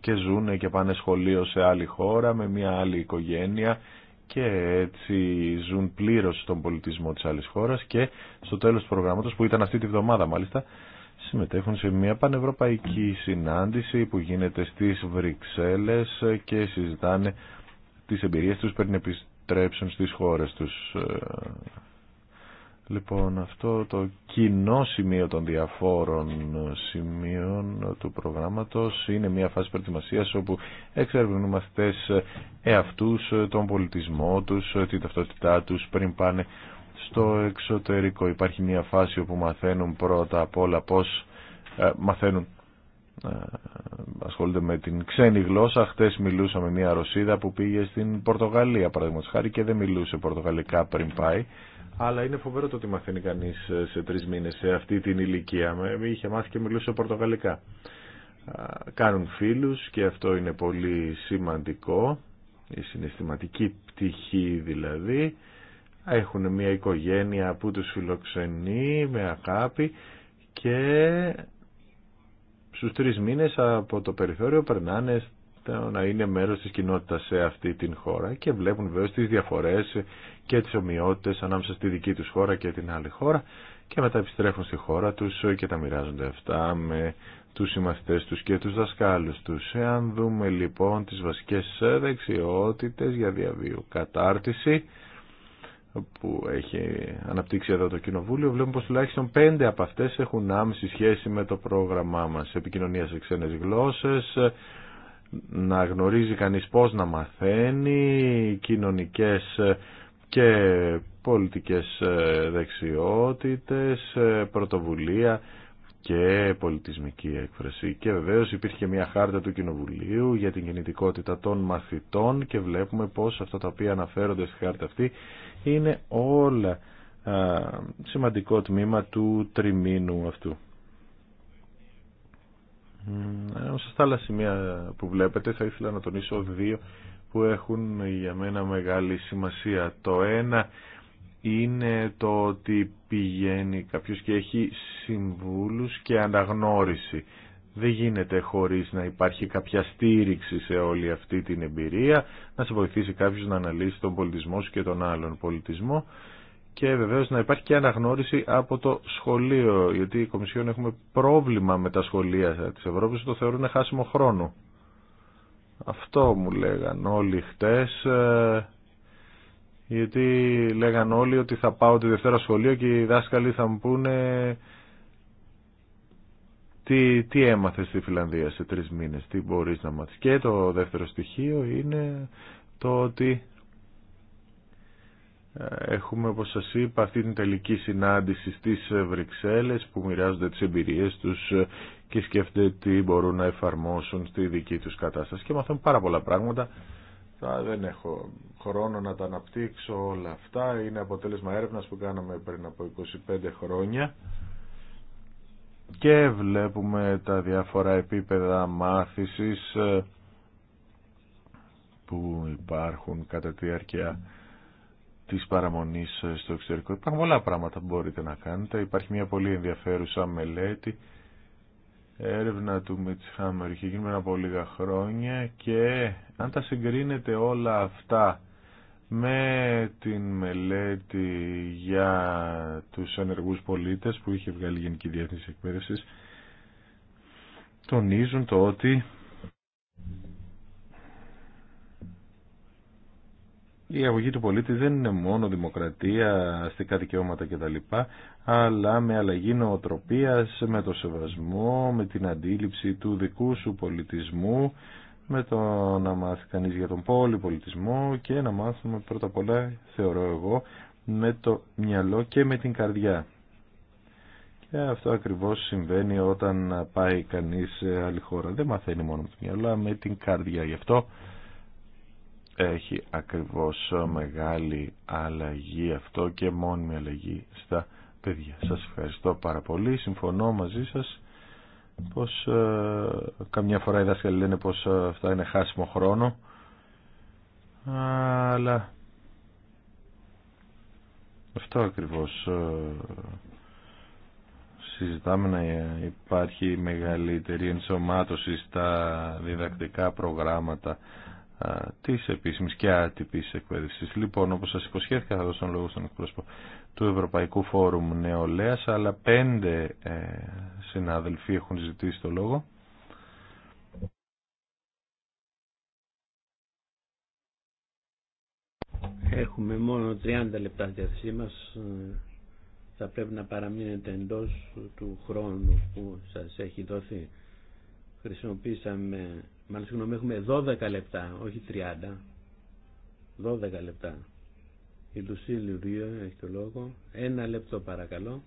και ζουν και πάνε σχολείο σε άλλη χώρα με μια άλλη οικογένεια και έτσι ζουν πλήρως στον πολιτισμό της άλλης χώρας και στο τέλος του προγράμματος που ήταν αυτή τη βδομάδα μάλιστα συμμετέχουν σε μια πανευρωπαϊκή συνάντηση που γίνεται στις Βρυξέλλες και συζητάνε τις εμπειρίες τους πριν επιστρέψουν στις χώρες τους Λοιπόν, αυτό το κοινό σημείο των διαφόρων σημείων του προγράμματος είναι μια φάση προετοιμασίας όπου εξερευνούν μαθητές εαυτούς, τον πολιτισμό τους, την ταυτότητά τους πριν πάνε στο εξωτερικό. Υπάρχει μια φάση όπου μαθαίνουν πρώτα απ' όλα πώς ε, μαθαίνουν ε, ασχολούνται με την ξένη γλώσσα. Χτες μιλούσα με μια Ρωσίδα που πήγε στην Πορτογαλία, παραδείγματος χάρη, και δεν μιλούσε Πορτογαλικά πριν πάει αλλά είναι φοβερό το ότι μαθαίνει κανεί ε, σε τρει μήνε σε αυτή την ηλικία. Είχε μάθει και μιλούσε πορτογαλικά. Κάνουν φίλου και αυτό είναι πολύ σημαντικό. Η συναισθηματική πτυχή δηλαδή. Έχουν μια οικογένεια που τους φιλοξενεί με αγάπη και στου τρει μήνε από το περιθώριο περνάνε να είναι μέρος της κοινότητας σε αυτή την χώρα και βλέπουν βέβαια τις διαφορές και τις ομοιότητες ανάμεσα στη δική τους χώρα και την άλλη χώρα και μετά επιστρέφουν στη χώρα τους και τα μοιράζονται αυτά με τους συμμαθητές τους και τους δασκάλους τους. Εάν δούμε λοιπόν τις βασικές δεξιότητες για διαβίου κατάρτιση που έχει αναπτύξει εδώ το Κοινοβούλιο, βλέπουμε πως τουλάχιστον πέντε από αυτές έχουν άμεση σχέση με το πρόγραμμά μας. Επικοινωνία σε ξένες γλώσσες, να γνωρίζει κανείς πώς να μαθαίνει, κοινωνικές και πολιτικές ε, δεξιότητες, ε, πρωτοβουλία και πολιτισμική έκφραση. Και βεβαίως υπήρχε μια χάρτα του Κοινοβουλίου για την κινητικότητα των μαθητών και βλέπουμε πως αυτά τα οποία αναφέρονται στη χάρτα αυτή είναι όλα σημαντικό τμήμα του τριμήνου αυτού. Ένα ε, στα άλλα σημεία που βλέπετε θα ήθελα να τονίσω δύο που έχουν για μένα μεγάλη σημασία. Το ένα είναι το ότι πηγαίνει κάποιος και έχει συμβούλους και αναγνώριση. Δεν γίνεται χωρίς να υπάρχει κάποια στήριξη σε όλη αυτή την εμπειρία, να σε βοηθήσει κάποιος να αναλύσει τον πολιτισμό σου και τον άλλον πολιτισμό και βεβαίως να υπάρχει και αναγνώριση από το σχολείο, γιατί η Κομισιόν έχουμε πρόβλημα με τα σχολεία της Ευρώπης, το θεωρούν χάσιμο χρόνο. Αυτό μου λέγαν όλοι χτες, ε, γιατί λέγαν όλοι ότι θα πάω τη Δευτέρα σχολείο και οι δάσκαλοι θα μου πούνε τι, τι έμαθες στη Φιλανδία σε τρεις μήνες, τι μπορείς να μάθεις. Και το δεύτερο στοιχείο είναι το ότι ε, έχουμε όπως σας είπα αυτή την τελική συνάντηση στις Βρυξέλλες που μοιράζονται τις εμπειρίες τους ε, και σκέφτεται τι μπορούν να εφαρμόσουν στη δική τους κατάσταση και μαθαίνουν πάρα πολλά πράγματα. δεν έχω χρόνο να τα αναπτύξω όλα αυτά. Είναι αποτέλεσμα έρευνας που κάναμε πριν από 25 χρόνια και βλέπουμε τα διάφορα επίπεδα μάθησης ε, που υπάρχουν κατά τη διάρκεια της παραμονής ε, στο εξωτερικό. Υπάρχουν πολλά πράγματα που μπορείτε να κάνετε. Υπάρχει μια πολύ ενδιαφέρουσα μελέτη έρευνα του Μιτσχάμερ είχε γίνει από λίγα χρόνια και αν τα συγκρίνετε όλα αυτά με την μελέτη για τους ενεργούς πολίτες που είχε βγάλει η Γενική Διεθνής Εκπαίδευσης τονίζουν το ότι η αγωγή του πολίτη δεν είναι μόνο δημοκρατία, αστικά δικαιώματα κτλ. Αλλά με αλλαγή νοοτροπίας, με το σεβασμό, με την αντίληψη του δικού σου πολιτισμού, με το να μάθει κανείς για τον πολιτισμό και να μάθουμε πρώτα απ' όλα, θεωρώ εγώ, με το μυαλό και με την καρδιά. Και αυτό ακριβώς συμβαίνει όταν πάει κανείς σε άλλη χώρα. Δεν μαθαίνει μόνο με το μυαλό, αλλά με την καρδιά. Γι' αυτό έχει ακριβώς μεγάλη αλλαγή αυτό και μόνιμη αλλαγή στα παιδιά. Σας ευχαριστώ πάρα πολύ. Συμφωνώ μαζί σας πως ε, καμιά φορά οι δάσκαλοι λένε πως ε, αυτά είναι χάσιμο χρόνο αλλά αυτό ακριβώς ε, συζητάμε να υπάρχει μεγαλύτερη ενσωμάτωση στα διδακτικά προγράμματα Τη επίσημη και άτυπη εκπαίδευση. Λοιπόν, όπω σα υποσχέθηκα θα δώσω τον λόγο στον εκπρόσωπο του Ευρωπαϊκού Φόρουμ Νεολαία, αλλά πέντε ε, συνάδελφοι έχουν ζητήσει το λόγο. Έχουμε μόνο 30 λεπτά στη διάθεσή Θα πρέπει να παραμείνετε εντός του χρόνου που σας έχει δοθεί. Χρησιμοποίησαμε Μάλλον συγγνώμη, έχουμε 12 λεπτά, όχι 30. 12 λεπτά. Η Λουσίλη Ρία έχει το λόγο. Ένα λεπτό παρακαλώ.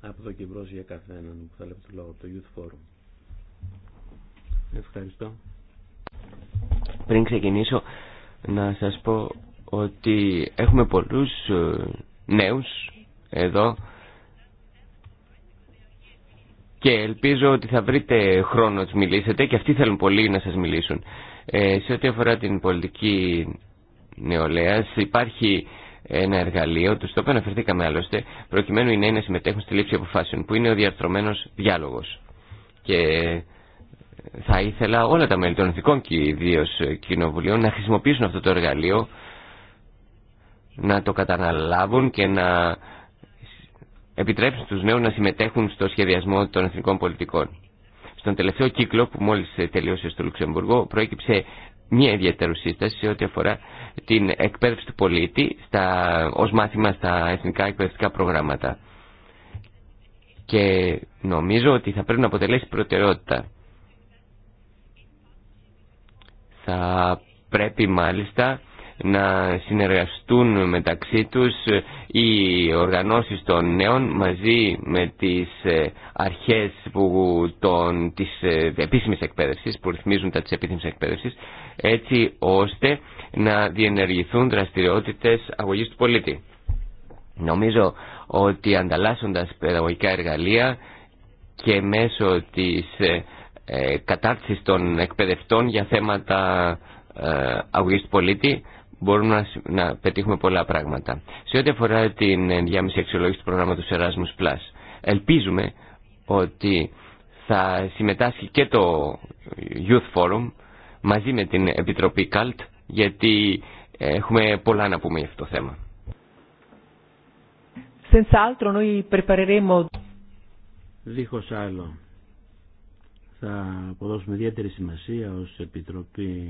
Από το μπρος για καθέναν που θα το λόγο, το Youth Forum. Ευχαριστώ. Πριν ξεκινήσω, να σας πω ότι έχουμε πολλούς ε, νέους εδώ και ελπίζω ότι θα βρείτε χρόνο να τους μιλήσετε και αυτοί θέλουν πολύ να σας μιλήσουν. Ε, σε ό,τι αφορά την πολιτική νεολαία, υπάρχει ένα εργαλείο, το οποίο αναφερθήκαμε άλλωστε, προκειμένου οι νέοι να συμμετέχουν στη λήψη αποφάσεων, που είναι ο διαρθρωμένος διάλογος. Και ε, θα ήθελα όλα τα μέλη των εθνικών και ιδίω κοινοβουλίων να χρησιμοποιήσουν αυτό το εργαλείο, να το καταναλάβουν και να επιτρέψουν στους νέους να συμμετέχουν στο σχεδιασμό των εθνικών πολιτικών. Στον τελευταίο κύκλο που μόλις τελείωσε στο Λουξεμβουργό προέκυψε μια ιδιαίτερη σύσταση σε ό,τι αφορά την εκπαίδευση του πολίτη στα, ως μάθημα στα εθνικά εκπαιδευτικά προγράμματα. Και νομίζω ότι θα πρέπει να αποτελέσει προτεραιότητα. Θα πρέπει μάλιστα να συνεργαστούν μεταξύ τους οι οργανώσεις των νέων μαζί με τις ε, αρχές που των, της ε, επίσημης εκπαίδευσης που ρυθμίζουν τα της επίσημης εκπαίδευσης έτσι ώστε να διενεργηθούν δραστηριότητες αγωγής του πολίτη. Νομίζω ότι ανταλλάσσοντας παιδαγωγικά εργαλεία και μέσω της ε, κατάρτισης των εκπαιδευτών για θέματα αγωγής του πολίτη μπορούμε να, πετύχουμε πολλά πράγματα. Σε ό,τι αφορά την ενδιάμεση αξιολόγηση του προγράμματος Erasmus Plus, ελπίζουμε ότι θα συμμετάσχει και το Youth Forum μαζί με την Επιτροπή Καλτ, γιατί έχουμε πολλά να πούμε για αυτό το θέμα. Δίχως άλλο, θα αποδώσουμε ιδιαίτερη σημασία ως Επιτροπή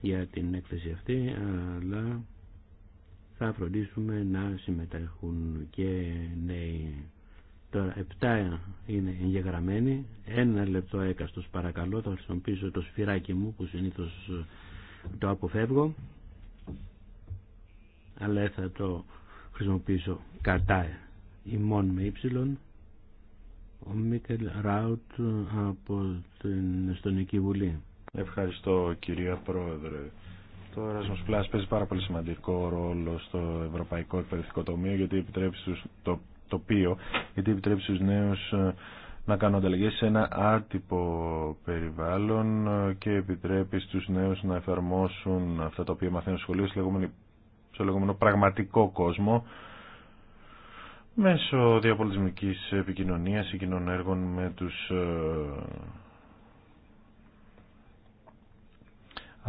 για την έκθεση αυτή, αλλά θα φροντίσουμε να συμμετέχουν και νέοι. Τώρα, επτά είναι εγγεγραμμένοι. Ένα λεπτό έκαστος παρακαλώ. Θα χρησιμοποιήσω το σφυράκι μου που συνήθως το αποφεύγω. Αλλά θα το χρησιμοποιήσω κατά ημών με ύψιλον. Ο Μίκελ Ράουτ από την Εστονική Βουλή. Ευχαριστώ κυρία Πρόεδρε. Το Erasmus Plus παίζει πάρα πολύ σημαντικό ρόλο στο Ευρωπαϊκό Εκπαιδευτικό Τομείο γιατί επιτρέπει στους, το γιατί επιτρέπει στους νέους ε, να κάνουν ανταλλαγέ σε ένα άτυπο περιβάλλον ε, και επιτρέπει στους νέους να εφαρμόσουν αυτά τα οποία μαθαίνουν στο σχολείο στο λεγόμενο πραγματικό κόσμο μέσω διαπολιτισμικής επικοινωνίας ή κοινωνέργων με τους ε,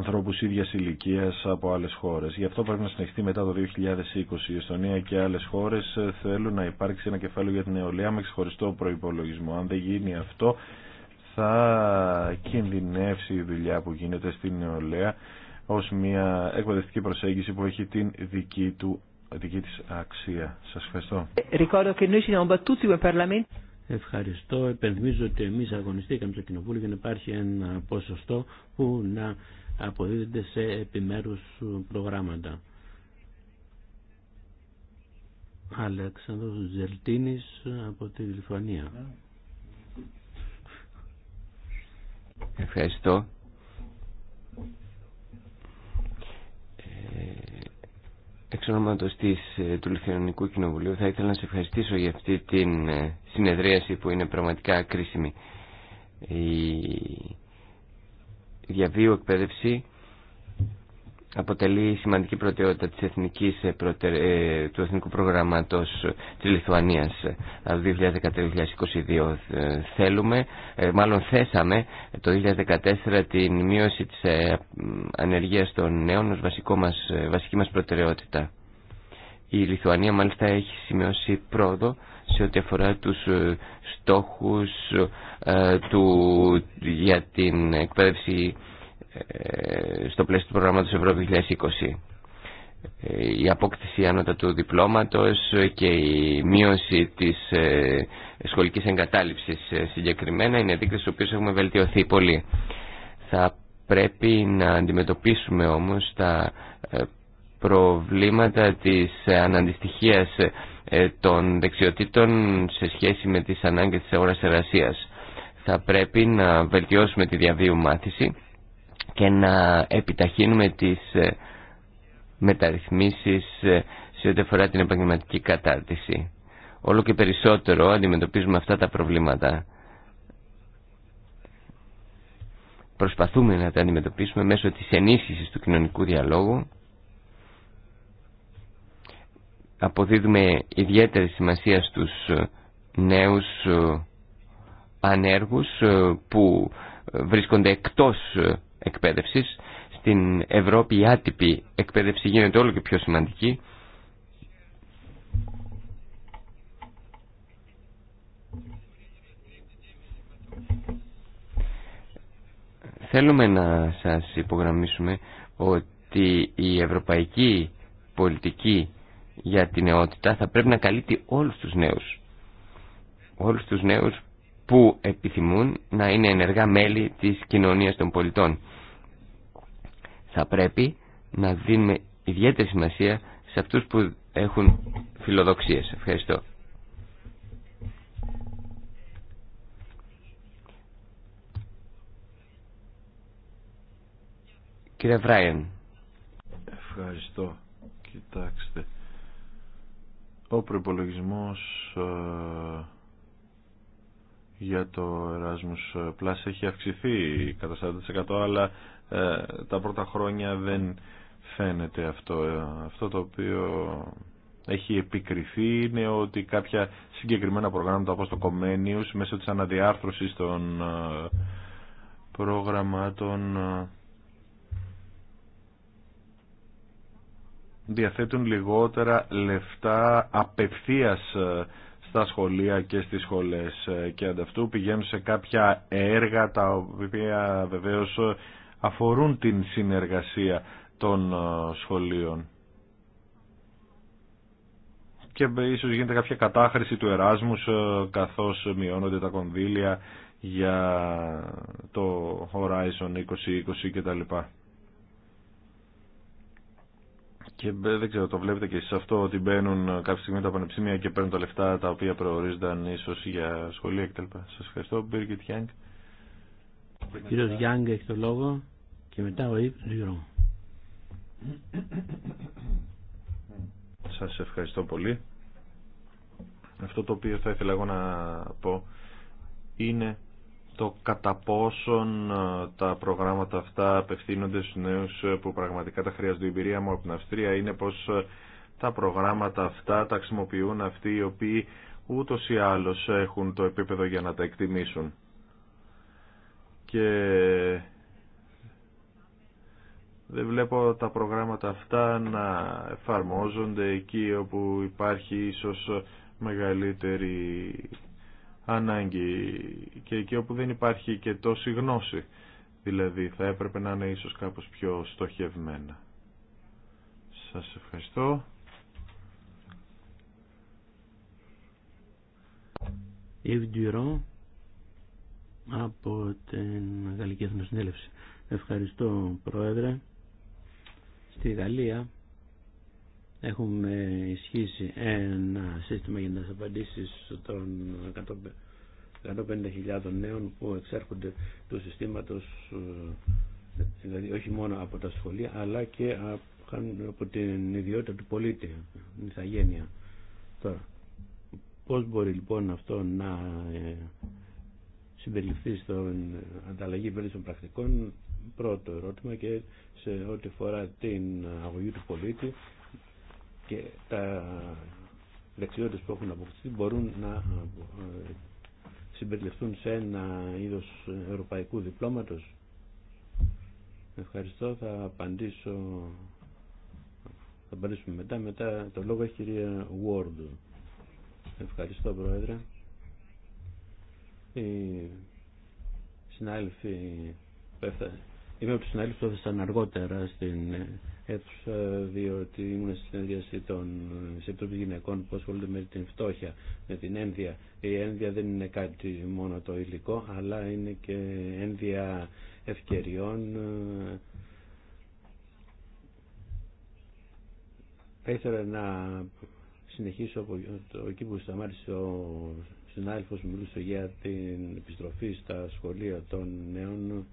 ανθρώπους ίδια ηλικία από άλλες χώρες. Γι' αυτό πρέπει να συνεχιστεί μετά το 2020. Η Εστονία και άλλες χώρες θέλουν να υπάρξει ένα κεφάλαιο για την νεολαία με ξεχωριστό προϋπολογισμό. Αν δεν γίνει αυτό θα κινδυνεύσει η δουλειά που γίνεται στην νεολαία ως μια εκπαιδευτική προσέγγιση που έχει την δική του δική της αξία. Σας ευχαριστώ. Ευχαριστώ. Επενθυμίζω ότι εμείς αγωνιστήκαμε στο Κοινοβούλιο για να υπάρχει ένα ποσοστό που να αποδίδεται σε επιμέρους προγράμματα. Αλέξανδρος Ζελτίνης από τη Λιθουανία. Ευχαριστώ. Ε, εξ ονόματος της, ε, του Λιθουανικού Κοινοβουλίου θα ήθελα να σε ευχαριστήσω για αυτή την ε, συνεδρίαση που είναι πραγματικά κρίσιμη. Η διαβίω εκπαίδευση αποτελεί σημαντική προτεραιότητα της εθνικής, ε, ε, του Εθνικού Προγράμματος της Λιθουανίας 2013-2022. Ε, θέλουμε, μάλλον θέσαμε το 2014 την μείωση της ανεργίας των νέων ως βασικό μας, βασική μας προτεραιότητα. Η Λιθουανία μάλιστα έχει σημειώσει πρόοδο σε ό,τι αφορά τους ε, στόχους ε, του, για την εκπαίδευση ε, στο πλαίσιο του προγράμματος Ευρώπη 2020. Η απόκτηση του διπλώματος και η μείωση της σχολικής εγκατάλειψης συγκεκριμένα είναι δείκτες στους οποίους έχουμε βελτιωθεί πολύ. Θα πρέπει να αντιμετωπίσουμε όμως τα προβλήματα της αναντιστοιχίας ε, των δεξιοτήτων σε σχέση με τις ανάγκες της αγοράς εργασίας. Θα πρέπει να βελτιώσουμε τη διαβίου μάθηση και να επιταχύνουμε τις ε, μεταρρυθμίσεις ε, σε ό,τι αφορά την επαγγελματική κατάρτιση. Όλο και περισσότερο αντιμετωπίζουμε αυτά τα προβλήματα. Προσπαθούμε να τα αντιμετωπίσουμε μέσω της ενίσχυσης του κοινωνικού διαλόγου αποδίδουμε ιδιαίτερη σημασία στους ε, νέους ε, ανέργους ε, που βρίσκονται εκτός εκπαίδευσης. Στην Ευρώπη η άτυπη εκπαίδευση γίνεται όλο και πιο σημαντική. Θέλουμε να σας υπογραμμίσουμε ότι η ευρωπαϊκή πολιτική για την νεότητα θα πρέπει να καλύπτει όλους τους νέους. Όλους τους νέους που επιθυμούν να είναι ενεργά μέλη της κοινωνίας των πολιτών. Θα πρέπει να δίνουμε ιδιαίτερη σημασία σε αυτούς που έχουν φιλοδοξίες. Ευχαριστώ. Κύριε Βράιεν. Ευχαριστώ. Κοιτάξτε. Ο προπολογισμό ε, για το Erasmus Plus έχει αυξηθεί κατά 40% αλλά ε, τα πρώτα χρόνια δεν φαίνεται αυτό. Ε, αυτό το οποίο έχει επικριθεί είναι ότι κάποια συγκεκριμένα προγράμματα όπως το Comenius μέσω της αναδιάρθρωσης των προγραμμάτων διαθέτουν λιγότερα λεφτά απευθείας ε, στα σχολεία και στις σχολές ε, και ανταυτού πηγαίνουν σε κάποια έργα τα οποία βεβαίως ε, αφορούν την συνεργασία των σχολείων. Και ίσως γίνεται κάποια κατάχρηση του Εράσμους καθώς μειώνονται τα κονδύλια για το Horizon 2020 κτλ. Και ε, δεν ξέρω, το βλέπετε και εσείς αυτό ότι μπαίνουν ε, κάποια στιγμή τα πανεπιστήμια και παίρνουν τα λεφτά τα οποία προορίζονταν ίσως για σχολεία κτλ. Σας ευχαριστώ, Birgit Young. Ο κύριος Young έχει το λόγο και μετά ο Ιπνιρό. Σας ευχαριστώ πολύ. Αυτό το οποίο θα ήθελα εγώ να πω είναι το κατά πόσον ε, τα προγράμματα αυτά απευθύνονται στους νέους ε, που πραγματικά τα χρειάζονται. Η εμπειρία μου από την Αυστρία είναι πως ε, τα προγράμματα αυτά τα χρησιμοποιούν αυτοί οι οποίοι ούτως ή άλλως έχουν το επίπεδο για να τα εκτιμήσουν. Και δεν βλέπω τα προγράμματα αυτά να εφαρμόζονται εκεί όπου υπάρχει ίσως μεγαλύτερη ανάγκη και εκεί όπου δεν υπάρχει και τόση γνώση. Δηλαδή θα έπρεπε να είναι ίσως κάπως πιο στοχευμένα. Σας ευχαριστώ. Ευντυρό από την Γαλλική Εθνοσυνέλευση. Ευχαριστώ Πρόεδρε. Στη Γαλλία Έχουμε ισχύσει ένα σύστημα για τι απαντήσει των 150.000 νέων που εξέρχονται του συστήματος ε, δηλαδή όχι μόνο από τα σχολεία αλλά και από την ιδιότητα του πολίτη, την ηθαγένεια. Τώρα, πώς μπορεί λοιπόν αυτό να ε, συμπεριληφθεί στην ανταλλαγή βέλτιστων πρακτικών πρώτο ερώτημα και σε ό,τι φορά την αγωγή του πολίτη και τα δεξιότητε που έχουν αποκτήσει μπορούν να ε, συμπεριληφθούν σε ένα είδος ευρωπαϊκού διπλώματο. Ευχαριστώ, θα απαντήσω θα απαντήσουμε μετά. Μετά το λόγο έχει η κυρία Ward. Ευχαριστώ Πρόεδρε. Οι συνάδελφοι Είμαι από του συνάδελφου που έφτασαν αργότερα στην αίθουσα διότι ήμουν στη συνεδρίαση των Επιτροπή Γυναικών που ασχολούνται με την φτώχεια, με την ένδια. Η ένδια δεν είναι κάτι μόνο το υλικό, αλλά είναι και ένδια ευκαιριών. Θα ήθελα να συνεχίσω από εκεί που σταμάτησε ο συνάδελφος μιλούσε για την επιστροφή στα σχολεία των νέων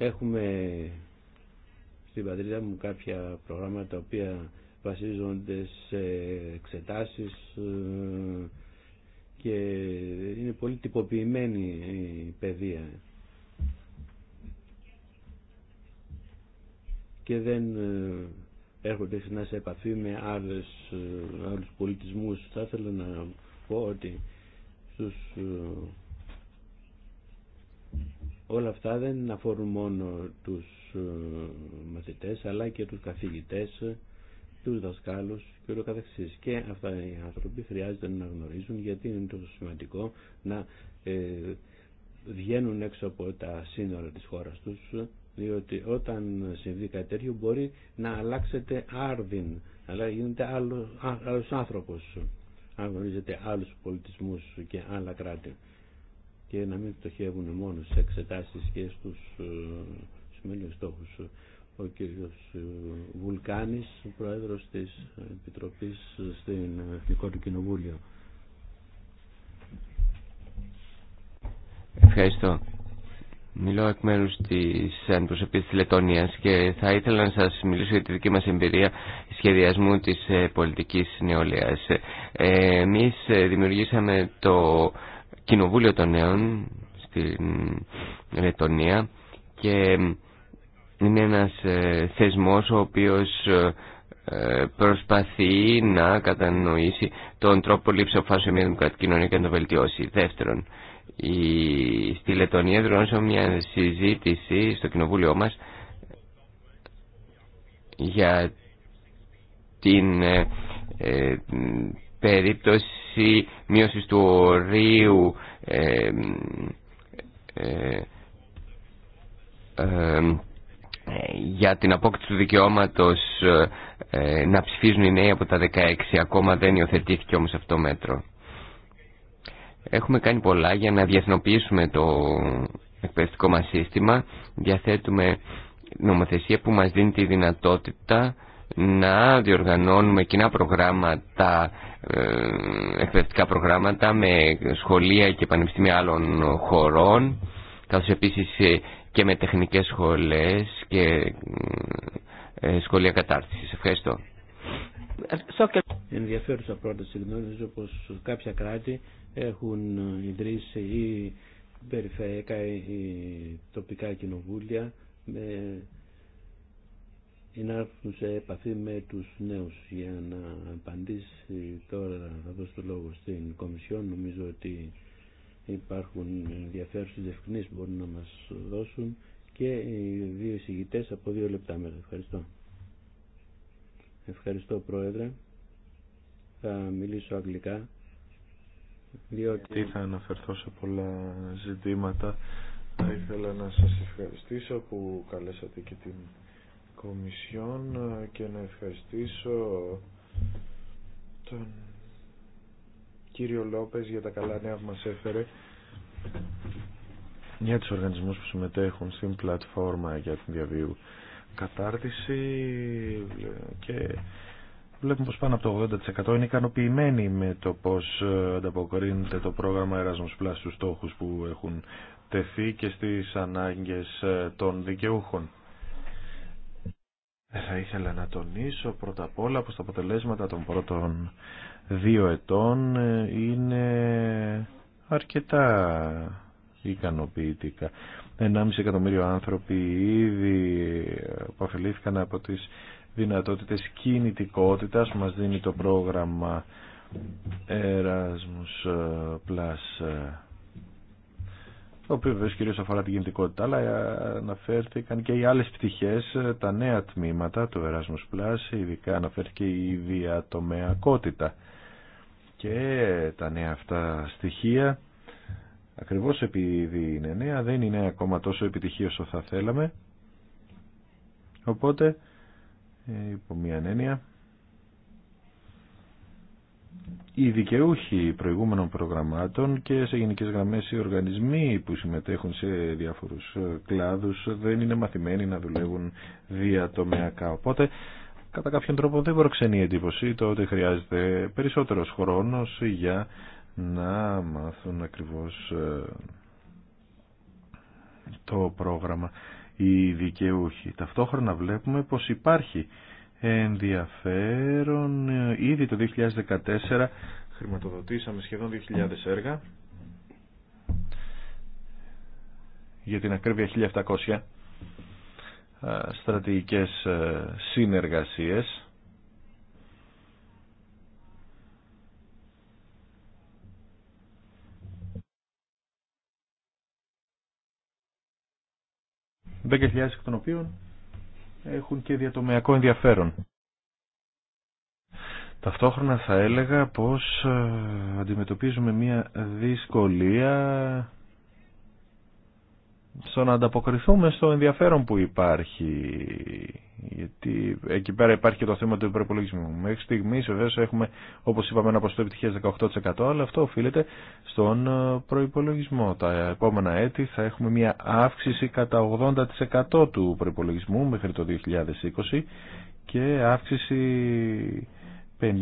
Έχουμε στην πατρίδα μου κάποια προγράμματα τα οποία βασίζονται σε εξετάσεις ε, και είναι πολύ τυποποιημένη η παιδεία και δεν ε, έρχονται συχνά σε επαφή με άλλες, ε, άλλους πολιτισμούς. Θα ήθελα να πω ότι στους όλα αυτά δεν αφορούν μόνο τους ε, μαθητές αλλά και τους καθηγητές, τους δασκάλους και ούτω καθεξής. Και αυτά οι άνθρωποι χρειάζεται να γνωρίζουν γιατί είναι τόσο σημαντικό να ε, βγαίνουν έξω από τα σύνορα της χώρας τους διότι όταν συμβεί κάτι τέτοιο μπορεί να αλλάξετε άρδιν αλλά γίνεται άλλος, άλλος άνθρωπος αν γνωρίζετε άλλους πολιτισμούς και άλλα κράτη και να μην πτωχεύουν μόνο σε εξετάσεις και στους ε, σημαίνει στόχους. Ο κύριος ε, Βουλκάνης, πρόεδρος της Επιτροπής στην Εθνικό του Κοινοβούλιο. Ευχαριστώ. Μιλώ εκ μέρους της αντιπροσωπής της Λετωνίας και θα ήθελα να σας μιλήσω για τη δική μας εμπειρία σχεδιασμού της ε, πολιτικής νεολαίας. Εμείς δημιουργήσαμε το Κοινοβούλιο των Νέων στην Λετωνία και είναι ένας ε, θεσμός ο οποίος ε, προσπαθεί να κατανοήσει τον τρόπο λήψη αποφάσεων μια δημοκρατική κοινωνία και να το βελτιώσει. Δεύτερον, η... στη Λετωνία δρόνωσα μια συζήτηση στο κοινοβούλιο μας για την, ε, περίπτωση μείωσης του ορίου ε, ε, για την απόκτηση του δικαιώματος ε, να ψηφίζουν οι νέοι από τα 16 ακόμα δεν υιοθετήθηκε όμως αυτό το μέτρο. Έχουμε κάνει πολλά για να διεθνοποιήσουμε το εκπαιδευτικό μας σύστημα. Διαθέτουμε νομοθεσία που μας δίνει τη δυνατότητα να διοργανώνουμε κοινά προγράμματα, ε, εκπαιδευτικά προγράμματα με σχολεία και πανεπιστήμια άλλων χωρών, καθώς επίσης ε, και με τεχνικές σχολές και ε, σχολεία κατάρτισης. Ευχαριστώ. Ενδιαφέρουσα πρόταση. Γνωρίζω πως κάποια κράτη έχουν ιδρύσει ή περιφερειακά τοπικά κοινοβούλια με ή να έρθουν σε επαφή με τους νέους για να απαντήσει τώρα θα δώσω το λόγο στην Κομισιόν νομίζω ότι υπάρχουν ενδιαφέρουσες διευκρινείς που μπορούν να μας δώσουν και οι δύο εισηγητέ από δύο λεπτά μέσα. Ευχαριστώ. Ευχαριστώ Πρόεδρε. Θα μιλήσω αγγλικά διότι θα αναφερθώ σε πολλά ζητήματα. Θα ήθελα να σας ευχαριστήσω που καλέσατε και την Κομισιόν ε, και να ευχαριστήσω τον κύριο Λόπες για τα καλά νέα που μας έφερε για τους οργανισμούς που συμμετέχουν στην πλατφόρμα για την διαβίου κατάρτιση και βλέπουμε πως πάνω από το 80% είναι ικανοποιημένοι με το πως ε, ανταποκρίνεται το πρόγραμμα Erasmus Plus στους στόχους που έχουν τεθεί και στις ανάγκες ε, των δικαιούχων. Ε, θα ήθελα να τονίσω πρώτα απ' όλα πως τα αποτελέσματα των πρώτων δύο ετών ε, είναι αρκετά ικανοποιητικά. 1,5 εκατομμύριο άνθρωποι ήδη αποφελήθηκαν από τις δυνατότητες κινητικότητας που μας δίνει το πρόγραμμα Erasmus Plus ε, το οποίο βέβαια κυρίως αφορά την κινητικότητα, αλλά ε, αναφέρθηκαν και οι άλλες πτυχέ. Ε, τα νέα τμήματα του Erasmus Plus, ειδικά αναφέρθηκε η διατομεακότητα και ε, τα νέα αυτά στοιχεία, ακριβώς επειδή είναι νέα, δεν είναι ακόμα τόσο επιτυχή όσο θα θέλαμε, οπότε, υπό μια έννοια, οι δικαιούχοι προηγούμενων προγραμμάτων και σε γενικές γραμμές οι οργανισμοί που συμμετέχουν σε διάφορους ε, κλάδους δεν είναι μαθημένοι να δουλεύουν διατομεακά. Οπότε κατά κάποιον τρόπο δεν προξενεί εντύπωση το ότι χρειάζεται περισσότερος χρόνος για να μάθουν ακριβώς ε, το πρόγραμμα οι δικαιούχοι. Ταυτόχρονα βλέπουμε πως υπάρχει ενδιαφέρον. Ήδη το 2014 χρηματοδοτήσαμε σχεδόν 2.000 έργα. Για την ακρίβεια 1.700 ε, στρατηγικές ε, συνεργασίες. ...10.000 εκ των οποίων έχουν και διατομειακό ενδιαφέρον. Ταυτόχρονα θα έλεγα πως ε, αντιμετωπίζουμε μια δυσκολία στο να ανταποκριθούμε στο ενδιαφέρον που υπάρχει γιατί εκεί πέρα υπάρχει και το θέμα του υπερπολογισμού. Μέχρι στιγμή, βεβαίω έχουμε όπω είπαμε ένα ποσοστό επιτυχία 18% αλλά αυτό οφείλεται στον ε, προπολογισμό. Τα επόμενα έτη θα έχουμε μια αύξηση κατά 80% του προπολογισμού μέχρι το 2020 και αύξηση 50%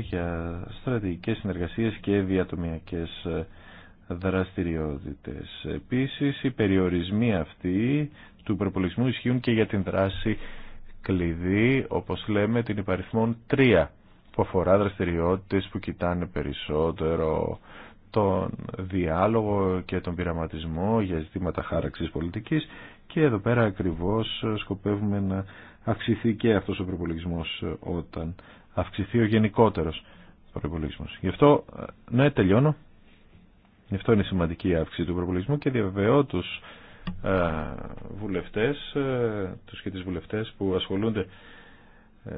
για στρατηγικέ συνεργασίε και διατομιακέ. Ε, δραστηριότητες. Επίσης, οι περιορισμοί αυτοί του προπολογισμού ισχύουν και για την δράση κλειδί, όπως λέμε, την υπαριθμόν 3, που αφορά δραστηριότητες που κοιτάνε περισσότερο τον διάλογο και τον πειραματισμό για ζητήματα χάραξης πολιτικής και εδώ πέρα ακριβώς σκοπεύουμε να αυξηθεί και αυτός ο προπολογισμός όταν αυξηθεί ο γενικότερος προπολογισμός. Γι' αυτό, ε, ναι, τελειώνω. Γι' αυτό είναι σημαντική αύξηση του προπολογισμού και διαβεβαιώ του ε, βουλευτές, ε, τους και τι βουλευτές που ασχολούνται ε,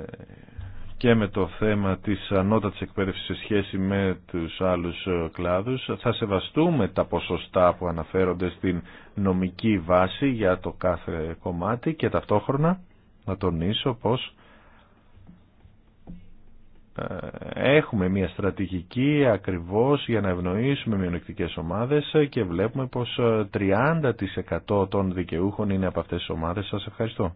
και με το θέμα της ανώτατη εκπαίδευση σε σχέση με τους άλλους κλάδους. Θα σεβαστούμε τα ποσοστά που αναφέρονται στην νομική βάση για το κάθε κομμάτι και ταυτόχρονα να τονίσω πως ε, έχουμε μια στρατηγική ακριβώς για να ευνοήσουμε μειονεκτικές ομάδες και βλέπουμε πως 30% ε, των δικαιούχων είναι από αυτές τις ομάδες. Σας ευχαριστώ.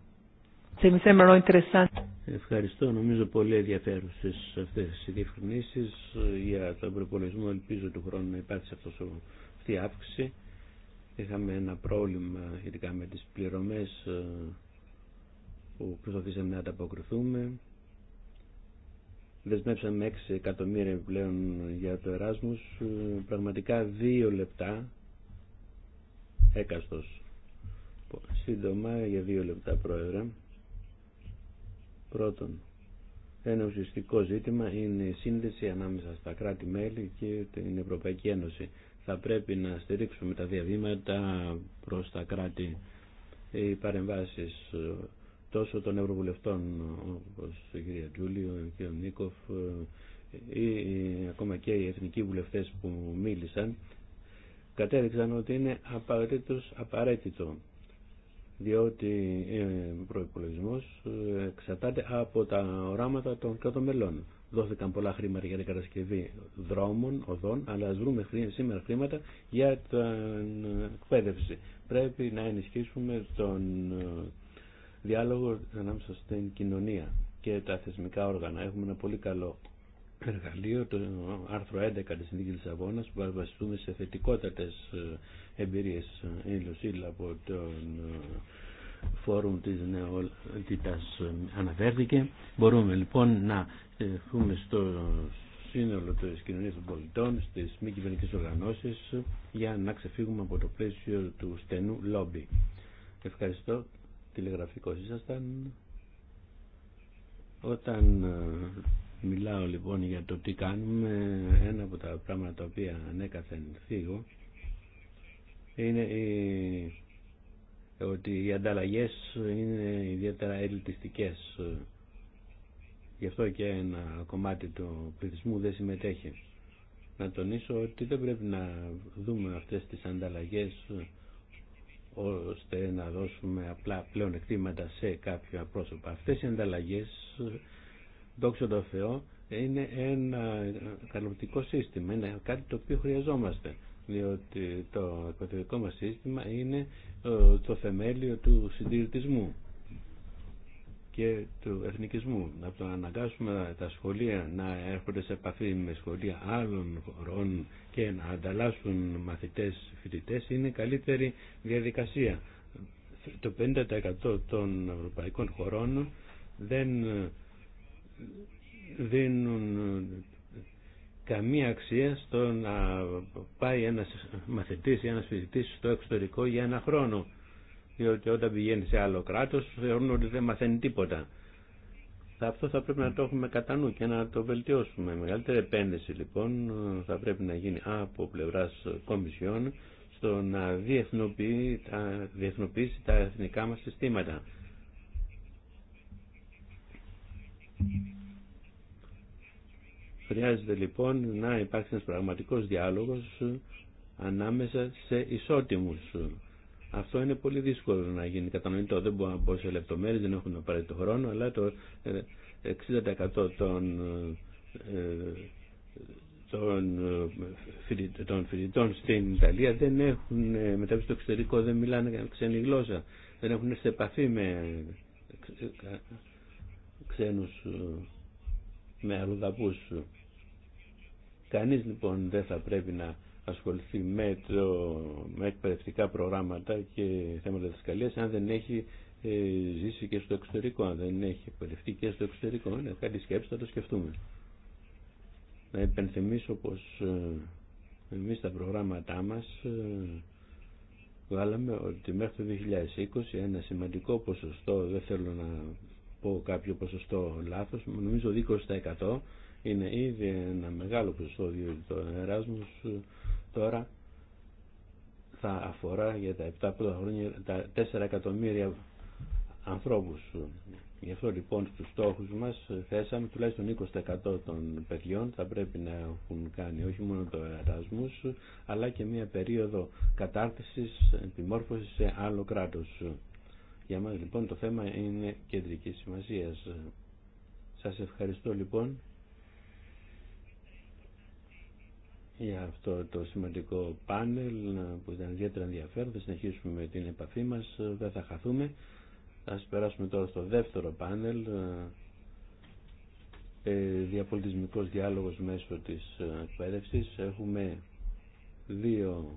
Ευχαριστώ. Νομίζω πολύ ενδιαφέρουσες αυτές οι διευκρινήσεις για τον προπολογισμό. Ελπίζω του χρόνου να υπάρξει αυτός, αυτή η αύξηση. Είχαμε ένα πρόβλημα ειδικά με τις πληρωμές ε, που προσπαθήσαμε να ανταποκριθούμε δεσμεύσαμε 6 εκατομμύρια πλέον για το Εράσμος. Ε, πραγματικά δύο λεπτά έκαστος. Σύντομα για δύο λεπτά πρόεδρε. Πρώτον, ένα ουσιαστικό ζήτημα είναι η σύνδεση ανάμεσα στα κράτη-μέλη και την Ευρωπαϊκή Ένωση. Θα πρέπει να στηρίξουμε τα διαβήματα προς τα κράτη. Οι παρεμβάσεις τόσο των Ευρωβουλευτών όπως η κυρία Τζούλιο, ο κύριο Νίκοφ ε, ή ε, ακόμα και οι εθνικοί βουλευτές που μίλησαν κατέληξαν ότι είναι απαραίτητος, απαραίτητο διότι ε, ο προπολογισμό εξαρτάται από τα οράματα των κράτων μελών. Δόθηκαν πολλά χρήματα για την κατασκευή δρόμων, οδών, αλλά βρούμε σήμερα χρήματα για την εκπαίδευση. Πρέπει να ενισχύσουμε τον διάλογο ανάμεσα στην κοινωνία και τα θεσμικά όργανα. Έχουμε ένα πολύ καλό εργαλείο, το άρθρο 11 της Συνδίκης Λισαβόνας, που βασιστούμε σε θετικότατες ε, εμπειρίες ηλιοσύλλα ε, από τον ε, φόρουμ της νεολαίτητας αναφέρθηκε. Μπορούμε λοιπόν να έχουμε στο σύνολο της κοινωνίας των πολιτών, στις μη κυβερνητικέ οργανώσεις, για να ξεφύγουμε από το πλαίσιο του στενού λόμπι. Ευχαριστώ τηλεγραφικός ήσασταν. Όταν ε, μιλάω λοιπόν για το τι κάνουμε, ένα από τα πράγματα τα οποία ανέκαθεν θίγω είναι ότι οι ανταλλαγές είναι ιδιαίτερα ελιτιστικές. Γι' αυτό και ένα κομμάτι του πληθυσμού δεν συμμετέχει. Να τονίσω ότι δεν πρέπει να δούμε αυτές τις ανταλλαγές ώστε να δώσουμε απλά πλέον εκτίματα σε κάποια πρόσωπα. Αυτές οι ανταλλαγές, δόξα τω Θεώ, είναι ένα καλοπτικό σύστημα, είναι κάτι το οποίο χρειαζόμαστε, διότι το εκπαιδευτικό μας σύστημα είναι ε, το θεμέλιο του συντηρητισμού και του εθνικισμού. Να το αναγκάσουμε τα σχολεία να έρχονται σε επαφή με σχολεία άλλων χωρών και να ανταλλάσσουν μαθητές φοιτητές είναι καλύτερη διαδικασία. Το 50% των ευρωπαϊκών χωρών δεν δίνουν καμία αξία στο να πάει ένας μαθητής ή ένας φοιτητής στο εξωτερικό για ένα χρόνο διότι όταν πηγαίνει σε άλλο κράτο θεωρούν ότι δεν μαθαίνει τίποτα. Αυτό θα πρέπει να το έχουμε κατά νου και να το βελτιώσουμε. Η μεγαλύτερη επένδυση λοιπόν θα πρέπει να γίνει από πλευρά κομισιών στο να διεθνοποιεί, τα, διεθνοποιήσει τα εθνικά μας συστήματα. Χρειάζεται λοιπόν να υπάρξει ένας πραγματικός διάλογος ανάμεσα σε ισότιμους αυτό είναι πολύ δύσκολο να γίνει κατανοητό. Δεν μπορώ να πω σε λεπτομέρειε δεν πάρει το χρόνο, αλλά το 60% ε, των, ε, ε, των, φοιτητών στην Ιταλία δεν έχουν μεταβεί στο εξωτερικό, δεν μιλάνε ξένη γλώσσα, δεν έχουν σε επαφή με ξένους, με αλλοδαπούς. Κανείς λοιπόν δεν θα πρέπει να ασχοληθεί με, το, με εκπαιδευτικά προγράμματα και θέματα διδασκαλίας αν δεν έχει ε, ζήσει και στο εξωτερικό, αν δεν έχει εκπαιδευτεί και στο εξωτερικό. Είναι κάτι σκέψη, θα το σκεφτούμε. Να υπενθυμίσω πως ε, εμείς τα προγράμματά μας ε, βγάλαμε ότι μέχρι το 2020 ένα σημαντικό ποσοστό, δεν θέλω να πω κάποιο ποσοστό λάθος, νομίζω 20% είναι ήδη ένα μεγάλο ποσοστό διότι το Erasmus ε, τώρα θα αφορά για τα 7 πρώτα χρόνια τα 4 εκατομμύρια ανθρώπους. Γι' αυτό λοιπόν στους στόχους μας ε, θέσαμε τουλάχιστον 20% των παιδιών θα πρέπει να έχουν κάνει όχι μόνο το εράσμος αλλά και μια περίοδο κατάρτισης, επιμόρφωσης σε άλλο κράτος. Για μας λοιπόν το θέμα είναι κεντρική σημασίας. Σας ευχαριστώ λοιπόν για αυτό το σημαντικό πάνελ που ήταν ιδιαίτερα ενδιαφέρον. Θα συνεχίσουμε την επαφή μας, δεν θα χαθούμε. θα περάσουμε τώρα στο δεύτερο πάνελ, ε, διαπολιτισμικός διάλογος μέσω της ε, εκπαίδευση. Έχουμε δύο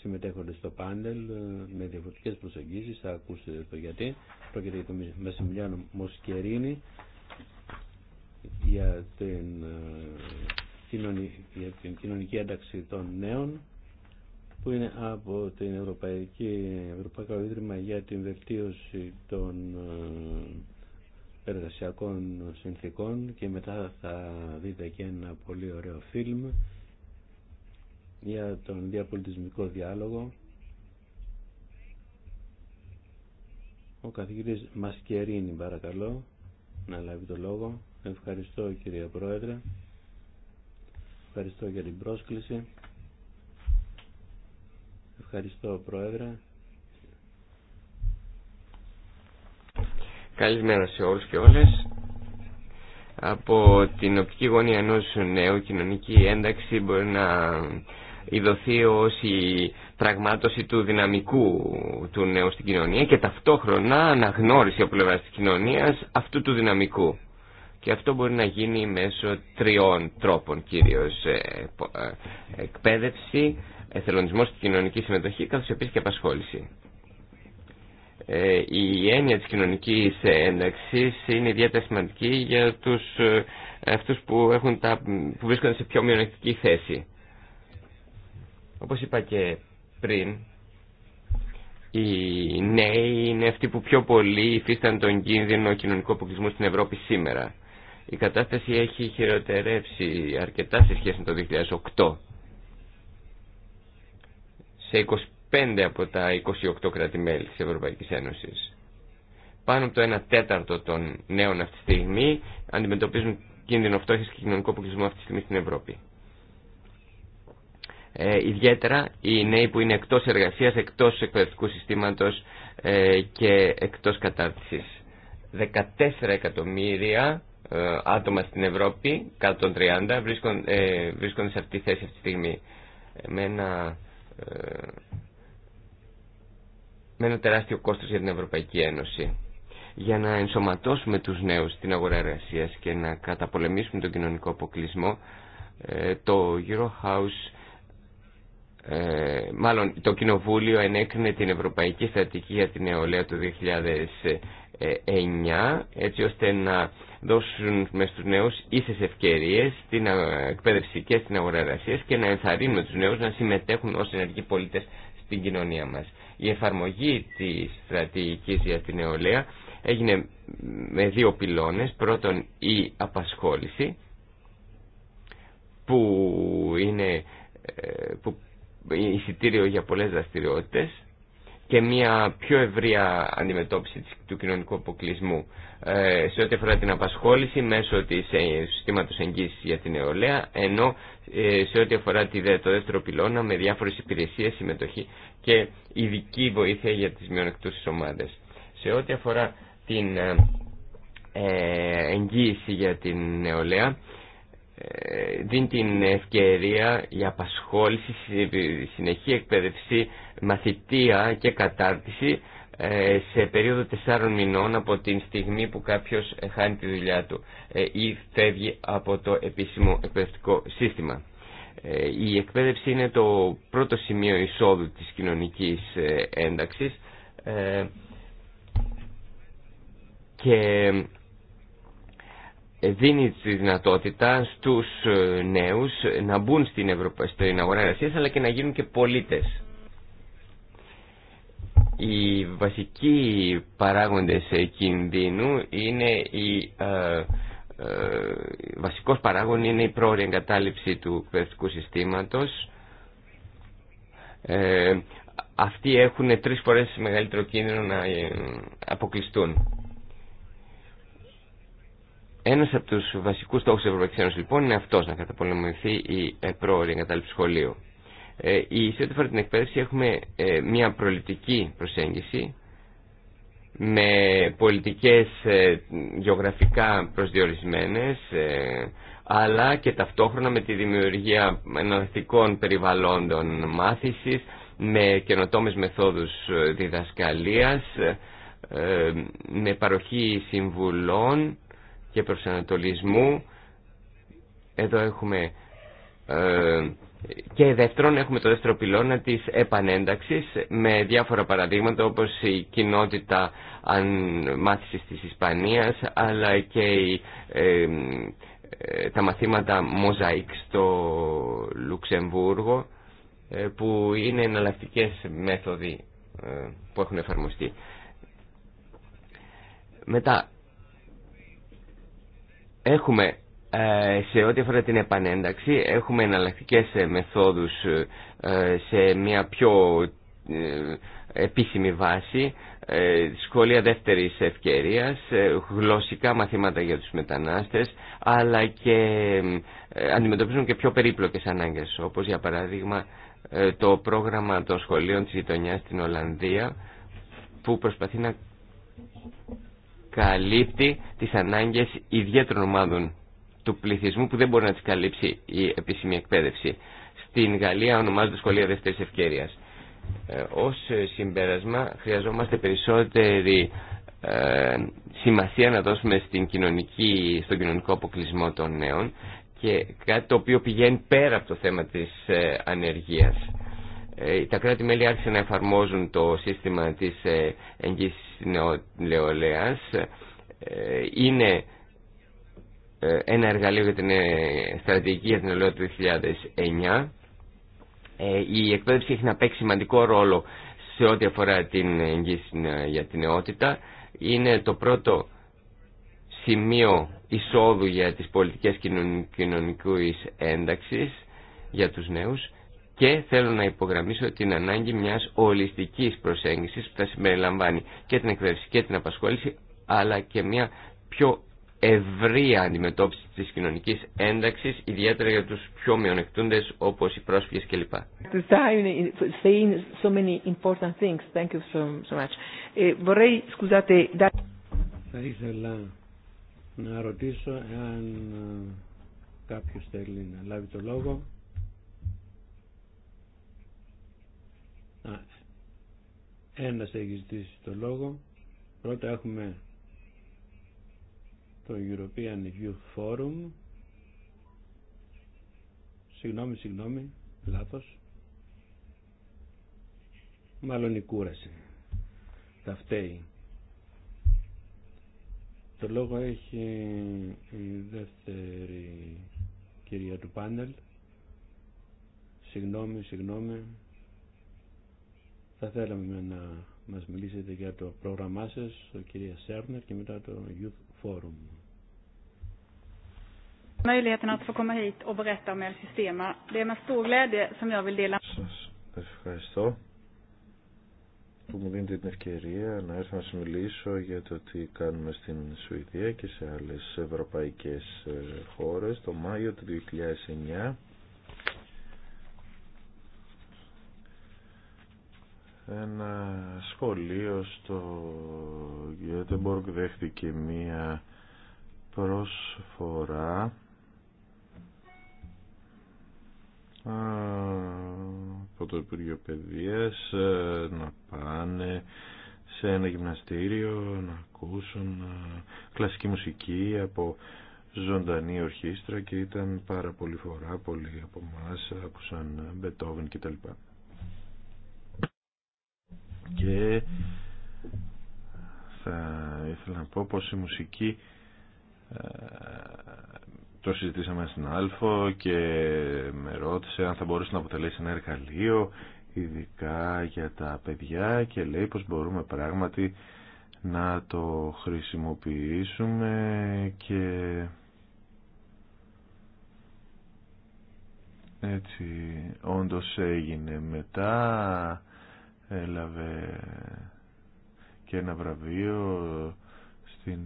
συμμετέχοντες στο πάνελ ε, με διαφορετικές προσεγγίσεις, θα ακούσετε το γιατί. Πρόκειται για τον Μεσημιλιάνο Μοσκερίνη για την για την κοινωνική ένταξη των νέων που είναι από την Ευρωπαϊκή Ευρωπαϊκό Ίδρυμα για την βελτίωση των ε, εργασιακών συνθήκων και μετά θα δείτε και ένα πολύ ωραίο φιλμ για τον διαπολιτισμικό διάλογο ο καθηγητής Μασκερίνη παρακαλώ να λάβει το λόγο ευχαριστώ κυρία Πρόεδρε Ευχαριστώ για την πρόσκληση. Ευχαριστώ, Πρόεδρε. Καλημέρα σε όλους και όλες. Από την οπτική γωνία ενός νέου κοινωνική ένταξη μπορεί να ειδωθεί ως η πραγμάτωση του δυναμικού του νέου στην κοινωνία και ταυτόχρονα αναγνώριση από πλευρά της κοινωνίας αυτού του δυναμικού και αυτό μπορεί να γίνει μέσω τριών τρόπων κυρίως ε, ε, εκπαίδευση, εθελοντισμός και κοινωνική συμμετοχή καθώς επίσης και απασχόληση. Ε, η έννοια της κοινωνικής ένταξης είναι ιδιαίτερα σημαντική για τους, αυτούς που, έχουν τα, που βρίσκονται σε πιο μειονεκτική θέση. Όπως είπα και πριν, οι νέοι είναι αυτοί που πιο πολύ υφίσταν τον κίνδυνο κοινωνικού αποκλεισμού στην Ευρώπη σήμερα. Η κατάσταση έχει χειροτερεύσει αρκετά σε σχέση με το 2008. Σε 25 από τα 28 κράτη-μέλη της Ευρωπαϊκής Ένωσης. Πάνω από το 1 τέταρτο των νέων αυτή τη στιγμή αντιμετωπίζουν κίνδυνο φτώχειας και κοινωνικό αποκλεισμό αυτή τη στιγμή στην Ευρώπη. Ε, ιδιαίτερα οι νέοι που είναι εκτός εργασίας, εκτός εκπαιδευτικού συστήματος ε, και εκτός κατάρτισης. 14 εκατομμύρια ε, άτομα στην Ευρώπη, κάτω των 30, ε, βρίσκονται, σε αυτή τη θέση αυτή τη στιγμή. Με ένα, ε, με ένα τεράστιο κόστος για την Ευρωπαϊκή Ένωση. Για να ενσωματώσουμε τους νέους στην αγορά εργασία και να καταπολεμήσουμε τον κοινωνικό αποκλεισμό, ε, το House μάλλον το Κοινοβούλιο ενέκρινε την Ευρωπαϊκή Στρατηγική για την Νεολαία του 2010 9 έτσι ώστε να δώσουν με στους νέους ίσες ευκαιρίες στην ε, εκπαίδευση και στην αγορά και να ενθαρρύνουμε τους νέους να συμμετέχουν ως ενεργοί πολίτες στην κοινωνία μας. Η εφαρμογή της στρατηγικής για την νεολαία έγινε με δύο πυλώνες. Πρώτον η απασχόληση που είναι ε, που εισιτήριο για πολλές δραστηριότητες και μια πιο ευρεία αντιμετώπιση του κοινωνικού αποκλεισμού ε, σε ό,τι αφορά την απασχόληση μέσω της, συστήματο ε, συστήματος εγγύησης για την νεολαία, ενώ ε, σε ό,τι αφορά το δεύτερο πυλώνα με διάφορες υπηρεσίες, συμμετοχή και ειδική βοήθεια για τις μειονεκτούσες ομάδες. Σε ό,τι αφορά την εγγύηση για την νεολαία, ε, δίνει την ευκαιρία για απασχόληση, συνεχή εκπαίδευση, μαθητεία και κατάρτιση ε, σε περίοδο τεσσάρων μηνών από την στιγμή που κάποιος χάνει τη δουλειά του ε, ή φεύγει από το επίσημο εκπαιδευτικό σύστημα. Η εκπαίδευση είναι το πρώτο σημείο εισόδου της κοινωνικής ένταξης και δίνει τη δυνατότητα στους ε, νέους να μπουν στην, Ευρωπα... στην αγορά εργασίας αλλά και να γίνουν και πολίτες. Οι βασικοί παράγοντες κινδύνου είναι η... Ε, ε βασικός παράγον είναι η πρόορη εγκατάλειψη του εκπαιδευτικού συστήματος. Ε, αυτοί έχουν τρεις φορές μεγαλύτερο κίνδυνο να αποκλειστούν. Ένα από του βασικούς στόχου τη Ευρωπαϊκή Ένωση λοιπόν είναι αυτός να καταπολεμηθεί η πρόορη εγκατάλειψη σχολείου. Ε, η σε φορά την εκπαίδευση έχουμε ε, μια προληπτική προσέγγιση με πολιτικές ε, γεωγραφικά προσδιορισμένες αλλά και ταυτόχρονα με τη δημιουργία εναλλακτικών περιβαλλόντων μάθησης με καινοτόμες μεθόδους διδασκαλίας με παροχή συμβουλών και προσανατολισμού. Εδώ έχουμε ε, και δεύτερον έχουμε το δεύτερο πυλώνα της επανένταξης με διάφορα παραδείγματα όπως η κοινότητα αν, μάθησης της Ισπανίας αλλά και ε, ε, τα μαθήματα Mosaic στο Λουξεμβούργο που είναι εναλλακτικέ μέθοδοι που έχουν εφαρμοστεί. Μετά, Έχουμε ε, σε ό,τι αφορά την επανένταξη έχουμε εναλλακτικέ ε, μεθόδους ε, σε μια πιο επίσημη βάση, σχολεία δεύτερης ευκαιρίας, γλωσσικά μαθήματα για τους μετανάστες, αλλά και αντιμετωπίζουν και πιο περίπλοκες ανάγκες, όπως για παράδειγμα το πρόγραμμα των σχολείων της γειτονιά στην Ολλανδία, που προσπαθεί να καλύπτει τις ανάγκες ιδιαίτερων ομάδων του πληθυσμού που δεν μπορεί να τις καλύψει η επίσημη εκπαίδευση. Στην Γαλλία ονομάζονται σχολεία δεύτερης ευκαιρίας. Ε, ως συμπέρασμα χρειαζόμαστε περισσότερη ε, σημασία να δώσουμε στην κοινωνική, στον κοινωνικό αποκλεισμό των νέων και κάτι το οποίο πηγαίνει πέρα από το θέμα της ε, ανεργίας. Ε, τα κράτη-μέλη άρχισαν να εφαρμόζουν το σύστημα της ε, εγγύησης νεολαίας. Ε, είναι ένα εργαλείο για την στρατηγική για την νεολαία του 2009. Η εκπαίδευση έχει να παίξει σημαντικό ρόλο σε ό,τι αφορά την εγγύηση για την νεότητα. Είναι το πρώτο σημείο εισόδου για τις πολιτικές κοινωνικού ένταξης για τους νέους και θέλω να υπογραμμίσω την ανάγκη μιας ολιστικής προσέγγισης που θα συμπεριλαμβάνει και την εκπαίδευση και την απασχόληση αλλά και μια πιο ευρία αντιμετώπιση της κοινωνικής ένταξης ιδιαίτερα για τους πιο μειονεκτούντες όπως οι πρόσφυγες κλπ. Ε, θα ήθελα να ρωτήσω αν ε, κάποιος θέλει να λάβει το λόγο. Α, ένας έχει ζητήσει το λόγο. Πρώτα έχουμε το European Youth Forum. Συγγνώμη, συγγνώμη, λάθος. Μάλλον η κούραση. Τα φταίει. Το λόγο έχει η δεύτερη κυρία του πάνελ. Συγγνώμη, συγγνώμη. Θα θέλαμε να μας μιλήσετε για το πρόγραμμά σας, ο κυρία Σέρνερ και μετά το Youth Forum. Möjligheten att få komma hit och berätta om er Det är med stor Σας ευχαριστώ που μου δίνετε την ευκαιρία να έρθω να σας μιλήσω για το τι κάνουμε στην Σουηδία και σε άλλες ευρωπαϊκές ε, χώρες. Το Μάιο του 2009 ένα σχολείο στο Γκέτεμπορκ δέχτηκε μία προσφορά από το Υπουργείο Παιδείας ε, να πάνε σε ένα γυμναστήριο να ακούσουν ε, κλασική μουσική από ζωντανή ορχήστρα και ήταν πάρα πολύ φορά πολλοί από εμάς άκουσαν Μπετόβεν κτλ και θα ήθελα να πω πως η μουσική ε, το συζητήσαμε στην Άλφο και με ρώτησε αν θα μπορούσε να αποτελέσει ένα εργαλείο ειδικά για τα παιδιά και λέει πως μπορούμε πράγματι να το χρησιμοποιήσουμε και έτσι όντως έγινε μετά έλαβε και ένα βραβείο στην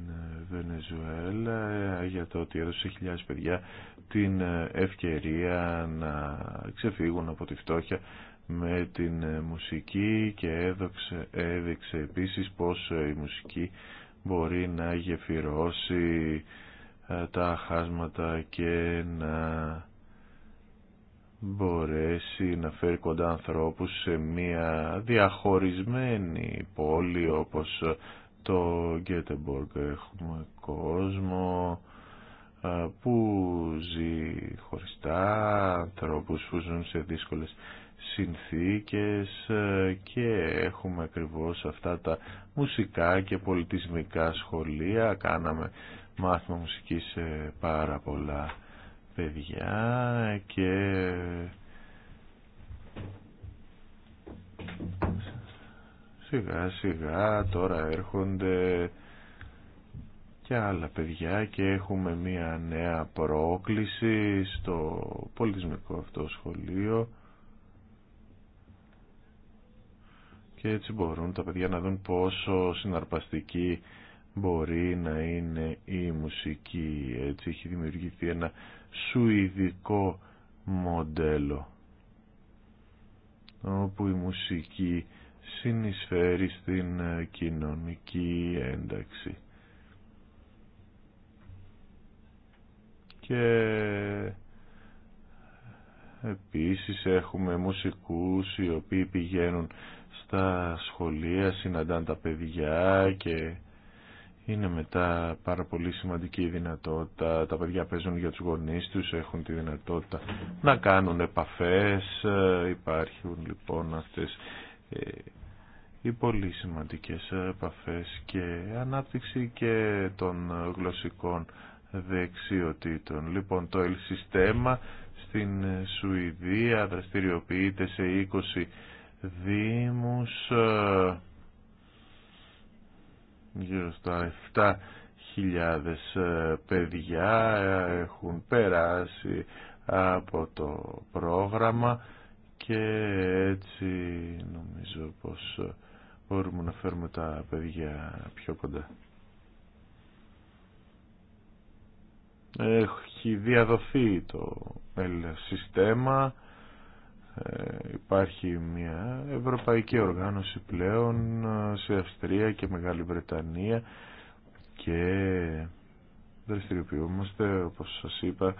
Βενεζουέλα ε, για το ότι έδωσε χιλιάδες παιδιά την ε, ευκαιρία να ξεφύγουν από τη φτώχεια με την ε, μουσική και έδωξε, έδειξε επίσης πως η μουσική μπορεί να γεφυρώσει τα χάσματα και να μπορέσει να φέρει κοντά ανθρώπους σε μια διαχωρισμένη πόλη όπως το Γκέτεμποργκ. Έχουμε κόσμο που ζει χωριστά, ανθρώπους που ζουν σε δύσκολες συνθήκες και έχουμε ακριβώς αυτά τα μουσικά και πολιτισμικά σχολεία. Κάναμε μάθημα μουσικής σε πάρα πολλά παιδιά και σιγά σιγά τώρα έρχονται και άλλα παιδιά και έχουμε μία νέα πρόκληση στο πολιτισμικό αυτό σχολείο και έτσι μπορούν τα παιδιά να δουν πόσο συναρπαστική μπορεί να είναι η μουσική έτσι έχει δημιουργηθεί ένα σουηδικό μοντέλο όπου η μουσική συνεισφέρει στην ε, κοινωνική ένταξη. Και επίσης έχουμε μουσικούς οι οποίοι πηγαίνουν στα σχολεία, συναντάν τα παιδιά και είναι μετά πάρα πολύ σημαντική η δυνατότητα. Τα παιδιά παίζουν για τους γονείς τους, έχουν τη δυνατότητα να κάνουν επαφές. Ε, υπάρχουν λοιπόν αυτές ε, οι πολύ σημαντικές επαφές και ανάπτυξη και των γλωσσικών δεξιοτήτων. Λοιπόν, το ελσιστέμα στην Σουηδία δραστηριοποιείται σε 20 δήμους ε, γύρω στα 7.000 ε, παιδιά ε, έχουν περάσει από το πρόγραμμα και έτσι νομίζω πως ε, μπορούμε να φέρουμε τα παιδιά πιο κοντά. Έχει διαδοθεί το σύστημα ε, υπάρχει μια ευρωπαϊκή οργάνωση πλέον ε, σε Αυστρία και Μεγάλη Βρετανία και δραστηριοποιούμαστε όπως σας είπα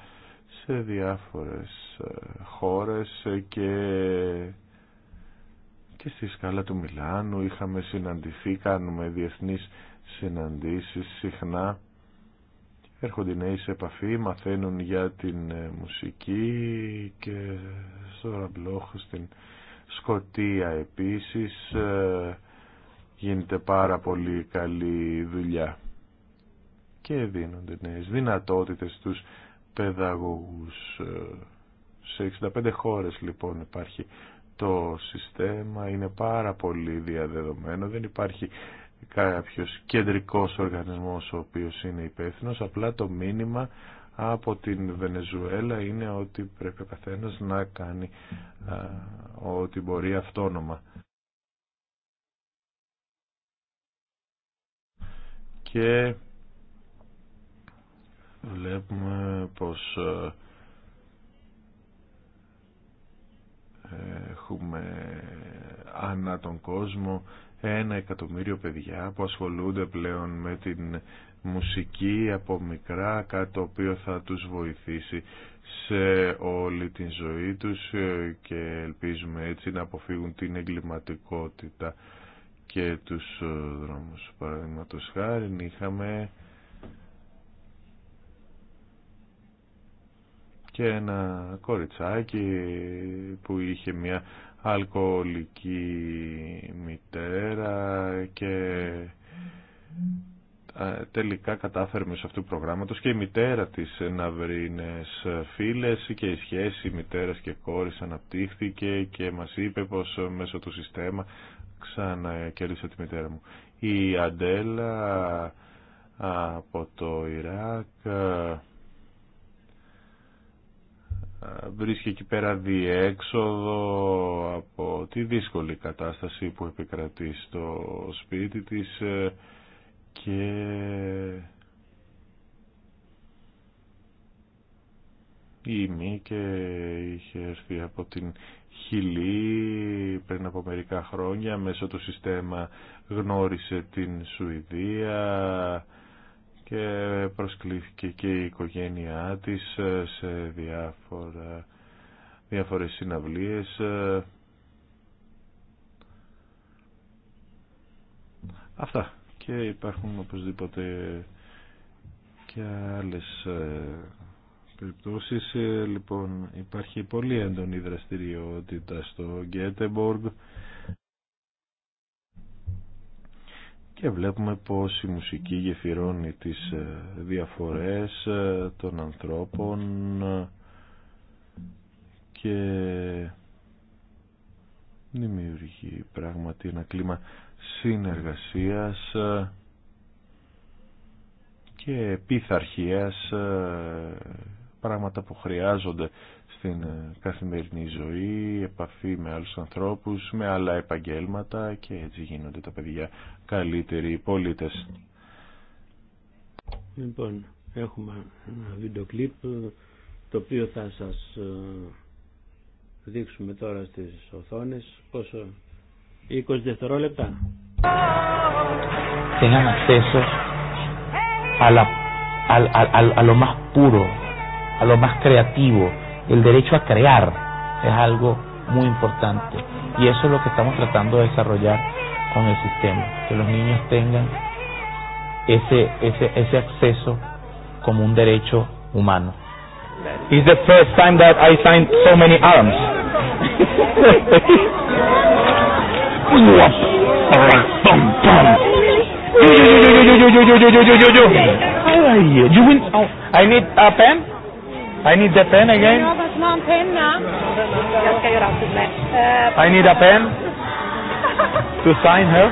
σε διάφορες ε, χώρες και και στη σκάλα του Μιλάνου είχαμε συναντηθεί, κάνουμε διεθνείς συναντήσεις συχνά έρχονται νέοι σε επαφή, μαθαίνουν για την ε, μουσική και στο ραμπλόχ στην Σκοτία επίσης ε, γίνεται πάρα πολύ καλή δουλειά και δίνονται νέες δυνατότητες στους παιδαγωγούς ε. σε 65 χώρες λοιπόν υπάρχει το σύστημα είναι πάρα πολύ διαδεδομένο δεν υπάρχει κάποιος κεντρικός οργανισμός ο οποίος είναι υπεύθυνος, απλά το μήνυμα από την Βενεζουέλα είναι ότι πρέπει ο καθένας να κάνει ό,τι μπορεί αυτόνομα. Και βλέπουμε πως έχουμε ανά τον κόσμο ένα εκατομμύριο παιδιά που ασχολούνται πλέον με την μουσική από μικρά, κάτι το οποίο θα τους βοηθήσει σε όλη την ζωή τους ε, και ελπίζουμε έτσι να αποφύγουν την εγκληματικότητα και τους ε, δρόμους. Παραδείγματος χάρη είχαμε και ένα κοριτσάκι που είχε μια αλκοολική μητέρα και τελικά κατάφερε σε αυτού του προγράμματος και η μητέρα της να βρει φίλες και η σχέση μητέρας και κόρης αναπτύχθηκε και μας είπε πως μέσω του συστήμα ξανακέρδισε τη μητέρα μου. Η Αντέλα από το Ιράκ βρίσκει εκεί πέρα διέξοδο από τη δύσκολη κατάσταση που επικρατεί στο σπίτι της ε, και η Μίκε είχε έρθει από την Χιλή πριν από μερικά χρόνια μέσω του συστήμα γνώρισε την Σουηδία και προσκλήθηκε και η οικογένειά της σε διάφορα, διάφορες συναυλίες αυτά και υπάρχουν οπωσδήποτε και άλλες ε, περιπτώσεις ε, λοιπόν υπάρχει πολύ έντονη δραστηριότητα στο Γκέτεμποργκ και βλέπουμε πως η μουσική γεφυρώνει τις ε, διαφορές ε, των ανθρώπων ε, και δημιουργεί πράγματι ένα κλίμα συνεργασίας και πειθαρχίας πράγματα που χρειάζονται στην ε, καθημερινή ζωή, επαφή με άλλους ανθρώπους, με άλλα επαγγέλματα και έτσι γίνονται τα παιδιά καλύτεροι πολίτες. Λοιπόν, έχουμε ένα βίντεο κλιπ ε, το οποίο θα σας ε, δείξουμε τώρα στις οθόνες πόσο 20 δευτερόλεπτα tengan acceso a, la, a, a, a más puro, el derecho a crear es algo muy importante y eso es lo que estamos tratando de desarrollar con el sistema, que los niños tengan ese, ese, ese acceso como un derecho humano. It's the first time that signed so many arms. I need a pen. I need the pen again. I need a pen to sign her.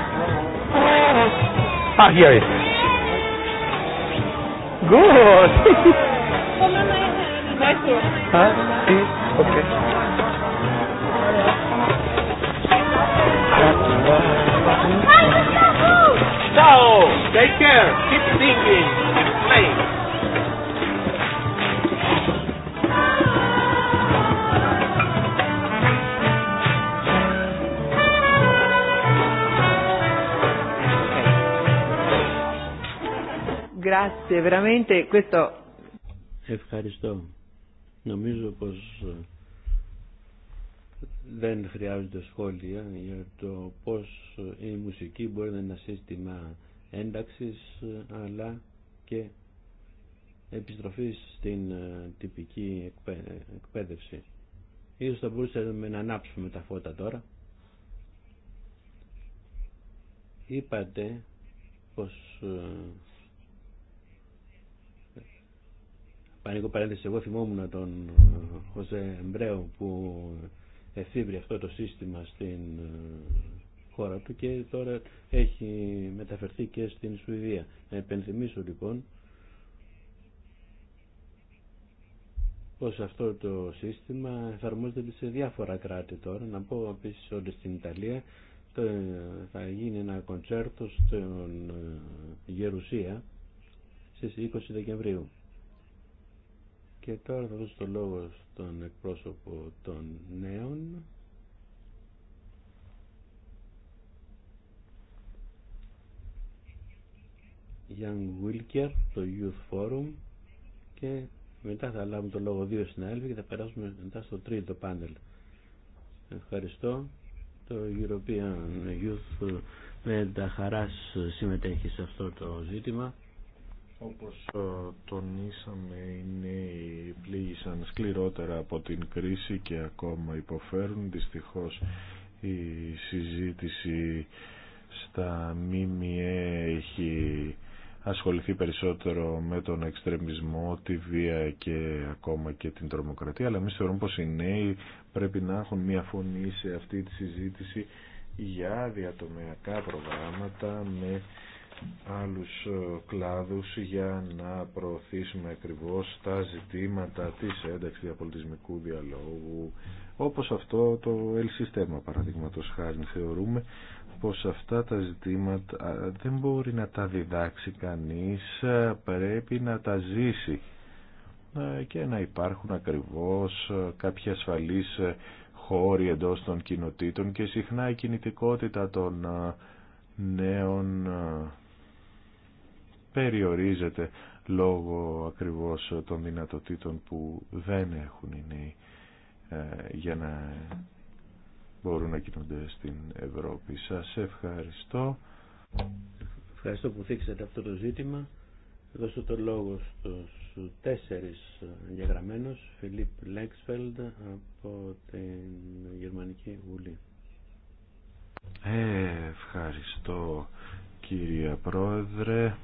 Ah, here it. Good. huh? Okay. Ciao. Take care. Keep thinking. Keep playing. Ευχαριστώ. Νομίζω πως ε, δεν χρειάζονται σχόλια για το πως ε, η μουσική μπορεί να είναι ένα σύστημα ένταξης ε, αλλά και επιστροφής στην τυπική εκπαίδευση. Ίσως θα μπορούσαμε να ανάψουμε τα φώτα τώρα. Είπατε πως Ανοίγω παρένθεση, εγώ θυμόμουν τον ε, Χωσέ Εμπρέου που εφήβριε αυτό το σύστημα στην ε, χώρα του και τώρα έχει μεταφερθεί και στην Σουηδία. Να υπενθυμίσω λοιπόν πως αυτό το σύστημα εφαρμόζεται σε διάφορα κράτη τώρα. Να πω επίση ότι στην Ιταλία ε, θα γίνει ένα κοντσέρτο στην Γερουσία στις 20 Δεκεμβρίου. Και τώρα θα δώσω το λόγο στον εκπρόσωπο των νέων. Young Wilker, το Youth Forum και μετά θα λάβουμε το λόγο δύο συνάδελφοι και θα περάσουμε μετά στο τρίτο πάνελ. Ευχαριστώ. Το European Youth με τα χαρά συμμετέχει σε αυτό το ζήτημα. Όπως ε, τονίσαμε είναι νέοι πλήγησαν σκληρότερα από την κρίση και ακόμα υποφέρουν. Δυστυχώς η συζήτηση στα ΜΜΕ έχει ασχοληθεί περισσότερο με τον εξτρεμισμό, τη βία και ακόμα και την τρομοκρατία, αλλά εμείς θεωρούμε πως οι νέοι πρέπει να έχουν μια φωνή σε αυτή τη συζήτηση για διατομεακά προγράμματα με άλλους ε, κλάδους για να προωθήσουμε ακριβώς τα ζητήματα της ένταξης διαπολιτισμικού διαλόγου όπως αυτό το l παραδείγματος χάρη θεωρούμε πως αυτά τα ζητήματα δεν μπορεί να τα διδάξει κανείς πρέπει να τα ζήσει ε, και να υπάρχουν ακριβώς ε, κάποια ασφαλείς χώροι εντός των κοινοτήτων και συχνά η κινητικότητα των νέων περιορίζεται λόγω ακριβώς των δυνατοτήτων που δεν έχουν οι ε, για να μπορούν να κινούνται στην Ευρώπη. Σας ευχαριστώ. Ευχαριστώ που θίξατε αυτό το ζήτημα. Δώσω το λόγο στους τέσσερις εγγεγραμμένους, Φιλίπ Λέξφελντ από την Γερμανική Βουλή. Ε, ευχαριστώ κύριε Πρόεδρε.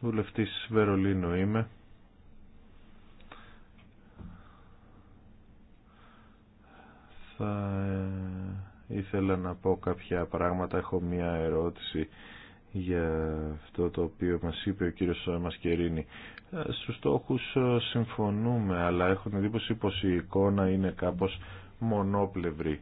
Δουλευτής Βερολίνου είμαι. Θα ε, ήθελα να πω κάποια πράγματα. Έχω μία ερώτηση για αυτό το οποίο μας είπε ο κύριος Μασκερίνη. Ε, στους στόχους ε, συμφωνούμε, αλλά έχω την εντύπωση πως η εικόνα είναι κάπως μονόπλευρη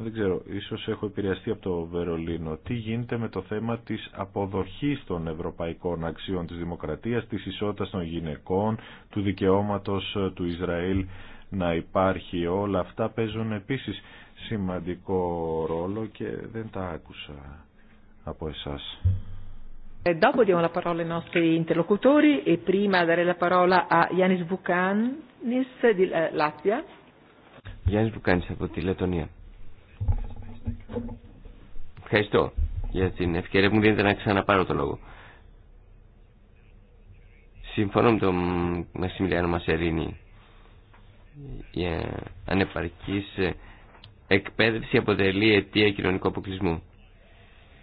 δεν ξέρω, ίσως έχω επηρεαστεί από το Βερολίνο. Τι γίνεται με το θέμα της αποδοχής των ευρωπαϊκών αξιών της δημοκρατίας, της ισότητας των γυναικών, του δικαιώματος ε, του Ισραήλ να υπάρχει. Όλα αυτά παίζουν επίσης σημαντικό ρόλο και δεν τα άκουσα από εσάς. Ε, dopo diamo la parola ai nostri interlocutori e prima dare la parola a Yanis Vukanis di eh, Latvia. Yanis Vukanis από τη Λετωνία. Ευχαριστώ για την ευκαιρία που μου δίνετε να ξαναπάρω το λόγο. Συμφωνώ με τον Μασιμιλιάνο Μασερίνη για ανεπαρκής εκπαίδευση αποτελεί αιτία κοινωνικού αποκλεισμού.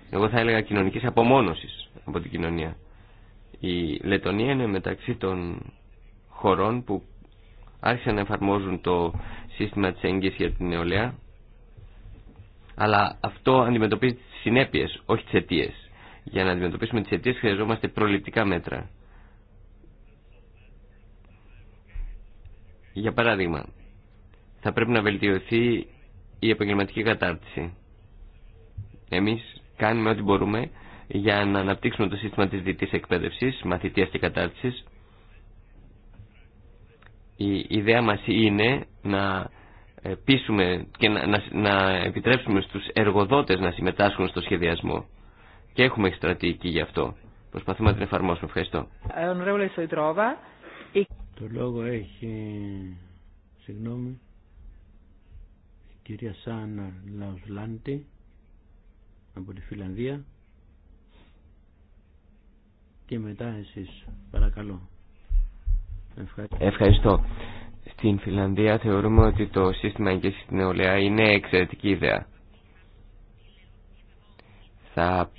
Εγώ θα έλεγα κοινωνικής απομόνωσης από την κοινωνία. Η Λετωνία είναι μεταξύ των χωρών που άρχισαν να εφαρμόζουν το σύστημα της έγκυσης για την νεολαία αλλά αυτό αντιμετωπίζει τι συνέπειε όχι τι αιτίε. Για να αντιμετωπίσουμε τις αιτίε χρειαζόμαστε προληπτικά μέτρα. Για παράδειγμα, θα πρέπει να βελτιωθεί η επαγγελματική κατάρτιση. Εμείς κάνουμε ό,τι μπορούμε για να αναπτύξουμε το σύστημα της διτής εκπαίδευση, μαθητεία και κατάρτισης. Η ιδέα μας είναι να ε, πείσουμε και να, να, να επιτρέψουμε στους εργοδότες να συμμετάσχουν στο σχεδιασμό. Και έχουμε στρατηγική γι' αυτό. Προσπαθούμε να την εφαρμόσουμε. Ευχαριστώ. Το λόγο έχει... Συγγνώμη. Η κυρία Σάνα Λαουσλάντη από τη Φιλανδία. Και μετά εσείς. Παρακαλώ. Ευχαριστώ. Ευχαριστώ. Στην Φιλανδία θεωρούμε ότι το σύστημα εγγύηση στην νεολαία είναι εξαιρετική ιδέα. Θα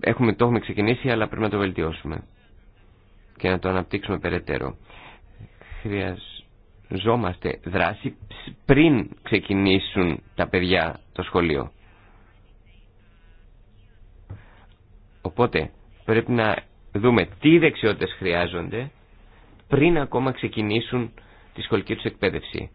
έχουμε, το έχουμε ξεκινήσει αλλά πρέπει να το βελτιώσουμε και να το αναπτύξουμε περαιτέρω. Χρειαζόμαστε δράση πριν ξεκινήσουν τα παιδιά το σχολείο. Οπότε πρέπει να δούμε τι δεξιότητες χρειάζονται πριν ακόμα ξεκινήσουν τη σχολική τους εκπαίδευση.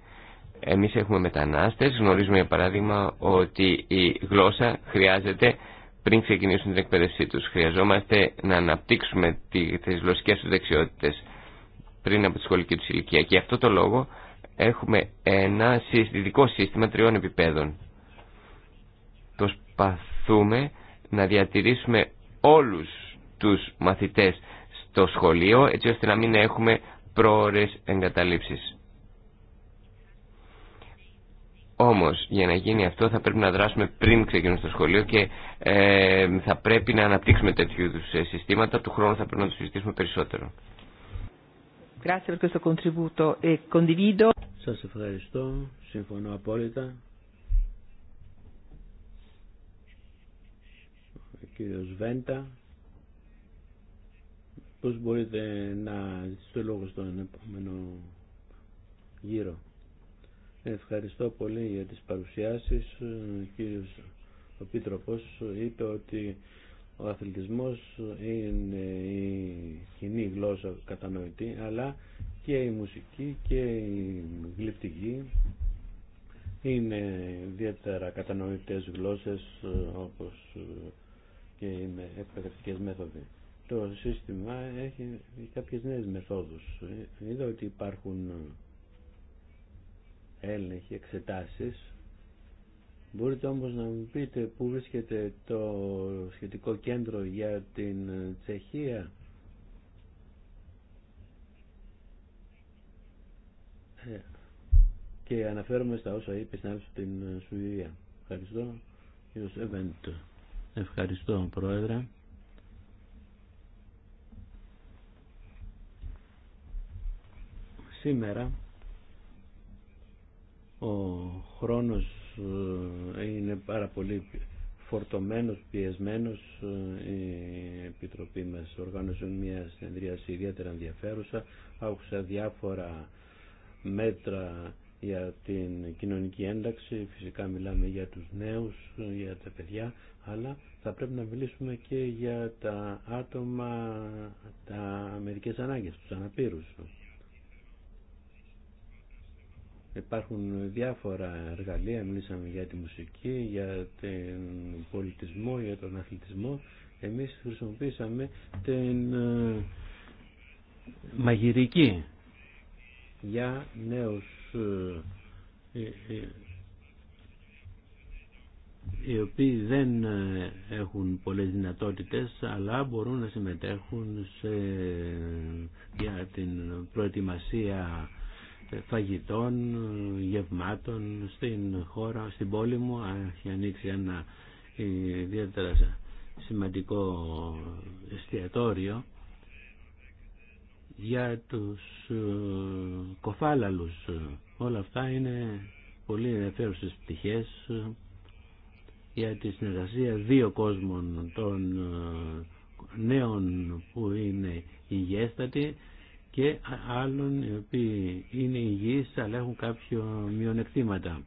Εμείς έχουμε μετανάστες, γνωρίζουμε για παράδειγμα ότι η γλώσσα χρειάζεται πριν ξεκινήσουν την εκπαίδευσή τους. Χρειαζόμαστε να αναπτύξουμε τις γλωσσικέ τους δεξιότητες πριν από τη σχολική του ηλικία. Και αυτό το λόγο έχουμε ένα συστητικό σύστημα τριών επιπέδων. Προσπαθούμε να διατηρήσουμε όλους τους μαθητές στο σχολείο έτσι ώστε να μην έχουμε πρόορες εγκαταλείψεις. Όμως για να γίνει αυτό θα πρέπει να δράσουμε πριν ξεκινούν στο σχολείο και ε, θα πρέπει να αναπτύξουμε τέτοιου είδου ε, συστήματα. Του χρόνου θα πρέπει να το συζητήσουμε περισσότερο. E Σας ευχαριστώ. Συμφωνώ απόλυτα. Ο κύριος Βέντα. Πώς μπορείτε να ζητήσετε λόγο στον επόμενο γύρο. Ευχαριστώ πολύ για τις παρουσιάσεις. Ο κύριος ο είπε ότι ο αθλητισμός είναι η κοινή γλώσσα κατανοητή, αλλά και η μουσική και η γλυπτική είναι ιδιαίτερα κατανοητές γλώσσες όπως και είναι εκπαιδευτικές μέθοδοι το σύστημα έχει κάποιες νέες μεθόδους. Είδα ότι υπάρχουν έλεγχοι, εξετάσεις. Μπορείτε όμως να μου πείτε πού βρίσκεται το σχετικό κέντρο για την Τσεχία. Ε, και αναφέρομαι στα όσα είπε στην στην Σουηδία. Ευχαριστώ. Ευχαριστώ Πρόεδρε. Σήμερα ο χρόνος ε, είναι πάρα πολύ φορτωμένος, πιεσμένος. Ε, η Επιτροπή μας οργάνωσε μια συνεδρίαση ιδιαίτερα ενδιαφέρουσα. Άκουσα διάφορα μέτρα για την κοινωνική ένταξη. Φυσικά μιλάμε για τους νέους, για τα παιδιά, αλλά θα πρέπει να μιλήσουμε και για τα άτομα, τα μερικές ανάγκες, τους αναπήρους. Υπάρχουν διάφορα εργαλεία, μιλήσαμε για τη μουσική, για τον πολιτισμό, για τον αθλητισμό. Εμείς χρησιμοποίησαμε την ε, μαγειρική για νέους ε, ε, οι οποίοι δεν έχουν πολλές δυνατότητες αλλά μπορούν να συμμετέχουν σε, για την προετοιμασία φαγητών, γευμάτων στην χώρα, στην πόλη μου. Έχει ανοίξει ένα ιδιαίτερα σημαντικό εστιατόριο για τους ε, κοφάλαλους. Όλα αυτά είναι πολύ ενδιαφέρουσες πτυχές ε, για τη συνεργασία δύο κόσμων των ε, νέων που είναι υγιέστατοι και άλλων οι οποίοι είναι υγιείς αλλά έχουν κάποιο μειονεκτήματα.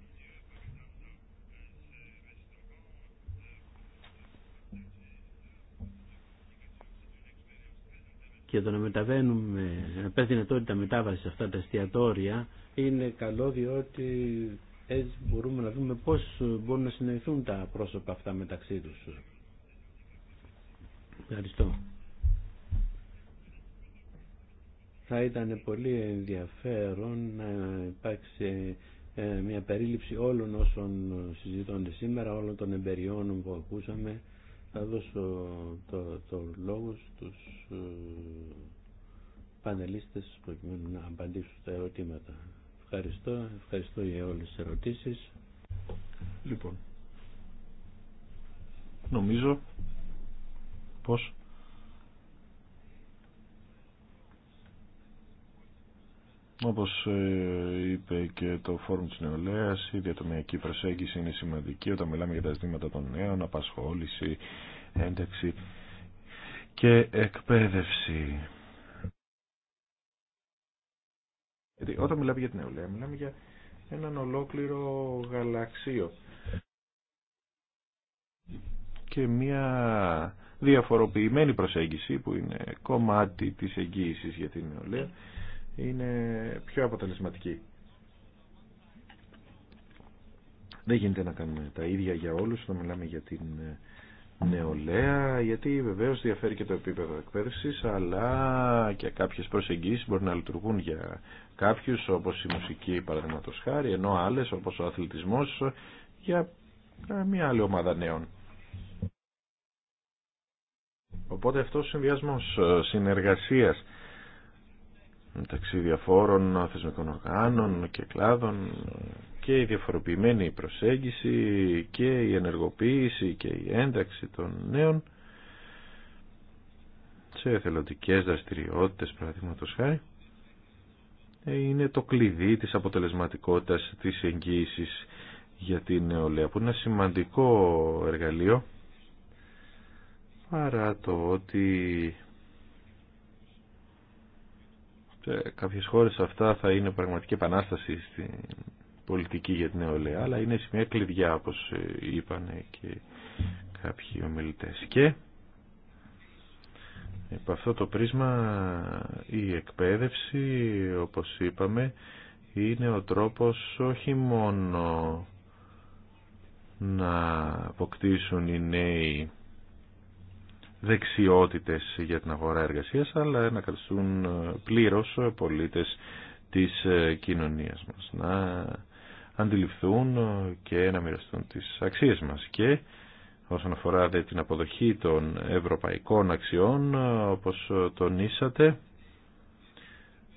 και το να μεταβαίνουμε, να πέφτει τα μετάβαση σε αυτά τα εστιατόρια είναι καλό διότι έτσι μπορούμε να δούμε πώς μπορούν να συνεχθούν τα πρόσωπα αυτά μεταξύ τους. Ευχαριστώ. θα ήταν πολύ ενδιαφέρον να υπάρξει ε, μια περίληψη όλων όσων συζητώνται σήμερα, όλων των εμπεριών που ακούσαμε. Θα δώσω το, το λόγο στους ε, πανελίστες προκειμένου να απαντήσουν στα ερωτήματα. Ευχαριστώ, ευχαριστώ για όλες τις ερωτήσεις. Λοιπόν, νομίζω πως Όπως ε, είπε και το Φόρουμ της Νεολαίας, η διατομιακή προσέγγιση είναι σημαντική όταν μιλάμε για τα ζητήματα των νέων, απασχόληση, ένταξη και εκπαίδευση. Γιατί όταν μιλάμε για την νεολαία, μιλάμε για έναν ολόκληρο γαλαξίο και μια διαφοροποιημένη προσέγγιση που είναι κομμάτι της εγγύησης για την νεολαία είναι πιο αποτελεσματική. Δεν γίνεται να κάνουμε τα ίδια για όλους, να μιλάμε για την ε, νεολαία, γιατί βεβαίως διαφέρει και το επίπεδο εκπαίδευσης, αλλά και κάποιες προσεγγίσεις μπορεί να λειτουργούν για κάποιους, όπως η μουσική παραδείγματο χάρη, ενώ άλλες, όπως ο αθλητισμός, για μια άλλη ομάδα νέων. Οπότε αυτός ο συνδυασμός ε, συνεργασίας μεταξύ διαφόρων θεσμικών οργάνων και κλάδων και η διαφοροποιημένη προσέγγιση και η ενεργοποίηση και η ένταξη των νέων σε εθελοντικές δραστηριότητες παραδείγματος χάρη ε, είναι το κλειδί της αποτελεσματικότητας της εγγύησης για την νεολαία που είναι ένα σημαντικό εργαλείο παρά το ότι σε κάποιες χώρες αυτά θα είναι πραγματική επανάσταση στην πολιτική για την νεολαία, αλλά είναι σημεία κλειδιά όπως ε, είπαν ε, και κάποιοι ομιλητές. Και από αυτό το πρίσμα η εκπαίδευση όπως είπαμε είναι ο τρόπος όχι μόνο να αποκτήσουν οι νέοι δεξιότητες για την αγορά εργασίας, αλλά να καταστούν ε, πλήρως ε, πολίτες της ε, κοινωνίας μας. Να αντιληφθούν και να μοιραστούν τις αξίες μας. Και όσον αφορά την αποδοχή των ευρωπαϊκών αξιών, όπως τονίσατε,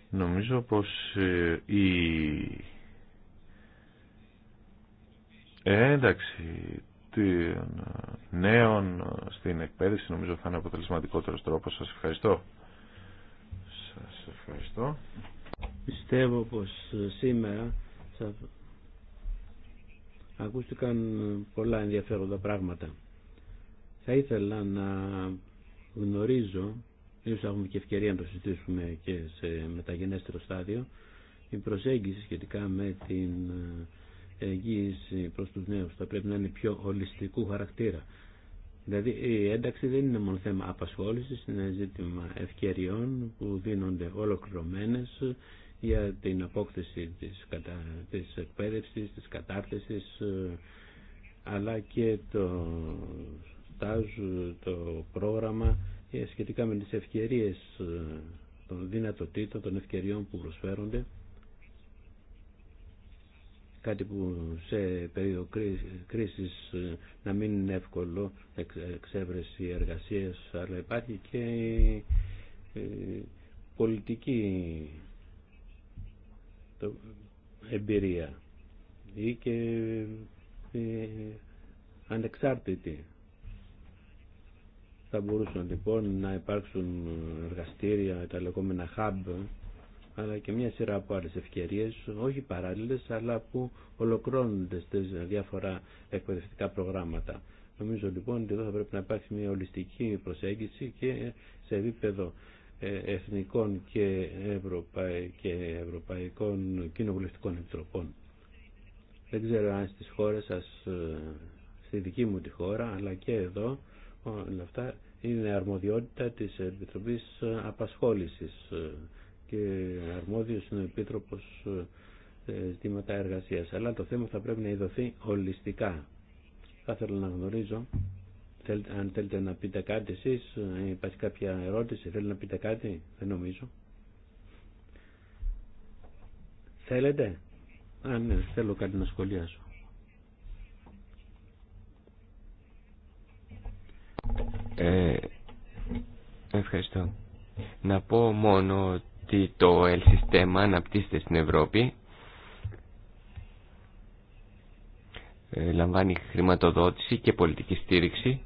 νομίζω πως η ένταξη των ε, νέων ε, στην εκπαίδευση νομίζω θα είναι αποτελεσματικότερος τρόπος. Σας ευχαριστώ. Σας ευχαριστώ. Πιστεύω πως ε, σήμερα ακούστηκαν πολλά ενδιαφέροντα πράγματα. Θα ήθελα να γνωρίζω, ίσως έχουμε και ευκαιρία να το συζητήσουμε και σε μεταγενέστερο στάδιο, η προσέγγιση σχετικά με την εγγύηση προς τους νέους θα πρέπει να είναι πιο ολιστικού χαρακτήρα. Δηλαδή η ένταξη δεν είναι μόνο θέμα απασχόλησης, είναι ζήτημα ευκαιριών που δίνονται ολοκληρωμένες για την απόκτηση της, κατα... της εκπαίδευσης, της κατάρτισης, αλλά και το στάζ, το πρόγραμμα σχετικά με τις ευκαιρίες των δυνατοτήτων, των ευκαιριών που προσφέρονται κάτι που σε περίοδο κρίσης ε, να μην είναι εύκολο εξέβρεση εργασίας αλλά υπάρχει και ε, πολιτική εμπειρία ή και ε, ανεξάρτητη θα μπορούσαν λοιπόν να υπάρξουν εργαστήρια, τα λεγόμενα hub αλλά και μια σειρά από άλλες ευκαιρίες, όχι παράλληλες, αλλά που ολοκληρώνονται στις διάφορα εκπαιδευτικά προγράμματα. Νομίζω λοιπόν ότι εδώ θα πρέπει να υπάρξει μια ολιστική προσέγγιση και σε επίπεδο ε, εθνικών και, και ευρωπαϊκών κοινοβουλευτικών επιτροπών. Δεν ξέρω αν στις χώρες σας, ε, στη δική μου τη χώρα, αλλά και εδώ, όλα αυτά είναι αρμοδιότητα της Επιτροπής Απασχόλησης και αρμόδιος είναι ο Επίτροπος ε, ζητήματα εργασίας. Αλλά το θέμα θα πρέπει να ειδωθεί ολιστικά. Θα ήθελα να γνωρίζω αν θέλετε να πείτε κάτι εσείς, αν υπάρχει κάποια ερώτηση, θέλετε να πείτε κάτι, δεν νομίζω. Θέλετε, αν ναι, θέλω κάτι να σχολιάσω. Ε, ευχαριστώ. Να πω μόνο ότι το ελσιστέμα αναπτύσσεται στην Ευρώπη ε, λαμβάνει χρηματοδότηση και πολιτική στήριξη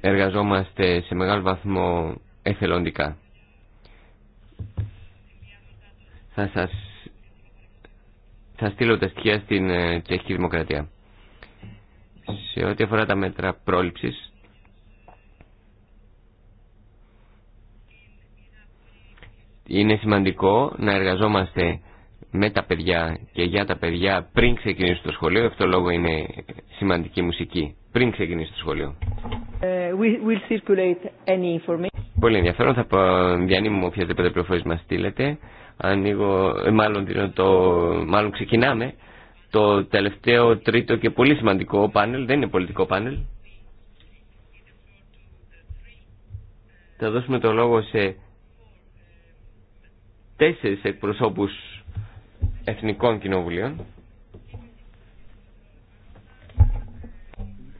εργαζόμαστε σε μεγάλο βαθμό εθελοντικά θα σας θα στείλω τα στοιχεία στην ε, Τσεχική Δημοκρατία σε ό,τι αφορά τα μέτρα πρόληψης Είναι σημαντικό να εργαζόμαστε με τα παιδιά και για τα παιδιά πριν ξεκινήσει το σχολείο. Αυτό λόγο είναι σημαντική μουσική. Πριν ξεκινήσει το σχολείο. Ε, we'll any Πολύ ενδιαφέρον. Θα διανύμουμε οποιαδήποτε πληροφορίες μας στείλετε. Ανοίγω, ε, μάλλον, το, μάλλον ξεκινάμε. Το τελευταίο, τρίτο και πολύ σημαντικό πάνελ, δεν είναι πολιτικό πάνελ. Θα δώσουμε το λόγο σε τέσσερις εκπροσώπους εθνικών κοινοβουλίων.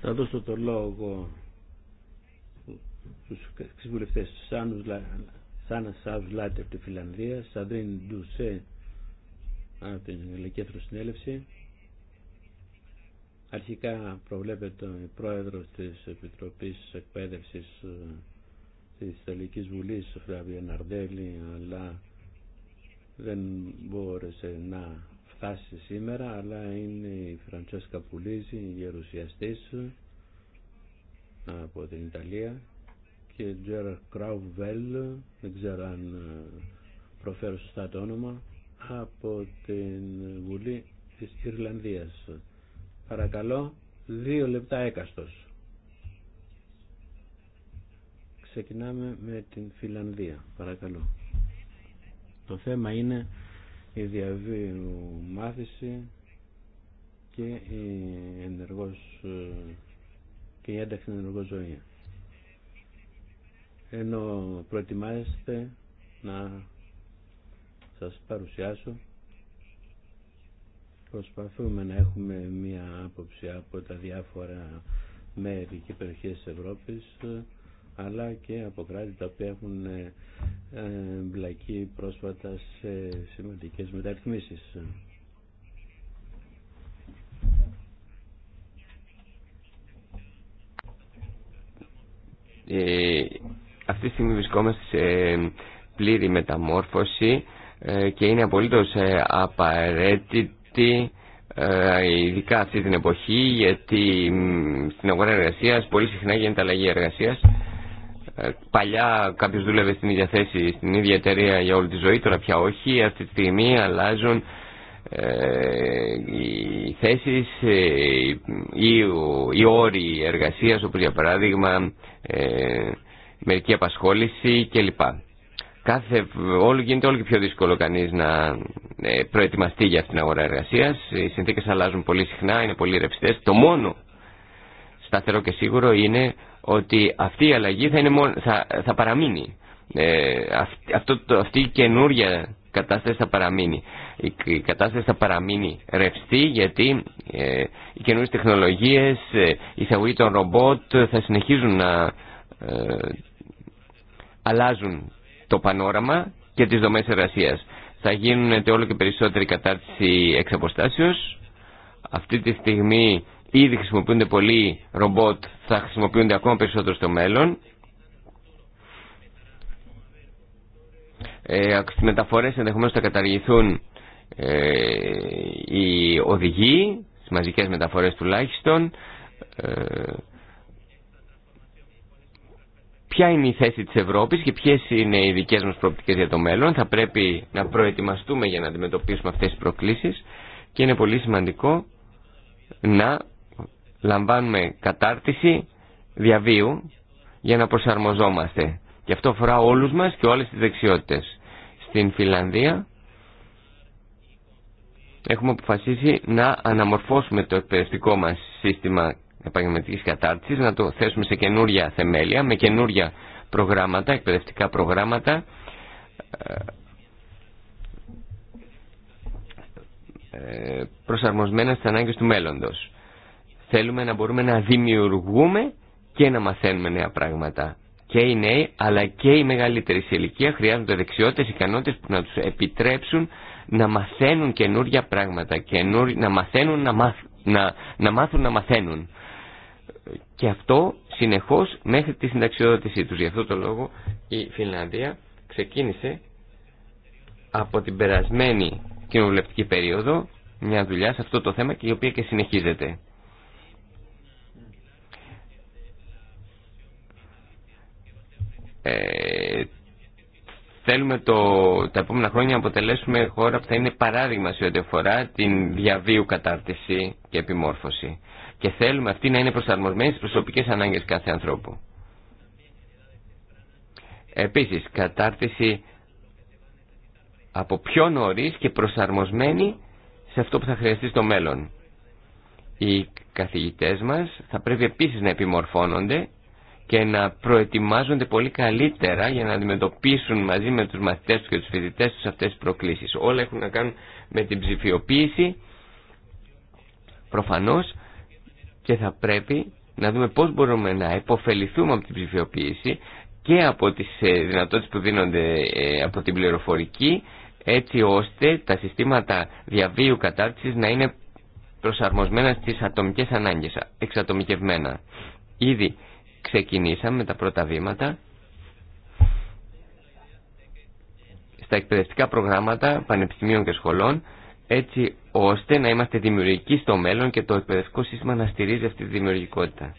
Θα δώσω το λόγο στους εξβουλευτές Σάνα Σάβ Λάτε από τη Φιλανδία, Σαντρίν Ντουσέ από την Ελληνική Εθνοσυνέλευση. Αρχικά προβλέπεται ο πρόεδρος της Επιτροπής Εκπαίδευσης ε, της Ιταλικής Βουλής, Φραβία Ναρδέλη, αλλά δεν μπόρεσε να φτάσει σήμερα αλλά είναι η Φραντσέσκα Πουλίζη, η γερουσιαστής από την Ιταλία και Τζέρα Κραουβέλ, δεν ξέρω αν προφέρω σωστά το όνομα, από την Βουλή της Ιρλανδίας. Παρακαλώ, δύο λεπτά έκαστος. Ξεκινάμε με την Φιλανδία. Παρακαλώ. Το θέμα είναι η διαβίου μάθηση και η, ενεργός, και η ένταξη ενεργός ζωή. Ενώ προετοιμάζεστε να σας παρουσιάσω προσπαθούμε να έχουμε μία άποψη από τα διάφορα μέρη και περιοχές της Ευρώπης αλλά και από κράτη τα οποία έχουν ε, ε, μπλακεί πρόσφατα σε σημαντικές μεταρρυθμίσεις. Ε, αυτή τη στιγμή βρισκόμαστε σε πλήρη μεταμόρφωση και είναι απολύτως ε, απαραίτητη ειδικά αυτή την εποχή γιατί στην αγορά εργασίας πολύ συχνά γίνεται αλλαγή εργασίας ε, παλιά κάποιο δούλευε στην ίδια θέση, στην ίδια εταιρεία για όλη τη ζωή, τώρα πια όχι. Αυτή τη στιγμή αλλάζουν ε, οι θέσεις ή ε, οι όροι εργασία, όπω για παράδειγμα μερική απασχόληση κλπ. Κάθε, όλο, γίνεται όλο και πιο δύσκολο κανείς να προετοιμαστεί για αυτήν την αγορά εργασίας. Οι συνθήκες αλλάζουν πολύ συχνά, είναι πολύ ρευστέ. Το μόνο σταθερό και σίγουρο είναι ότι αυτή η αλλαγή θα, είναι μόνο, θα, θα παραμείνει. Ε, αυτό, αυτή η καινούρια κατάσταση θα παραμείνει. Η, κατάσταση θα παραμείνει ρευστή γιατί ε, οι καινούριε τεχνολογίες, ε, η εισαγωγή των ρομπότ θα συνεχίζουν να ε, αλλάζουν το πανόραμα και τις δομές εργασίας. Θα γίνουν όλο και περισσότερη κατάρτιση εξ Αυτή τη στιγμή ήδη χρησιμοποιούνται πολλοί ρομπότ, θα χρησιμοποιούνται ακόμα περισσότερο στο μέλλον. Ε, στις μεταφορές ενδεχομένως θα καταργηθούν ε, οι οδηγοί, στις μαζικές μεταφορές τουλάχιστον. Ε, ποια είναι η θέση της Ευρώπης και ποιες είναι οι δικές μας προοπτικές για το μέλλον. Θα πρέπει να προετοιμαστούμε για να αντιμετωπίσουμε αυτές τις προκλήσεις και είναι πολύ σημαντικό να λαμβάνουμε κατάρτιση διαβίου για να προσαρμοζόμαστε. Και αυτό αφορά όλους μας και όλες τις δεξιότητες. Στην Φιλανδία έχουμε αποφασίσει να αναμορφώσουμε το εκπαιδευτικό μας σύστημα επαγγελματική κατάρτισης, να το θέσουμε σε καινούρια θεμέλια, με καινούρια προγράμματα, εκπαιδευτικά προγράμματα, ε, προσαρμοσμένα στις ανάγκες του μέλλοντος. Θέλουμε να μπορούμε να δημιουργούμε και να μαθαίνουμε νέα πράγματα. Και οι νέοι αλλά και οι μεγαλύτεροι σε ηλικία χρειάζονται δεξιότητες, ικανότητες που να τους επιτρέψουν να μαθαίνουν καινούργια πράγματα, Καινούργι, να μαθαίνουν να, να, να μάθουν να μαθαίνουν. Και αυτό συνεχώς μέχρι τη συνταξιοδότησή τους. Γι' αυτό το λόγο η Φιλανδία ξεκίνησε από την περασμένη κοινοβουλευτική περίοδο μια δουλειά σε αυτό το θέμα και η οποία και συνεχίζεται. Ε, θέλουμε το, τα επόμενα χρόνια να αποτελέσουμε χώρα που θα είναι παράδειγμα σε ό,τι αφορά την διαβίου κατάρτιση και επιμόρφωση. Και θέλουμε αυτή να είναι προσαρμοσμένη στις προσωπικές ανάγκες κάθε ανθρώπου. Επίσης, κατάρτιση από πιο νωρί και προσαρμοσμένη σε αυτό που θα χρειαστεί στο μέλλον. Οι καθηγητές μας θα πρέπει επίσης να επιμορφώνονται και να προετοιμάζονται πολύ καλύτερα για να αντιμετωπίσουν μαζί με τους μαθητές τους και τους φοιτητές τους αυτές τις προκλήσεις. Όλα έχουν να κάνουν με την ψηφιοποίηση, προφανώς, και θα πρέπει να δούμε πώς μπορούμε να επωφεληθούμε από την ψηφιοποίηση και από τις ε, δυνατότητες που δίνονται ε, από την πληροφορική, έτσι ώστε τα συστήματα διαβίου κατάρτισης να είναι προσαρμοσμένα στις ατομικές ανάγκες, εξατομικευμένα. Ήδη ξεκινήσαμε με τα πρώτα βήματα. Στα εκπαιδευτικά προγράμματα πανεπιστημίων και σχολών έτσι ώστε να είμαστε δημιουργικοί στο μέλλον και το εκπαιδευτικό σύστημα να στηρίζει αυτή τη δημιουργικότητα.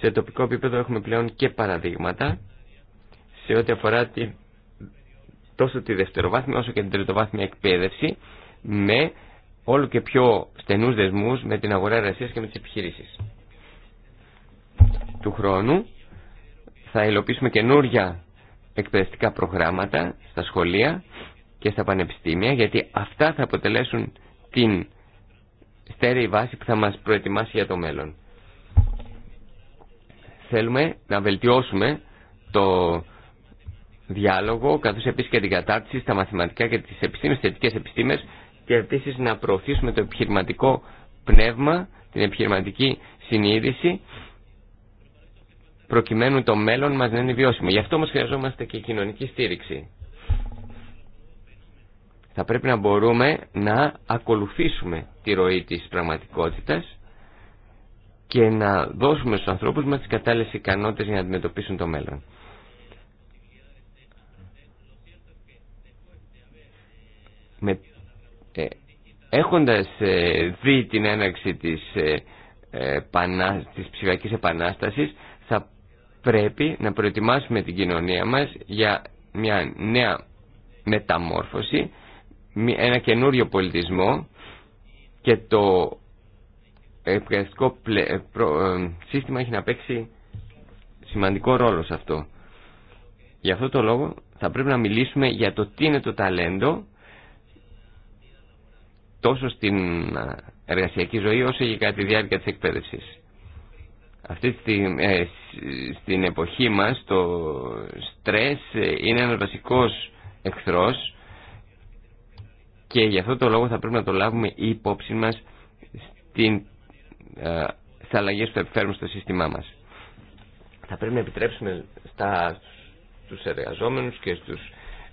Σε τοπικό επίπεδο έχουμε πλέον και παραδείγματα σε ό,τι αφορά τη, τόσο τη δευτεροβάθμια όσο και την τριτοβάθμια εκπαίδευση με όλο και πιο στενούς δεσμούς με την αγορά εργασία και με τις επιχειρήσεις του χρόνου θα υλοποιήσουμε καινούρια εκπαιδευτικά προγράμματα στα σχολεία και στα πανεπιστήμια γιατί αυτά θα αποτελέσουν την στέρεη βάση που θα μας προετοιμάσει για το μέλλον. Θέλουμε να βελτιώσουμε το διάλογο καθώς επίσης και την κατάρτιση στα μαθηματικά και τις επιστήμες, θετικές επιστήμες και επίσης να προωθήσουμε το επιχειρηματικό πνεύμα, την επιχειρηματική συνείδηση προκειμένου το μέλλον μας να είναι βιώσιμο. Γι' αυτό όμως χρειαζόμαστε και κοινωνική στήριξη. Θα πρέπει να μπορούμε να ακολουθήσουμε τη ροή της πραγματικότητας και να δώσουμε στους ανθρώπους μας τις κατάλληλες ικανότητες για να αντιμετωπίσουν το μέλλον. Με, ε, έχοντας ε, δει την έναρξη της, ε, ε της ψηφιακής επανάστασης θα πρέπει να προετοιμάσουμε την κοινωνία μας για μια νέα μεταμόρφωση, ένα καινούριο πολιτισμό και το εκπαιδευτικό ε, ε, σύστημα έχει να παίξει σημαντικό ρόλο σε αυτό. Γι' αυτό το λόγο θα πρέπει να μιλήσουμε για το τι είναι το ταλέντο τόσο στην ε, εργασιακή ζωή όσο και κατά τη διάρκεια της εκπαίδευσης. Αυτή ε, στην εποχή μας το στρες ε, είναι ένας βασικός εχθρός και γι' αυτό το λόγο θα πρέπει να το λάβουμε υπόψη μας στην, ε, στις αλλαγές που στο σύστημά μας. Θα πρέπει να επιτρέψουμε στα, στους εργαζόμενους και στους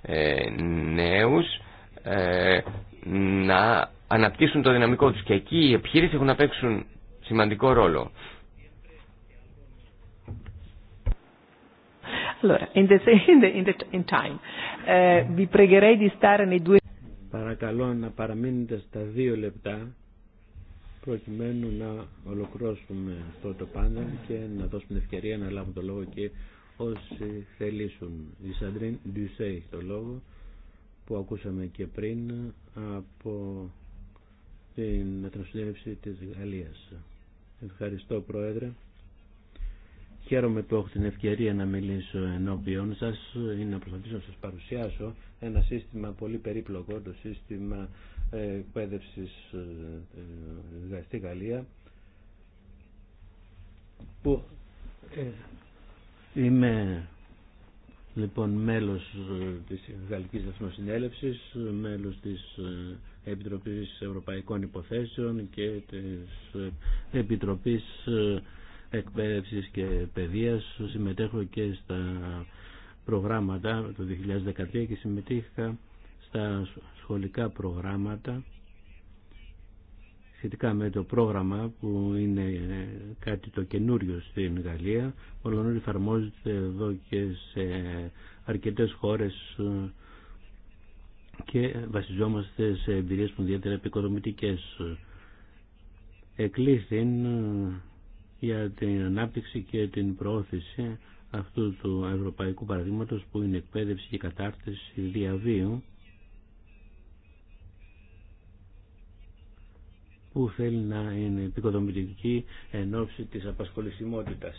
ε, νέους ε, να αναπτύσσουν το δυναμικό τους και εκεί οι επιχείρησεις έχουν να παίξουν σημαντικό ρόλο. Παρακαλώ να παραμείνετε στα δύο λεπτά προκειμένου να ολοκληρώσουμε αυτό το πάνελ και να δώσουμε ευκαιρία να λάβουν το λόγο και όσοι θελήσουν. Η Σαντρίν Ντουσέ έχει το λόγο που ακούσαμε και πριν από την μετροσυνέλευση της Γαλλίας. Ευχαριστώ Πρόεδρε. Χαίρομαι που έχω την ευκαιρία να μιλήσω ενώπιον σας ή να προσπαθήσω να σας παρουσιάσω ένα σύστημα πολύ περίπλοκο, το σύστημα ε, εκπαίδευση ε, ε, στη Γαλλία που είμαι λοιπόν μέλος της Γαλλικής Εθνοσυνέλευσης, μέλος της Επιτροπής Ευρωπαϊκών Υποθέσεων και της Επιτροπής εκπαίδευσης και παιδείας. Συμμετέχω και στα προγράμματα το 2013 και συμμετείχα στα σχολικά προγράμματα σχετικά με το πρόγραμμα που είναι κάτι το καινούριο στην Γαλλία όλων εφαρμόζεται εδώ και σε αρκετές χώρες ε, και βασιζόμαστε σε εμπειρίες που ιδιαίτερα επικοδομητικές. Εκλήθην για την ανάπτυξη και την προώθηση αυτού του ευρωπαϊκού παραδείγματος που είναι εκπαίδευση και κατάρτιση διαβίου που θέλει να είναι επικοδομητική εν ώψη της απασχολησιμότητας.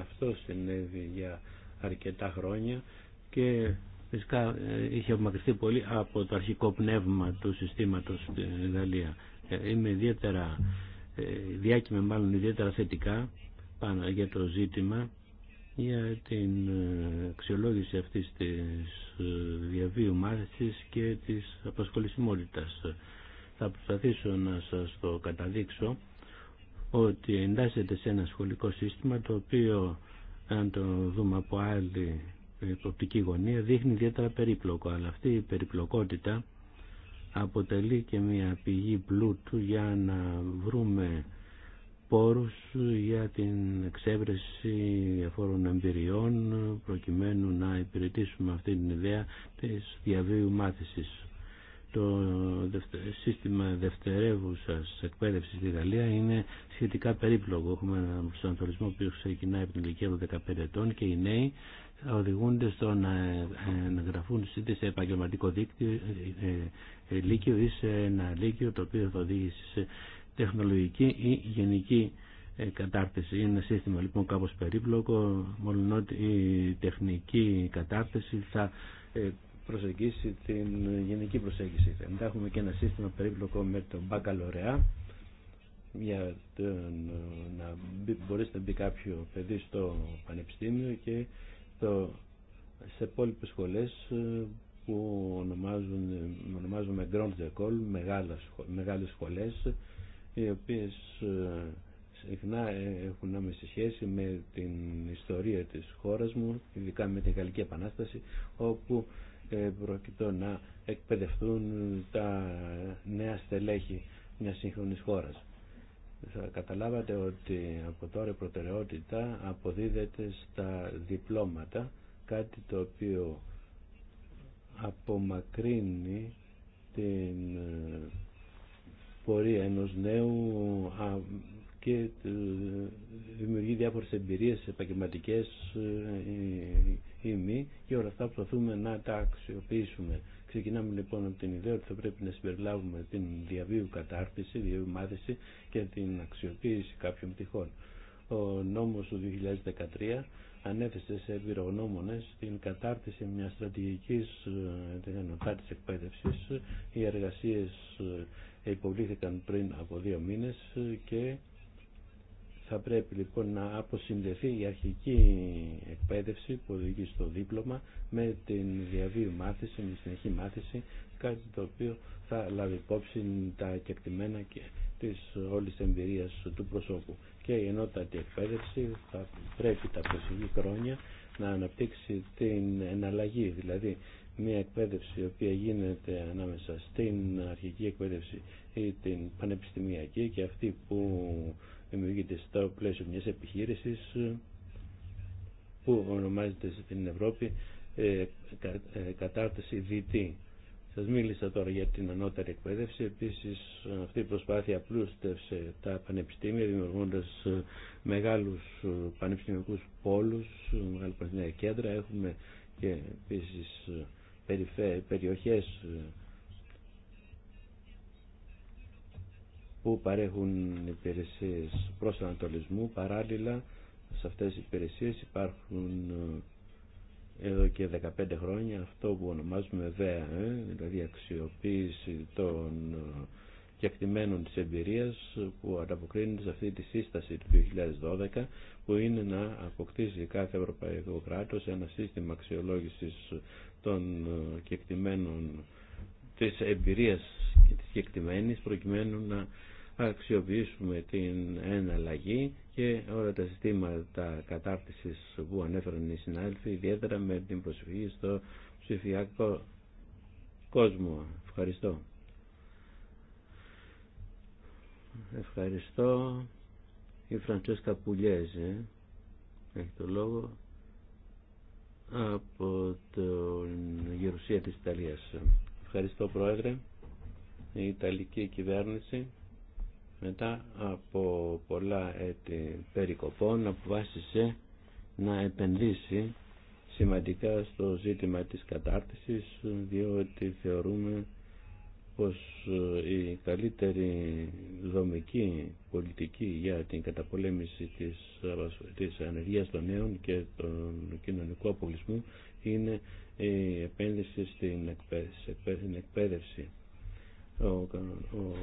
Αυτό συνέβη για αρκετά χρόνια και φυσικά ε, είχε απομακρυνθεί πολύ από το αρχικό πνεύμα του συστήματος στην Γαλλία. Ε, είμαι ιδιαίτερα ε, διάκυμε μάλλον ιδιαίτερα θετικά πάνω για το ζήτημα για την ε, αξιολόγηση αυτής της ε, διαβίου μάθησης και της απασχολησιμότητας. Θα προσπαθήσω να σας το καταδείξω ότι εντάσσεται σε ένα σχολικό σύστημα το οποίο αν το δούμε από άλλη προπτική γωνία δείχνει ιδιαίτερα περίπλοκο αλλά αυτή η περιπλοκότητα αποτελεί και μια πηγή πλούτου για να βρούμε πόρους για την εξέβρεση διαφόρων εμπειριών προκειμένου να υπηρετήσουμε αυτή την ιδέα της διαβίου μάθησης. Το σύστημα δευτερεύουσας εκπαίδευσης στη Γαλλία είναι σχετικά περίπλοκο. Έχουμε έναν προσανατολισμό που ξεκινάει από την ηλικία των 15 ετών και οι νέοι οδηγούνται στο να εγγραφούν σε επαγγελματικό δίκτυο, ε, ε, ε, λύκειο ή σε ένα λύκειο το οποίο θα οδήγησε σε τεχνολογική ή γενική ε, κατάρτιση. Είναι ένα σύστημα λοιπόν κάπως περίπλοκο, μόνο ότι η τεχνική κατάρτιση θα οδηγησε σε τεχνολογικη η γενικη καταρτιση ειναι ενα συστημα λοιπον καπως περιπλοκο μόλις οτι η τεχνικη καταρτιση θα προσεγγισει την γενική προσέγγιση. Μετά έχουμε και ένα σύστημα περίπλοκο με το μπακαλωρεά για να μπορείς να μπει κάποιο παιδί στο πανεπιστήμιο και το, σε υπόλοιπε σχολές ε, που ονομάζουν, ονομάζουμε Grand École, μεγάλες σχολές, οι οποίες ε, συχνά ε, έχουν άμεση σχέση με την ιστορία της χώρας μου, ειδικά με την Γαλλική Επανάσταση, όπου ε, προκειτώ να εκπαιδευτούν τα νέα στελέχη μιας σύγχρονης χώρας. Θα καταλάβατε ότι από τώρα η προτεραιότητα αποδίδεται στα διπλώματα, κάτι το οποίο απομακρύνει την ε, πορεία ενός νέου και ε, δημιουργεί διάφορες εμπειρίες επαγγελματικέ ε, ή μη και όλα αυτά προσπαθούμε να τα αξιοποιήσουμε. Ξεκινάμε λοιπόν από την ιδέα ότι θα πρέπει να συμπεριλάβουμε την διαβίου κατάρτιση, διαβίου μάθηση και την αξιοποίηση κάποιων πτυχών. Ο νόμος του 2013 ανέθεσε σε εμπειρογνώμονε την κατάρτιση μιας στρατηγικής ε, της εκπαίδευσης. Οι εργασίε ε, υποβλήθηκαν πριν από δύο μήνες ε, και θα πρέπει λοιπόν να αποσυνδεθεί η αρχική εκπαίδευση που οδηγεί στο δίπλωμα με την διαβίου μάθηση, με τη συνεχή μάθηση, κάτι το οποίο θα λάβει υπόψη τα κεκτημένα και της όλης εμπειρίας του προσώπου και η ενότατη εκπαίδευση θα πρέπει τα προσεγή χρόνια να αναπτύξει την εναλλαγή, δηλαδή μια εκπαίδευση η οποία γίνεται ανάμεσα στην αρχική εκπαίδευση ή την πανεπιστημιακή και αυτή που δημιουργείται στο πλαίσιο μιας επιχείρησης που ονομάζεται στην Ευρώπη ε, ε, κατάρτιση διτή σας μίλησα τώρα για την ανώτερη εκπαίδευση. Επίσης αυτή η προσπάθεια πλούστευσε τα πανεπιστήμια δημιουργώντας ε, μεγάλους ε, πανεπιστημιακούς πόλους, ε, μεγάλα πανεπιστημιακά κέντρα. Έχουμε και επίσης περιοχές που παρέχουν υπηρεσίες προσανατολισμού. Παράλληλα σε αυτές τις υπηρεσίες υπάρχουν εδώ και 15 χρόνια αυτό που ονομάζουμε ΔΕΑ, ε, δηλαδή αξιοποίηση των ε, κεκτημένων της εμπειρίας που ανταποκρίνεται σε αυτή τη σύσταση του 2012 που είναι να αποκτήσει κάθε ευρωπαϊκό κράτος ένα σύστημα αξιολόγησης των ε, κεκτημένων της εμπειρίας και της κεκτημένης προκειμένου να αξιοποιήσουμε την εναλλαγή και όλα τα συστήματα κατάρτισης που ανέφεραν οι συνάδελφοι, ιδιαίτερα με την προσφυγή στο ψηφιακό κόσμο. Ευχαριστώ. Ευχαριστώ. Η Φραντσέσκα Πουλιέζε έχει το λόγο από την γερουσία της Ιταλίας. Ευχαριστώ Πρόεδρε. Η Ιταλική κυβέρνηση μετά από πολλά έτη περικοπών αποφάσισε να επενδύσει σημαντικά στο ζήτημα της κατάρτισης διότι θεωρούμε πως η καλύτερη δομική πολιτική για την καταπολέμηση της, της ανεργίας των νέων και των κοινωνικού αποκλεισμού είναι η επένδυση στην εκπαίδευση. Ο, ο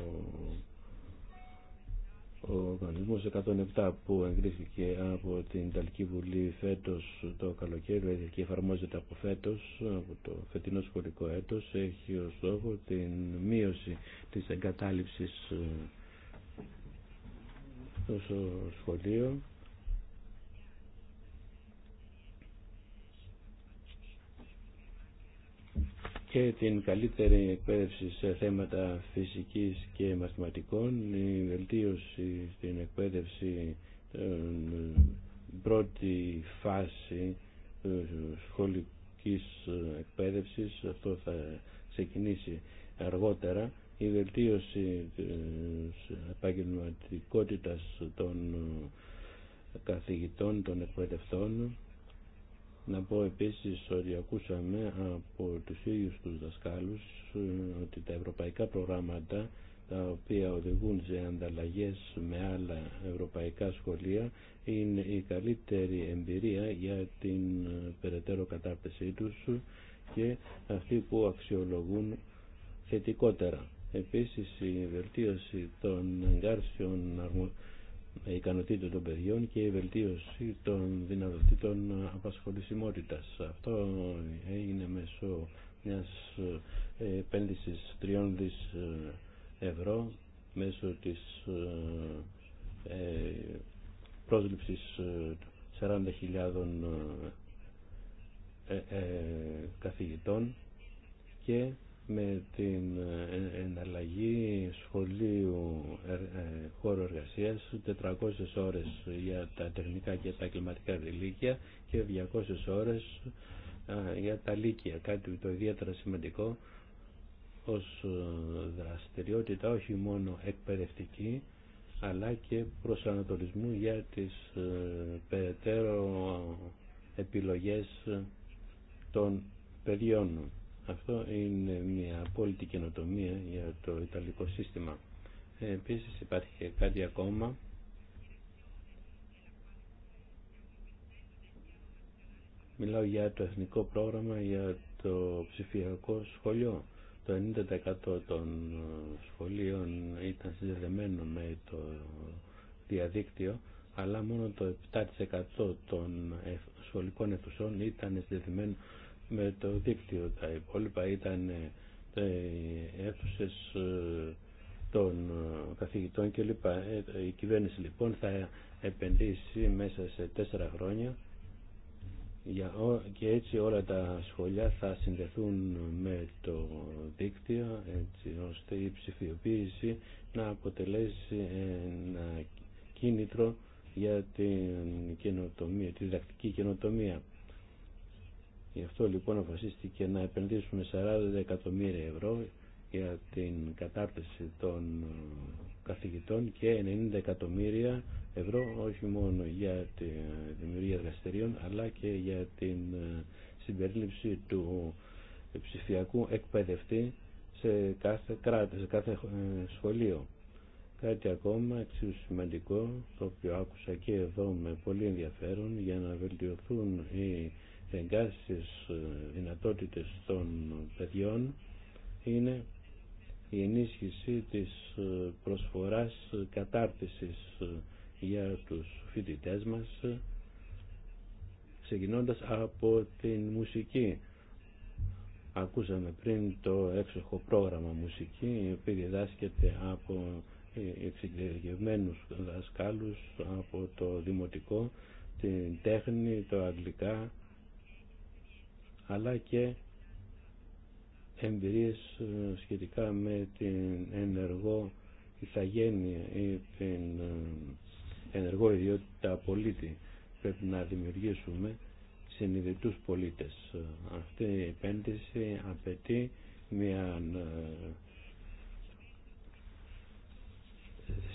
ο οργανισμός 107 που εγκρίθηκε από την Ιταλική Βουλή φέτος το καλοκαίρι, δηλαδή και εφαρμόζεται από φέτος, από το φετινό σχολικό έτος, έχει ως στόχο την μείωση της εγκατάλειψης ε, στο σχολείο και την καλύτερη εκπαίδευση σε θέματα φυσικής και μαθηματικών, η βελτίωση στην εκπαίδευση πρώτη φάση σχολικής εκπαίδευσης, αυτό θα ξεκινήσει αργότερα, η βελτίωση της επαγγελματικότητας των καθηγητών, των εκπαιδευτών, να πω επίσης ότι ακούσαμε από τους ίδιους τους δασκάλους ε, ότι τα ευρωπαϊκά προγράμματα τα οποία οδηγούν σε ανταλλαγές με άλλα ευρωπαϊκά σχολεία είναι η καλύτερη εμπειρία για την ε, περαιτέρω κατάρτισή τους και αυτοί που αξιολογούν θετικότερα. Επίσης η βελτίωση των εγκάρσεων ικανοτήτων των παιδιών και η βελτίωση των δυνατοτήτων απασχολησιμότητας. Αυτό έγινε μέσω μιας ε, επένδυσης τριών δις ε, ευρώ μέσω της ε, πρόσληψης 40.000 καθηγητών και με την ε, εναλλαγή σχολείου ε, ε, χώρου εργασίας 400 ώρες για τα τεχνικά και τα κλιματικά διλίκια και 200 ώρες για τα λύκεια. Κάτι το ιδιαίτερα σημαντικό ως δραστηριότητα όχι μόνο εκπαιδευτική αλλά και προσανατολισμού για τις περαιτέρω επιλογές των παιδιών αυτό είναι μια απόλυτη καινοτομία για το Ιταλικό σύστημα. Επίσης υπάρχει και κάτι ακόμα Μιλάω για το εθνικό πρόγραμμα για το ψηφιακό σχολείο. Το 90% των σχολείων ήταν συνδεδεμένο με το διαδίκτυο, αλλά μόνο το 7% των ε, σχολικών αιθουσών ήταν συνδεδεμένο με το δίκτυο. Τα υπόλοιπα ήταν ε, ε, αίθουσες ε, των καθηγητών κλπ. Η κυβέρνηση λοιπόν θα επενδύσει μέσα σε τέσσερα χρόνια και έτσι όλα τα σχολιά θα συνδεθούν με το δίκτυο έτσι ώστε η ψηφιοποίηση να αποτελέσει ένα κίνητρο για την καινοτομία, τη διδακτική καινοτομία. Γι' αυτό λοιπόν αποφασίστηκε να επενδύσουμε 40 εκατομμύρια ευρώ για την κατάρτιση των ε, καθηγητών και 90 εκατομμύρια ευρώ όχι μόνο για τη δημιουργία εργαστηρίων αλλά και για την ε, συμπερίληψη του ψηφιακού εκπαιδευτή σε κάθε σε κάθε ε, σχολείο. Κάτι ακόμα εξίσου σημαντικό, το οποίο άκουσα και εδώ με πολύ ενδιαφέρον, για να βελτιωθούν οι εγκάσεις ε, δυνατότητες των παιδιών είναι η ενίσχυση της ε, προσφοράς ε, κατάρτισης για τους φοιτητές μας ξεκινώντας από την μουσική. Ακούσαμε πριν το έξοχο πρόγραμμα μουσική που διδάσκεται από εξειδικευμένους δασκάλους από το δημοτικό, την τέχνη, το αγγλικά, αλλά και εμπειρίες ε, σχετικά με την ενεργό ηθαγένεια ή την ε, ενεργό ιδιότητα πολίτη. Πρέπει να δημιουργήσουμε συνειδητούς πολίτες. Ε, αυτή η επένδυση απαιτεί μια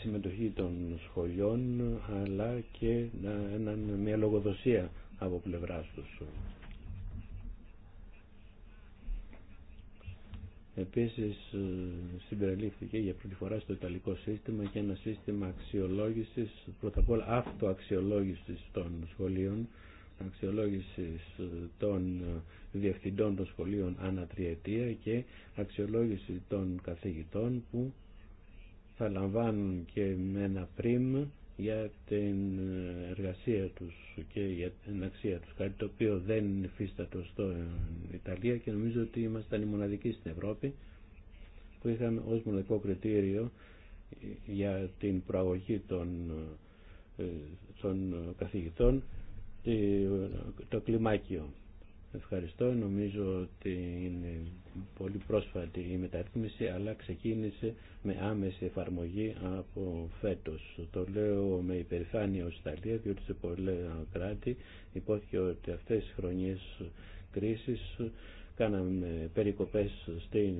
συμμετοχή των σχολιών αλλά και μια λογοδοσία από πλευράς τους. Επίσης ε, συμπεριλήφθηκε για πρώτη φορά στο Ιταλικό σύστημα και ένα σύστημα αξιολόγησης, πρώτα απ' όλα αυτοαξιολόγησης των σχολείων, αξιολόγησης ε, των ε, διευθυντών των σχολείων ανά τριετία και αξιολόγηση των καθηγητών που θα λαμβάνουν και με ένα πριμ για την εργασία τους και για την αξία τους, κάτι το οποίο δεν είναι φύστατο στο Ιταλία και νομίζω ότι ήμασταν οι μοναδικοί στην Ευρώπη που είχαμε ως μοναδικό κριτήριο για την προαγωγή των, ε, των καθηγητών το κλιμάκιο. Ευχαριστώ. Νομίζω ότι είναι πολύ πρόσφατη η μεταρρύθμιση, αλλά ξεκίνησε με άμεση εφαρμογή από φέτος. Το λέω με υπερηφάνεια ως Ιταλία, διότι σε πολλά κράτη υπόθηκε ότι αυτές τις χρονιές κρίσης κάναμε περικοπές στην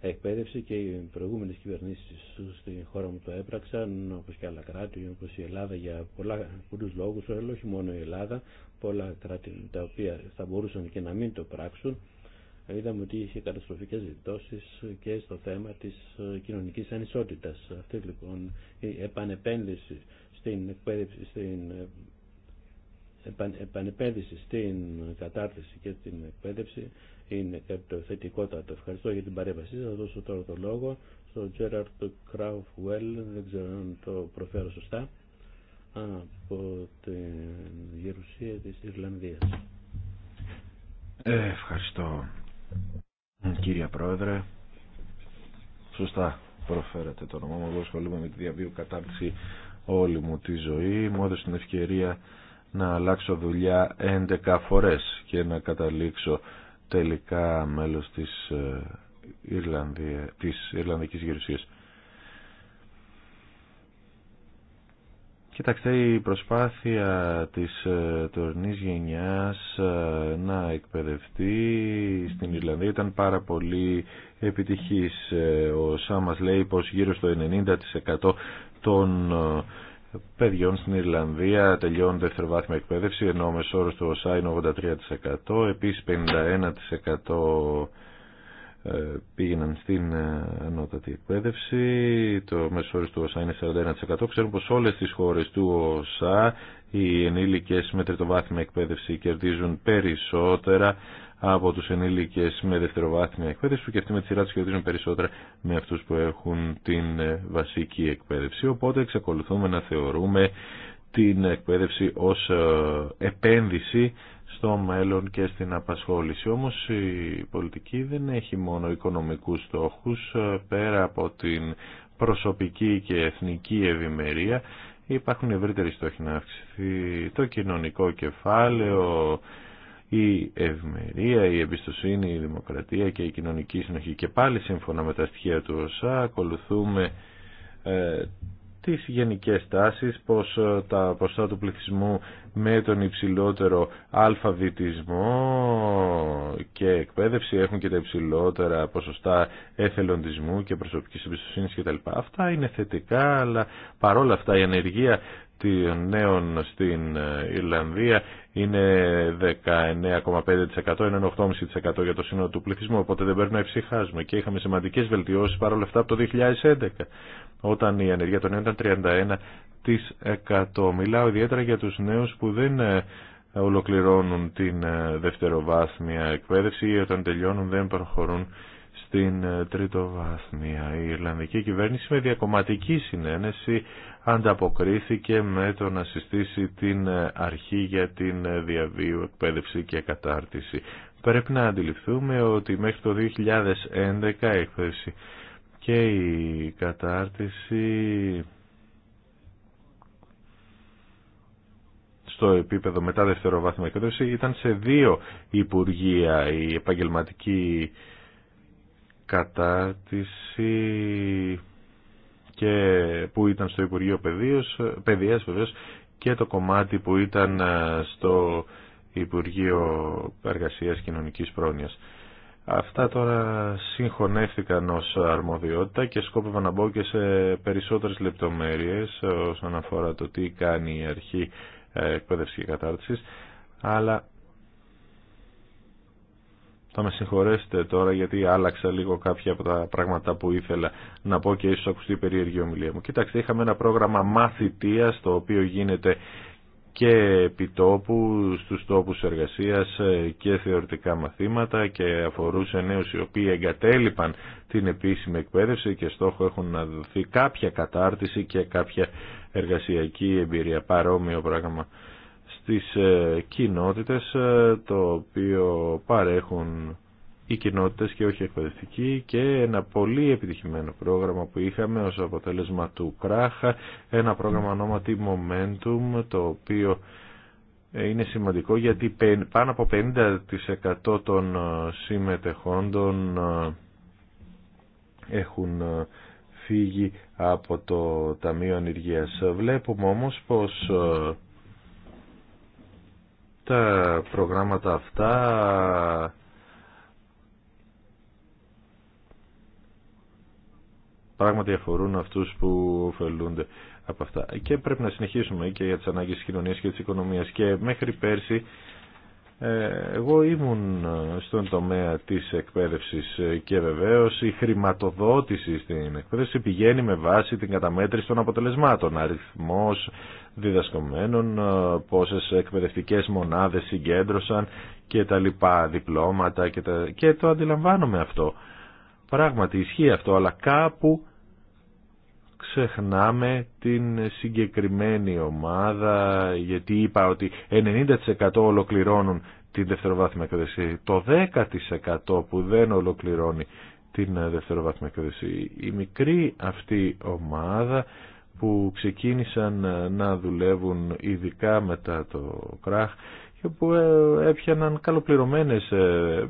εκπαίδευση και οι προηγούμενες κυβερνήσεις στη χώρα μου το έπραξαν, όπως και άλλα κράτη, όπως η Ελλάδα για πολλά, πολλούς λόγους, όχι μόνο η Ελλάδα, όλα κράτη τα οποία θα μπορούσαν και να μην το πράξουν είδαμε ότι είχε καταστροφικές ζητώσεις και στο θέμα της ε, κοινωνικής ανισότητας. Αυτή λοιπόν η επανεπένδυση στην στην ε, επανεπένδυση στην κατάρτιση και την εκπαίδευση είναι κάτι το θετικότατο. Ευχαριστώ για την παρέμβασή σας. Θα δώσω τώρα το λόγο στον Τζέραρτ Κράουφουέλ, δεν ξέρω αν το προφέρω σωστά από την γερουσία της Ιρλανδίας. Ε, ευχαριστώ κύριε Πρόεδρε. Σωστά προφέρατε το όνομά μου. Εγώ ασχολούμαι με τη διαβίου κατάρτιση όλη μου τη ζωή. Μου έδωσε την ευκαιρία να αλλάξω δουλειά 11 φορές και να καταλήξω τελικά μέλος της, ε, Ιρλανδία, της Ιρλανδικής Γερουσίας. Κοιτάξτε, η προσπάθεια της ε, τωρινής γενιάς ε, να εκπαιδευτεί στην Ιρλανδία ήταν πάρα πολύ επιτυχής. Ε, ο σάμας μας λέει πως γύρω στο 90% των παιδιών στην Ιρλανδία τελειώνουν δευτεροβάθμια εκπαίδευση, ενώ ο μεσόρος του ΟΣΑ είναι 83%, επίσης 51% ε, πήγαιναν στην ε, ανώτατη εκπαίδευση. Το μέσο όρο του ΩΣΑ είναι 41%. Ξέρουμε πως όλες τις χώρες του ΩΣΑ οι ενήλικες με τριτοβάθμια εκπαίδευση κερδίζουν περισσότερα από τους ενήλικες με δευτεροβάθμια εκπαίδευση και αυτοί με τη σειρά τους κερδίζουν περισσότερα με αυτούς που έχουν την ε, βασική εκπαίδευση. Οπότε εξακολουθούμε να θεωρούμε την εκπαίδευση ως επένδυση στο μέλλον και στην απασχόληση. Όμως η πολιτική δεν έχει μόνο οικονομικούς στόχους, ε, πέρα από την προσωπική και εθνική ευημερία υπάρχουν ευρύτεροι στόχοι να αυξηθεί το κοινωνικό κεφάλαιο, η ευημερία, η εμπιστοσύνη, η δημοκρατία και η κοινωνική συνοχή. Και πάλι σύμφωνα με τα στοιχεία του ΩΣΑ ακολουθούμε ε, τις γενικές τάσεις, πως ε, τα ποσά του πληθυσμού με τον υψηλότερο αλφαβητισμό και εκπαίδευση έχουν και τα υψηλότερα ποσοστά εθελοντισμού και προσωπικής εμπιστοσύνης κτλ. Αυτά είναι θετικά, αλλά παρόλα αυτά η ανεργία των νέων στην ε, Ιρλανδία είναι 19,5% είναι 8,5% για το σύνολο του πληθυσμού οπότε δεν πρέπει να και είχαμε σημαντικές βελτιώσεις παρόλα αυτά από το 2011 όταν η ανεργία των νέων ήταν 31% μιλάω ιδιαίτερα για τους νέους που δεν ε, ολοκληρώνουν την ε, δευτεροβάθμια εκπαίδευση ή όταν τελειώνουν δεν προχωρούν στην τρίτο βάθμια. Η Ιρλανδική τριτο η ιρλανδικη κυβερνηση με διακομματική συνένεση ανταποκρίθηκε με το να συστήσει την αρχή για την διαβίου εκπαίδευση και κατάρτιση. Πρέπει να αντιληφθούμε ότι μέχρι το 2011 η εκπαίδευση και η κατάρτιση στο επίπεδο μετά δευτεροβάθμια εκπαίδευση ήταν σε δύο υπουργεία η επαγγελματική κατάρτιση και που ήταν στο Υπουργείο Παιδείας, και το κομμάτι που ήταν ε, στο Υπουργείο Εργασίας Κοινωνικής Πρόνοιας. Αυτά τώρα συγχωνεύτηκαν ως αρμοδιότητα και σκόπευα να μπω και σε περισσότερες λεπτομέρειες όσον αφορά το τι κάνει η αρχή ε, εκπαίδευση και κατάρτισης, αλλά θα με συγχωρέσετε τώρα γιατί άλλαξα λίγο κάποια από τα πράγματα που ήθελα να πω και ίσως ακουστεί περίεργη ομιλία μου. Κοίταξτε, είχαμε ένα πρόγραμμα μαθητείας το οποίο γίνεται και επιτόπου στους τόπους εργασίας και θεωρητικά μαθήματα και αφορούσε νέους οι οποίοι εγκατέλειπαν την επίσημη εκπαίδευση και στόχο έχουν να δοθεί κάποια κατάρτιση και κάποια εργασιακή εμπειρία. Παρόμοιο πράγμα στις ε, κοινότητες ε, το οποίο παρέχουν οι κοινότητες και όχι εκπαιδευτικοί και ένα πολύ επιτυχημένο πρόγραμμα που είχαμε ως αποτέλεσμα του Κράχα, ένα πρόγραμμα ονόματι Momentum το οποίο είναι σημαντικό γιατί πάνω από 50% των ε, συμμετεχόντων έχουν φύγει από το Ταμείο Ανεργίας. Βλέπουμε όμως πως τα προγράμματα αυτά πράγματι αφορούν αυτούς που ωφελούνται από αυτά. Και πρέπει να συνεχίσουμε και για τις ανάγκες της κοινωνίας και της οικονομίας. Και μέχρι πέρσι ε, εγώ ήμουν στον τομέα της εκπαίδευσης και βεβαίως η χρηματοδότηση στην εκπαίδευση πηγαίνει με βάση την καταμέτρηση των αποτελεσμάτων, αριθμός διδασκομένων, ε, πόσες εκπαιδευτικές μονάδες συγκέντρωσαν και τα λοιπά διπλώματα και, το αντιλαμβάνομαι αυτό. Πράγματι ισχύει αυτό, αλλά κάπου ξεχνάμε την συγκεκριμένη ομάδα, γιατί είπα ότι 90% ολοκληρώνουν την δευτεροβάθμια εκπαίδευση, το 10% που δεν ολοκληρώνει την ε, δευτεροβάθμια εκπαίδευση. Η μικρή αυτή ομάδα που ξεκίνησαν ε, να δουλεύουν ειδικά μετά το κράχ και που ε, έπιαναν καλοπληρωμένες ε,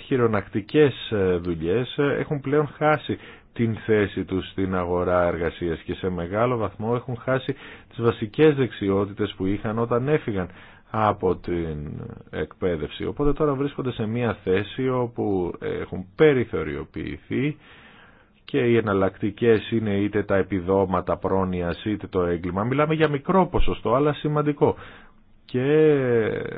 χειρονακτικές δουλειές έχουν πλέον χάσει την θέση τους στην αγορά εργασίας και σε μεγάλο βαθμό έχουν χάσει τις βασικές δεξιότητες που είχαν όταν έφυγαν από την εκπαίδευση. Οπότε τώρα βρίσκονται σε μια θέση όπου έχουν περιθωριοποιηθεί και οι εναλλακτικέ είναι είτε τα επιδόματα πρόνοιας είτε το έγκλημα. Μιλάμε για μικρό ποσοστό αλλά σημαντικό. Και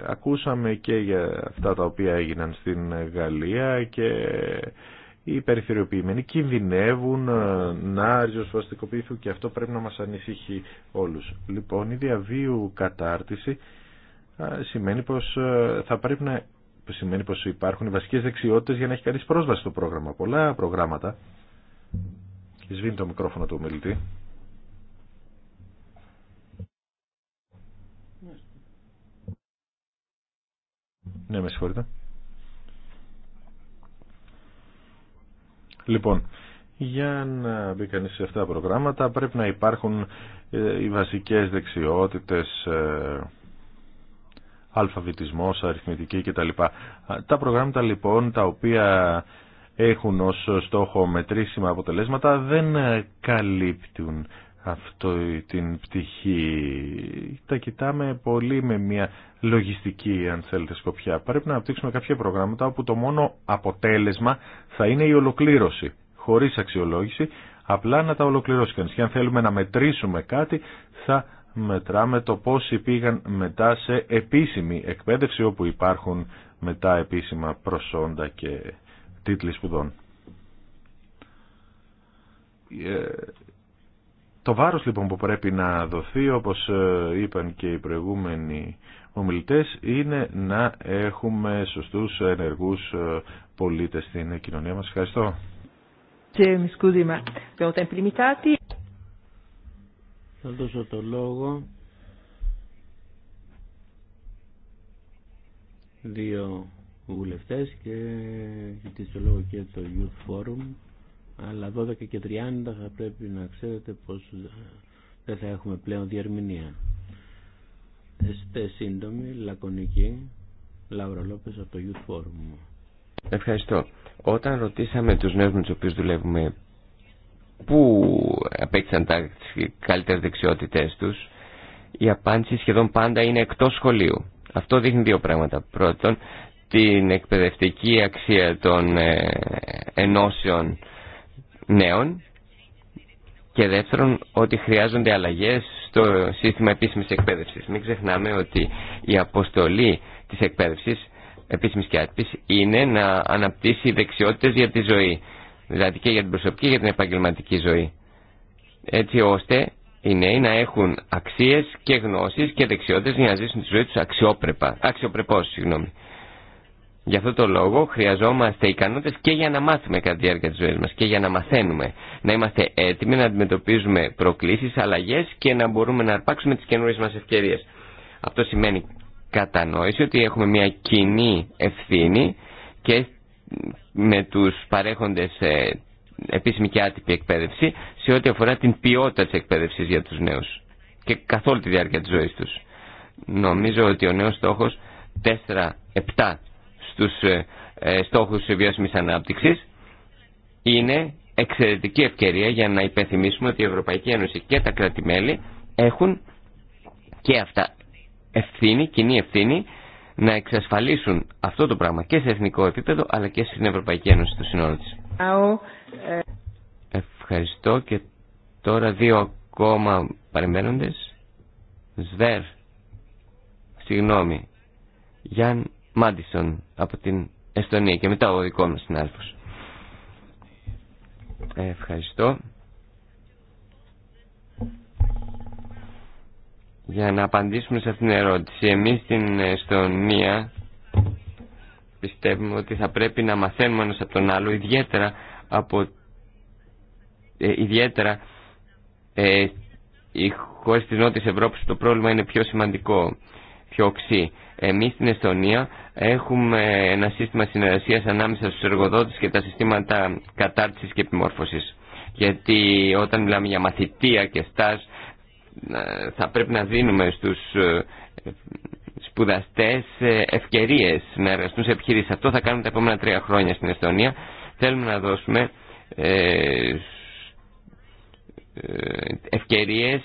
ακούσαμε και για αυτά τα οποία έγιναν στην Γαλλία και οι περιφερειοποιημένοι κινδυνεύουν ε, να ριζοσφαστικοποιηθούν και αυτό πρέπει να μας ανησυχεί όλους. Λοιπόν, η διαβίου κατάρτιση ε, σημαίνει πως ε, θα πρέπει να σημαίνει πως υπάρχουν οι βασικές δεξιότητες για να έχει κανείς πρόσβαση στο πρόγραμμα. Πολλά προγράμματα σβήνει το μικρόφωνο του ομιλητή. Ναι, με συγχωρείτε. Λοιπόν, για να μπει κανείς σε αυτά τα προγράμματα πρέπει να υπάρχουν ε, οι βασικές δεξιότητες, ε, αλφαβητισμός, αριθμητική κτλ. Τα προγράμματα λοιπόν τα οποία έχουν ως στόχο μετρήσιμα αποτελέσματα δεν καλύπτουν αυτό την πτυχή. Τα κοιτάμε πολύ με μια λογιστική, αν θέλετε, σκοπιά. Πρέπει να αναπτύξουμε κάποια προγράμματα όπου το μόνο αποτέλεσμα θα είναι η ολοκλήρωση, χωρίς αξιολόγηση, απλά να τα ολοκληρώσει κανείς. Και αν θέλουμε να μετρήσουμε κάτι, θα μετράμε το πόσοι πήγαν μετά σε επίσημη εκπαίδευση, όπου υπάρχουν μετά επίσημα προσόντα και τίτλοι σπουδών. Ε, το βάρος λοιπόν που πρέπει να δοθεί, όπως ε, είπαν και οι προηγούμενοι ομιλητές, είναι να έχουμε σωστούς ενεργούς ε, πολίτες στην κοινωνία μας. Ευχαριστώ. Θα δώσω το λόγο. Δύο βουλευτές και ζητήστε λόγο και το Youth Forum αλλά 12 και 30 θα πρέπει να ξέρετε πως ε, δεν θα έχουμε πλέον διερμηνία. Είστε σύντομοι, λακωνικοί. Λάουρα Λόπες από το Youth Forum. Ευχαριστώ. Όταν ρωτήσαμε τους νέους με τους οποίους δουλεύουμε πού απέκτησαν τα καλύτερες δεξιότητές τους, η απάντηση σχεδόν πάντα είναι εκτός σχολείου. Αυτό δείχνει δύο πράγματα. Πρώτον, την εκπαιδευτική αξία των ε, ενώσεων νέων και δεύτερον ότι χρειάζονται αλλαγές στο σύστημα επίσημης εκπαίδευσης. Μην ξεχνάμε ότι η αποστολή της εκπαίδευσης επίσημης και άτυπης είναι να αναπτύσσει δεξιότητες για τη ζωή δηλαδή και για την προσωπική και για την επαγγελματική ζωή έτσι ώστε οι νέοι να έχουν αξίες και γνώσεις και δεξιότητες για να ζήσουν τη ζωή τους αξιόπρεπα, αξιοπρεπώς. Συγγνώμη. Γι' αυτό το λόγο χρειαζόμαστε ικανότητες και για να μάθουμε κατά τη διάρκεια της ζωής μας και για να μαθαίνουμε. Να είμαστε έτοιμοι να αντιμετωπίζουμε προκλήσεις, αλλαγές και να μπορούμε να αρπάξουμε τις καινούριες μας ευκαιρίες. Αυτό σημαίνει κατανόηση ότι έχουμε μια κοινή ευθύνη και με τους παρέχοντες ε, επίσημη και άτυπη εκπαίδευση σε ό,τι αφορά την ποιότητα της εκπαίδευσης για τους νέους και καθ' όλη τη διάρκεια της ζωής τους. Νομίζω ότι ο νέος στόχος 4-7 ε, ε, στόχους βιώσιμης ανάπτυξης είναι εξαιρετική ευκαιρία για να υπενθυμίσουμε ότι η Ευρωπαϊκή Ένωση και τα κράτη-μέλη έχουν και αυτά ευθύνη, κοινή ευθύνη να εξασφαλίσουν αυτό το πράγμα και σε εθνικό επίπεδο αλλά και στην Ευρωπαϊκή Ένωση του συνόλου της. Ε. Ευχαριστώ και τώρα δύο ακόμα παρεμβαίνοντες. Σβέρ, συγγνώμη, Γιάννη Μάντισον από την Εστονία και μετά ο δικό μου συνάδελφος. Ε, ευχαριστώ. Για να απαντήσουμε σε αυτήν την ερώτηση, εμείς στην Εστονία πιστεύουμε ότι θα πρέπει να μαθαίνουμε ένας από τον άλλο, ιδιαίτερα από ε, ιδιαίτερα ε, οι χώρες της Νότιας Ευρώπης το πρόβλημα είναι πιο σημαντικό, πιο οξύ. Εμείς στην Εστονία έχουμε ένα σύστημα συνεργασίας ανάμεσα στους εργοδότες και τα συστήματα κατάρτισης και επιμόρφωσης. Γιατί όταν μιλάμε για μαθητεία και στάζ ε, θα πρέπει να δίνουμε στους ε, σπουδαστές ε, ευκαιρίες να εργαστούν σε επιχειρήσεις. Αυτό θα κάνουμε τα επόμενα τρία χρόνια στην Εστονία. Θέλουμε να δώσουμε ευκαιρίες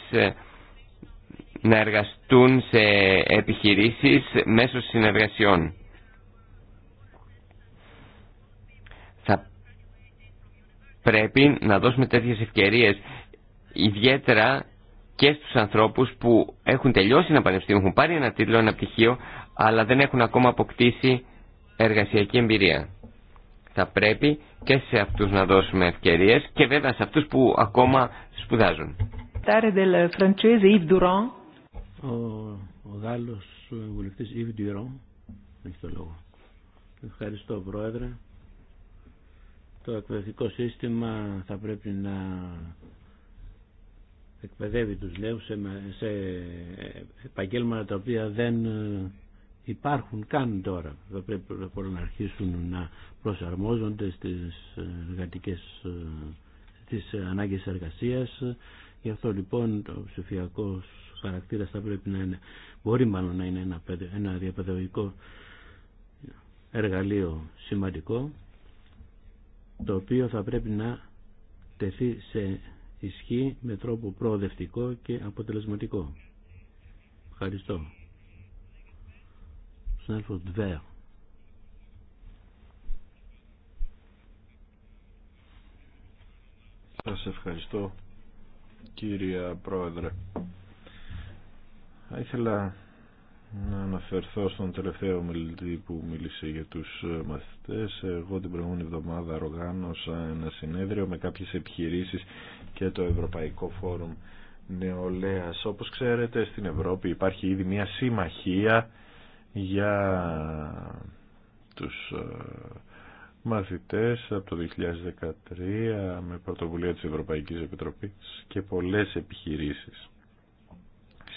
να εργαστούν σε επιχειρήσεις μέσω συνεργασιών. Θα πρέπει να δώσουμε τέτοιες ευκαιρίες ιδιαίτερα και στους ανθρώπους που έχουν τελειώσει ένα πανεπιστήμιο, έχουν πάρει ένα τίτλο, ένα πτυχίο, αλλά δεν έχουν ακόμα αποκτήσει εργασιακή εμπειρία. Θα πρέπει και σε αυτούς να δώσουμε ευκαιρίες και βέβαια σε αυτούς που ακόμα σπουδάζουν. Ο, ο Γάλλος βουλευτής Yves έχει το λόγο. Ευχαριστώ Πρόεδρε. Το εκπαιδευτικό σύστημα θα πρέπει να εκπαιδεύει τους νέους σε, σε επαγγέλματα τα οποία δεν ε, υπάρχουν καν τώρα. Θα πρέπει να να αρχίσουν να προσαρμόζονται στις εργατικές ε, στις ανάγκες εργασίας. Γι' αυτό λοιπόν το ψηφιακός Χαρακτήρα θα πρέπει να είναι, μπορεί μάλλον να είναι ένα, ένα διαπαιδαγωγικό εργαλείο σημαντικό, το οποίο θα πρέπει να τεθεί σε ισχύ με τρόπο προοδευτικό και αποτελεσματικό. Ευχαριστώ. Συνάδελφος Σας ευχαριστώ κύριε Πρόεδρε. Θα ήθελα να αναφερθώ στον τελευταίο μιλητή που μίλησε για τους ε, μαθητές. Εγώ την προηγούμενη εβδομάδα οργάνωσα ένα συνέδριο με κάποιες επιχειρήσεις και το Ευρωπαϊκό Φόρουμ Νεολαίας. Όπως ξέρετε στην Ευρώπη υπάρχει ήδη μια συμμαχία για τους ε, μαθητές από το 2013 με πρωτοβουλία της Ευρωπαϊκής Επιτροπής και πολλές επιχειρήσεις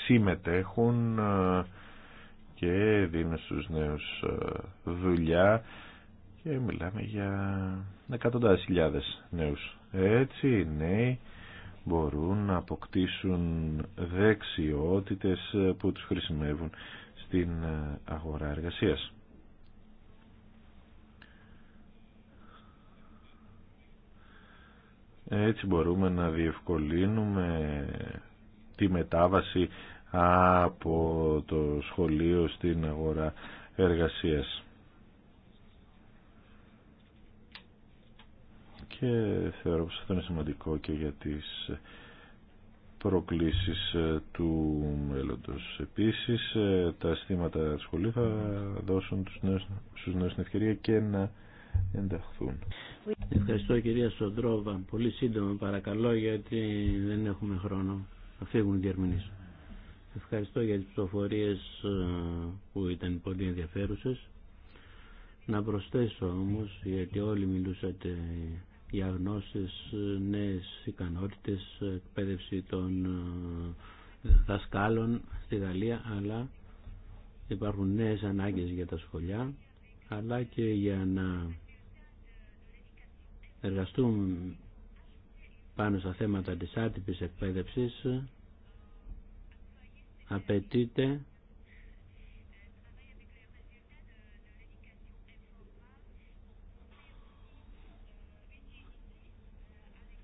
συμμετέχουν ε, και δίνουν στους νέους ε, δουλειά και μιλάμε για εκατοντάδες χιλιάδες νέους. Έτσι οι νέοι μπορούν να αποκτήσουν δεξιότητες ε, που τους χρησιμεύουν στην αγορά εργασίας. Έτσι μπορούμε να διευκολύνουμε τη μετάβαση από το σχολείο στην αγορά εργασίας. Και θεωρώ πως αυτό είναι σημαντικό και για τις προκλήσεις ε, του μέλλοντος. Επίσης, ε, τα αισθήματα του σχολείου θα δώσουν τους νέους, στους νέους την ευκαιρία και να ενταχθούν. Ευχαριστώ κυρία Σοντρόβα. Πολύ σύντομα παρακαλώ γιατί δεν έχουμε χρόνο. Θα φύγουν οι Ευχαριστώ για τις ψηφοφορίες ε, που ήταν πολύ ενδιαφέρουσες. Να προσθέσω όμως, γιατί όλοι μιλούσατε για γνώσεις, ε, νέες ικανότητες, εκπαίδευση των ε, δασκάλων στη Γαλλία, αλλά υπάρχουν νέες ανάγκες για τα σχολιά, αλλά και για να εργαστούμε πάνω στα θέματα της άτυπης εκπαίδευσης απαιτείται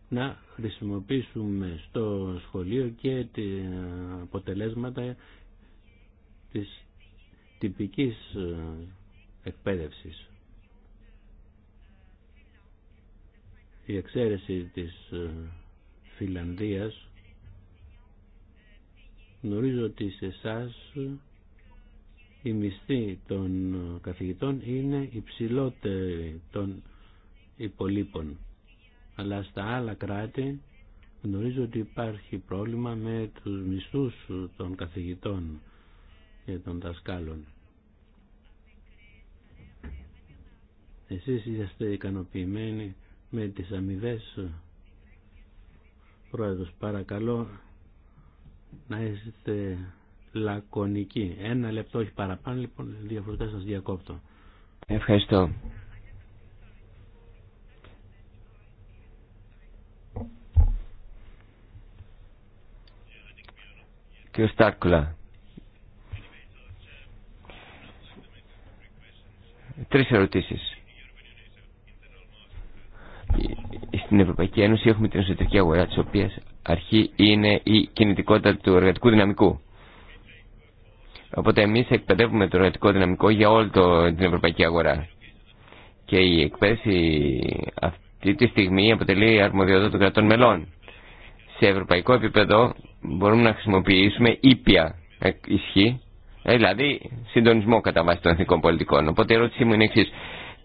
να χρησιμοποιήσουμε στο σχολείο και τα αποτελέσματα της τυπικής εκπαίδευσης. Η εξαίρεση της Φιλανδίας Γνωρίζω ότι σε εσά η μισθή των καθηγητών είναι υψηλότερη των υπολείπων. Αλλά στα άλλα κράτη γνωρίζω ότι υπάρχει πρόβλημα με τους μισθούς των καθηγητών και των δασκάλων. Εσείς είστε ικανοποιημένοι με τις αμοιβέ. Πρόεδρος, παρακαλώ να είστε λακωνικοί. Ένα λεπτό, όχι παραπάνω, λοιπόν, διαφορετικά σας διακόπτω. Ευχαριστώ. Κύριο Στάρκουλα. Τρεις ερωτήσεις. Στην Ευρωπαϊκή Ένωση έχουμε την εσωτερική αγορά της οποίας αρχή είναι η κινητικότητα του εργατικού δυναμικού. Οπότε εμείς εκπαιδεύουμε το εργατικό δυναμικό για όλη την ευρωπαϊκή αγορά. Και η εκπαίδευση αυτή τη στιγμή αποτελεί αρμοδιότητα των κρατών μελών. Σε ευρωπαϊκό επίπεδο μπορούμε να χρησιμοποιήσουμε ήπια ε, ισχύ, ε, δηλαδή συντονισμό κατά βάση των εθνικών πολιτικών. Οπότε η ερώτησή μου είναι εξής.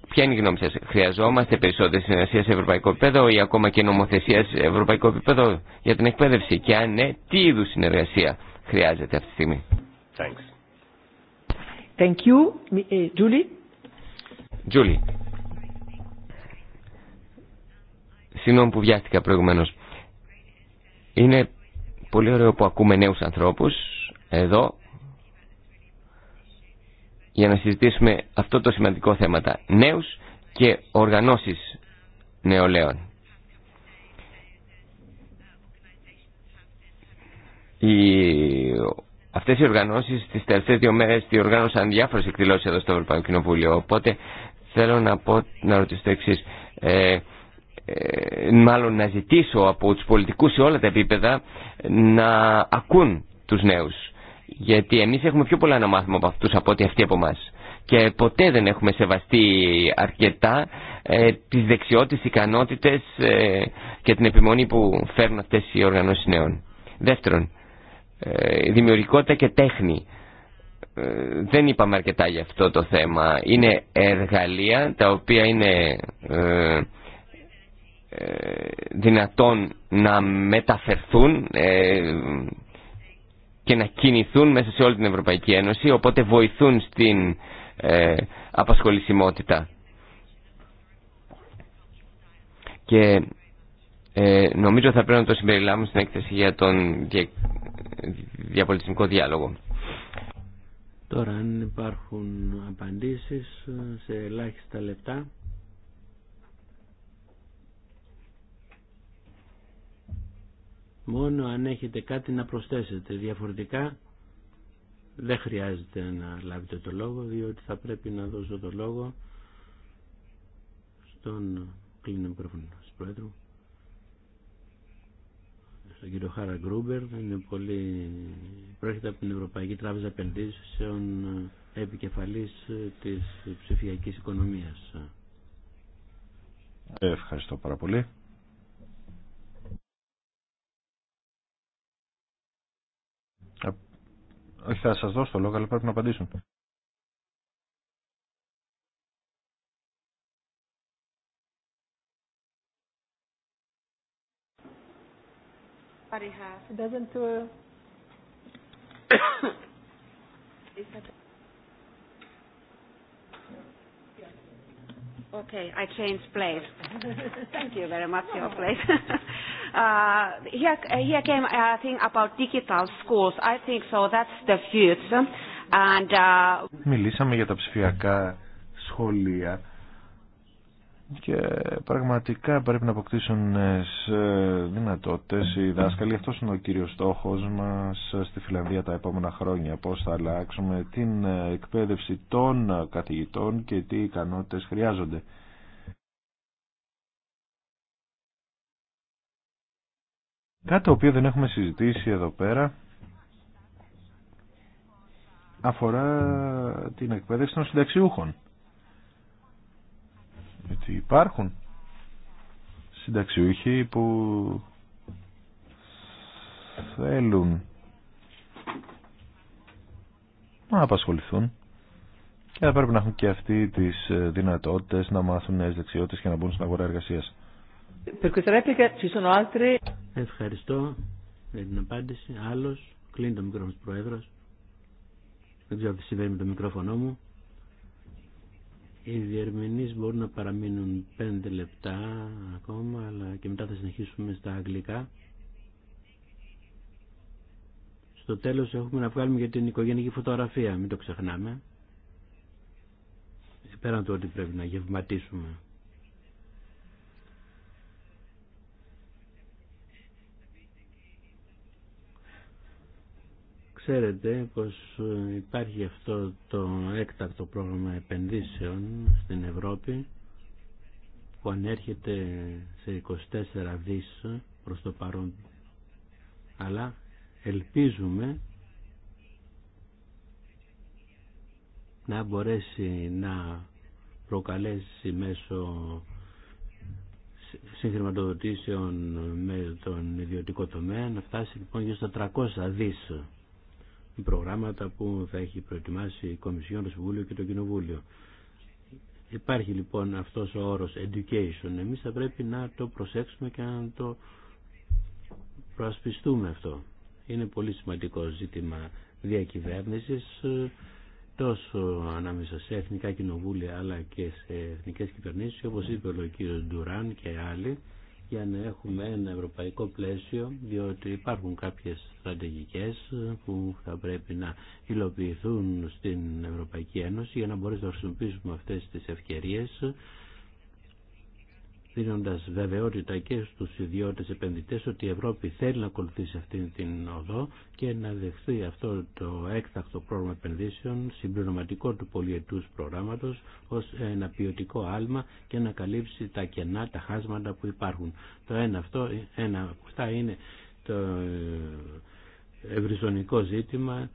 Ποια είναι η γνώμη σας, χρειαζόμαστε περισσότερη συνεργασία σε ευρωπαϊκό επίπεδο ή ακόμα και νομοθεσία σε ευρωπαϊκό επίπεδο για την εκπαίδευση και αν ναι, τι είδου συνεργασία χρειάζεται αυτή τη στιγμή. Thanks. Thank you. Ε, Julie. Julie. Συγγνώμη που βιάστηκα προηγουμένω, Είναι πολύ ωραίο που ακούμε νέου ανθρώπους εδώ για να συζητήσουμε αυτό το σημαντικό θέμα. Νέους και οργανώσεις νεολαίων. Οι... Αυτές οι οργανώσεις τις τελευταίες δύο μέρες διοργάνωσαν διάφορες εκδηλώσεις εδώ στο Ευρωπαϊκό Κοινοβούλιο. Οπότε θέλω να, πω, να ρωτήσω το εξής. Ε, ε μάλλον να ζητήσω από τους πολιτικούς σε όλα τα επίπεδα να ακούν τους νέους γιατί εμείς έχουμε πιο πολλά να μάθουμε από αυτούς από ό,τι αυτοί από εμά. Και ποτέ δεν έχουμε σεβαστεί αρκετά ε, τις δεξιότητες, ικανότητες ε, και την επιμονή που φέρνουν αυτές οι οργανώσεις νέων. Δεύτερον, ε, δημιουργικότητα και τέχνη. Ε, δεν είπαμε αρκετά για αυτό το θέμα. Είναι εργαλεία τα οποία είναι ε, δυνατόν να μεταφερθούν και να κινηθούν μέσα σε όλη την Ευρωπαϊκή Ένωση, οπότε βοηθούν στην ε, απασχολησιμότητα. Και ε, νομίζω θα πρέπει να το συμπεριλάβουμε στην έκθεση για τον δια, διαπολιτισμικό διάλογο. Τώρα αν υπάρχουν απαντήσεις ε, σε ελάχιστα λεπτά. μόνο αν έχετε κάτι να προσθέσετε. Διαφορετικά δεν χρειάζεται να λάβετε το λόγο, διότι θα πρέπει να δώσω το λόγο στον κλείνω μικρόφωνο Πρόεδρο, στον κύριο Χάρα Γκρούμπερ, είναι πολύ... πρόκειται από την Ευρωπαϊκή Τράπεζα Επενδύσεων επικεφαλής της ψηφιακής οικονομίας. Ευχαριστώ πάρα πολύ. Όχι, θα σα δώσω το λόγο, αλλά πρέπει να απαντήσουν. Okay, I changed place. Thank you very much your place. Uh, uh, uh, about digital schools. I think so that's the future. And, uh... Μιλήσαμε για τα ψηφιακά σχολεία και πραγματικά πρέπει να αποκτήσουν ε, ε, δυνατότητες οι δάσκαλοι. Αυτός είναι ο κύριος στόχος μας στη Φιλανδία τα επόμενα χρόνια. Πώς θα αλλάξουμε την ε, εκπαίδευση των καθηγητών και τι ικανότητες χρειάζονται. Κάτι το οποίο δεν έχουμε συζητήσει εδώ πέρα αφορά την εκπαίδευση των συνταξιούχων. Γιατί υπάρχουν συνταξιούχοι που θέλουν να απασχοληθούν και θα πρέπει να έχουν και αυτοί τις ε, δυνατότητες να μάθουν νέες δεξιότητες και να μπουν στην αγορά εργασίας. Ευχαριστώ για την απάντηση. Άλλος, κλείνει το μικρόφωνο του Προέδρος. Δεν ξέρω τι συμβαίνει με το μικρόφωνο μου. Οι διερμηνείς μπορούν να παραμείνουν πέντε λεπτά ακόμα, αλλά και μετά θα συνεχίσουμε στα αγγλικά. Στο τέλος έχουμε να βγάλουμε για την οικογενική φωτογραφία, μην το ξεχνάμε. Πέραν του ότι πρέπει να γευματίσουμε. Ξέρετε πως ε, υπάρχει αυτό το έκτακτο πρόγραμμα επενδύσεων στην Ευρώπη που ανέρχεται σε 24 δις προς το παρόν. Αλλά ελπίζουμε να μπορέσει να προκαλέσει μέσω συγχρηματοδοτήσεων με τον ιδιωτικό τομέα να φτάσει λοιπόν γύρω στα 300 δις προγράμματα που θα έχει προετοιμάσει η Κομισιόν, το Συμβούλιο και το Κοινοβούλιο. Υπάρχει λοιπόν αυτός ο όρος education. Εμείς θα πρέπει να το προσέξουμε και να το προασπιστούμε αυτό. Είναι πολύ σημαντικό ζήτημα διακυβέρνησης τόσο ανάμεσα σε εθνικά κοινοβούλια αλλά και σε εθνικές κυβερνήσεις όπως είπε ο κ. Ντουράν και άλλοι για να έχουμε ένα ευρωπαϊκό πλαίσιο διότι υπάρχουν κάποιες στρατηγικές που θα πρέπει να υλοποιηθούν στην Ευρωπαϊκή Ένωση για να μπορέσουμε να χρησιμοποιήσουμε αυτές τις ευκαιρίες δίνοντας βεβαιότητα και στους ιδιώτες επενδυτές ότι η Ευρώπη θέλει να ακολουθήσει αυτήν την οδό και να δεχθεί αυτό το έκτακτο πρόγραμμα επενδύσεων συμπληρωματικό του πολιετούς προγράμματος ως ένα ποιοτικό άλμα και να καλύψει τα κενά, τα χάσματα που υπάρχουν. Το ένα αυτό, ένα αυτά είναι το ε, ευρυζωνικό ζήτημα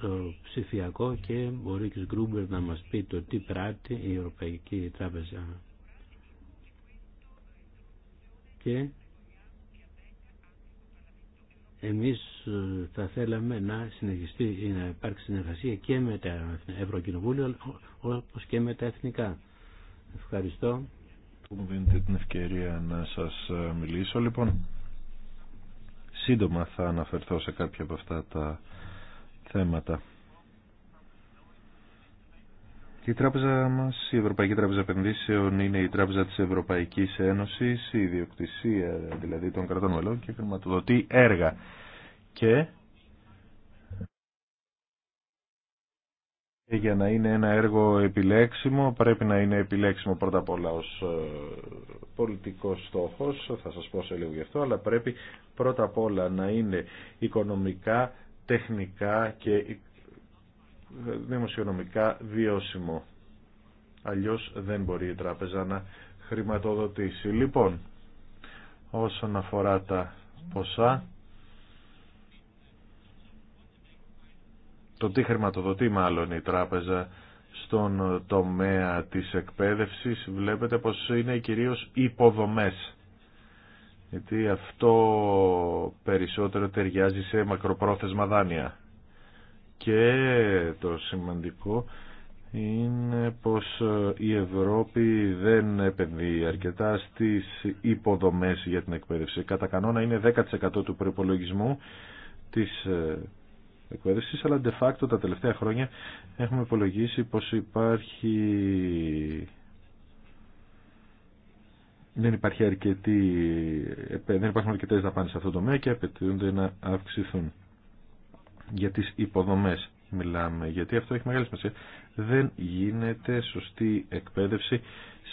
το ψηφιακό και μπορεί και ο Γκρούμπερ να μας πει το τι πράττει η Ευρωπαϊκή Τράπεζα και εμείς ε, θα θέλαμε να συνεχιστεί ή να υπάρξει συνεργασία και με τα Ευρωκοινοβούλια όπως και με τα εθνικά. Ευχαριστώ. Μου δίνετε την ευκαιρία να σας ε, μιλήσω. Λοιπόν, σύντομα θα αναφερθώ σε κάποια από αυτά τα θέματα. Η τράπεζα μας, η Ευρωπαϊκή Τράπεζα Επενδύσεων, είναι η τράπεζα της Ευρωπαϊκής Ένωσης, η ιδιοκτησία δηλαδή των κρατών μελών και χρηματοδοτεί έργα. Και για να είναι ένα έργο επιλέξιμο πρέπει να είναι επιλέξιμο πρώτα απ' όλα ως ε, πολιτικός στόχος, θα σας πω σε λίγο γι' αυτό, αλλά πρέπει πρώτα απ' όλα να είναι οικονομικά, τεχνικά και δημοσιονομικά βιώσιμο. Αλλιώς δεν μπορεί η τράπεζα να χρηματοδοτήσει. Λοιπόν, όσον αφορά τα ποσά, το τι χρηματοδοτεί μάλλον η τράπεζα στον τομέα της εκπαίδευσης βλέπετε πως είναι κυρίως υποδομές γιατί αυτό περισσότερο ταιριάζει σε μακροπρόθεσμα δάνεια και το σημαντικό είναι πως η Ευρώπη δεν επενδύει αρκετά στις υποδομές για την εκπαίδευση. Κατά κανόνα είναι 10% του προπολογισμού της ε, εκπαίδευσης, αλλά de facto τα τελευταία χρόνια έχουμε υπολογίσει πως υπάρχει... Δεν, υπάρχει αρκετή... Ε, δεν υπάρχουν αρκετές δαπάνες σε αυτό το τομέα και απαιτούνται να αυξηθούν για τις υποδομές μιλάμε, γιατί αυτό έχει μεγάλη σημασία. Δεν γίνεται σωστή εκπαίδευση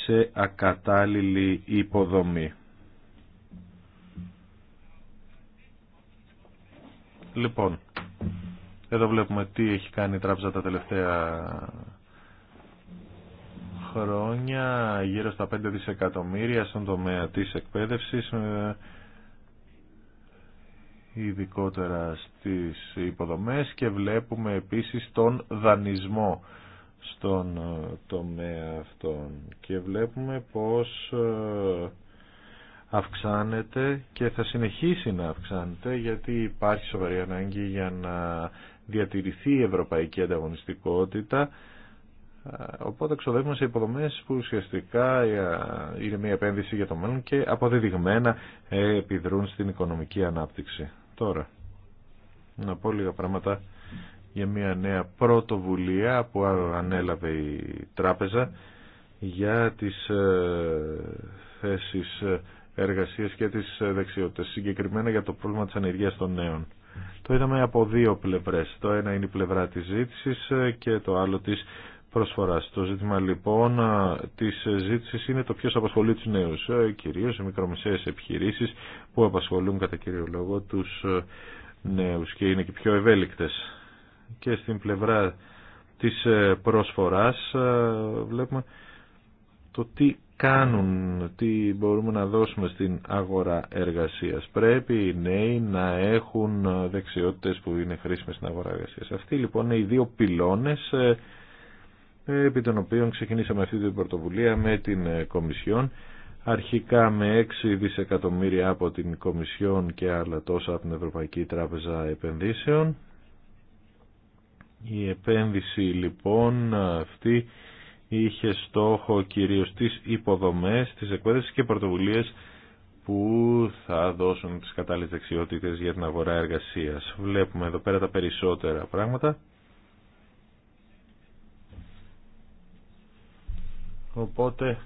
σε ακατάλληλη υποδομή. Λοιπόν, εδώ βλέπουμε τι έχει κάνει η τράπεζα τα τελευταία χρόνια, γύρω στα 5 δισεκατομμύρια στον τομέα της εκπαίδευσης, ε, ειδικότερα στις υποδομές και βλέπουμε επίσης τον δανεισμό στον ε, τομέα αυτών και βλέπουμε πως ε, αυξάνεται και θα συνεχίσει να αυξάνεται γιατί υπάρχει σοβαρή ανάγκη για να διατηρηθεί η ευρωπαϊκή ανταγωνιστικότητα ε, οπότε εξοδεύουμε σε υποδομές που ουσιαστικά είναι μια επένδυση για το μέλλον και αποδεδειγμένα επιδρούν στην οικονομική ανάπτυξη. Τώρα, να πω λίγα πράγματα για μια νέα πρωτοβουλία που ανέλαβε η τράπεζα για τις ε, θέσεις εργασίας και τις δεξιότητες, συγκεκριμένα για το πρόβλημα της ανεργίας των νέων. Το είδαμε από δύο πλευρές. Το ένα είναι η πλευρά της ζήτησης ε, και το άλλο της προσφοράς. Το ζήτημα λοιπόν τη ζήτηση είναι το ποιο απασχολεί του νέου ε, κυρίω οι μικρομεσαίες επιχειρήσεις που απασχολούν κατά κύριο λόγο τους ε, νέου και είναι και πιο ευέλικτε. Και στην πλευρά της ε, προσφοράς βλέπουμε το τι κάνουν, τι μπορούμε να δώσουμε στην αγορά εργασίας. Πρέπει οι νέοι να έχουν δεξιότητες που είναι χρήσιμες στην αγορά εργασίας. Αυτοί λοιπόν είναι οι δύο πυλώνες επί των οποίων ξεκινήσαμε αυτή την πρωτοβουλία με την ε, Κομισιόν αρχικά με 6 δισεκατομμύρια από την Κομισιόν και άλλα τόσα από την Ευρωπαϊκή Τράπεζα Επενδύσεων. Η επένδυση λοιπόν αυτή είχε στόχο κυρίως τις υποδομές, τις εκπαίδευση και πρωτοβουλίες που θα δώσουν τις κατάλληλες δεξιότητες για την αγορά εργασίας. Βλέπουμε εδώ πέρα τα περισσότερα πράγματα. Οπότε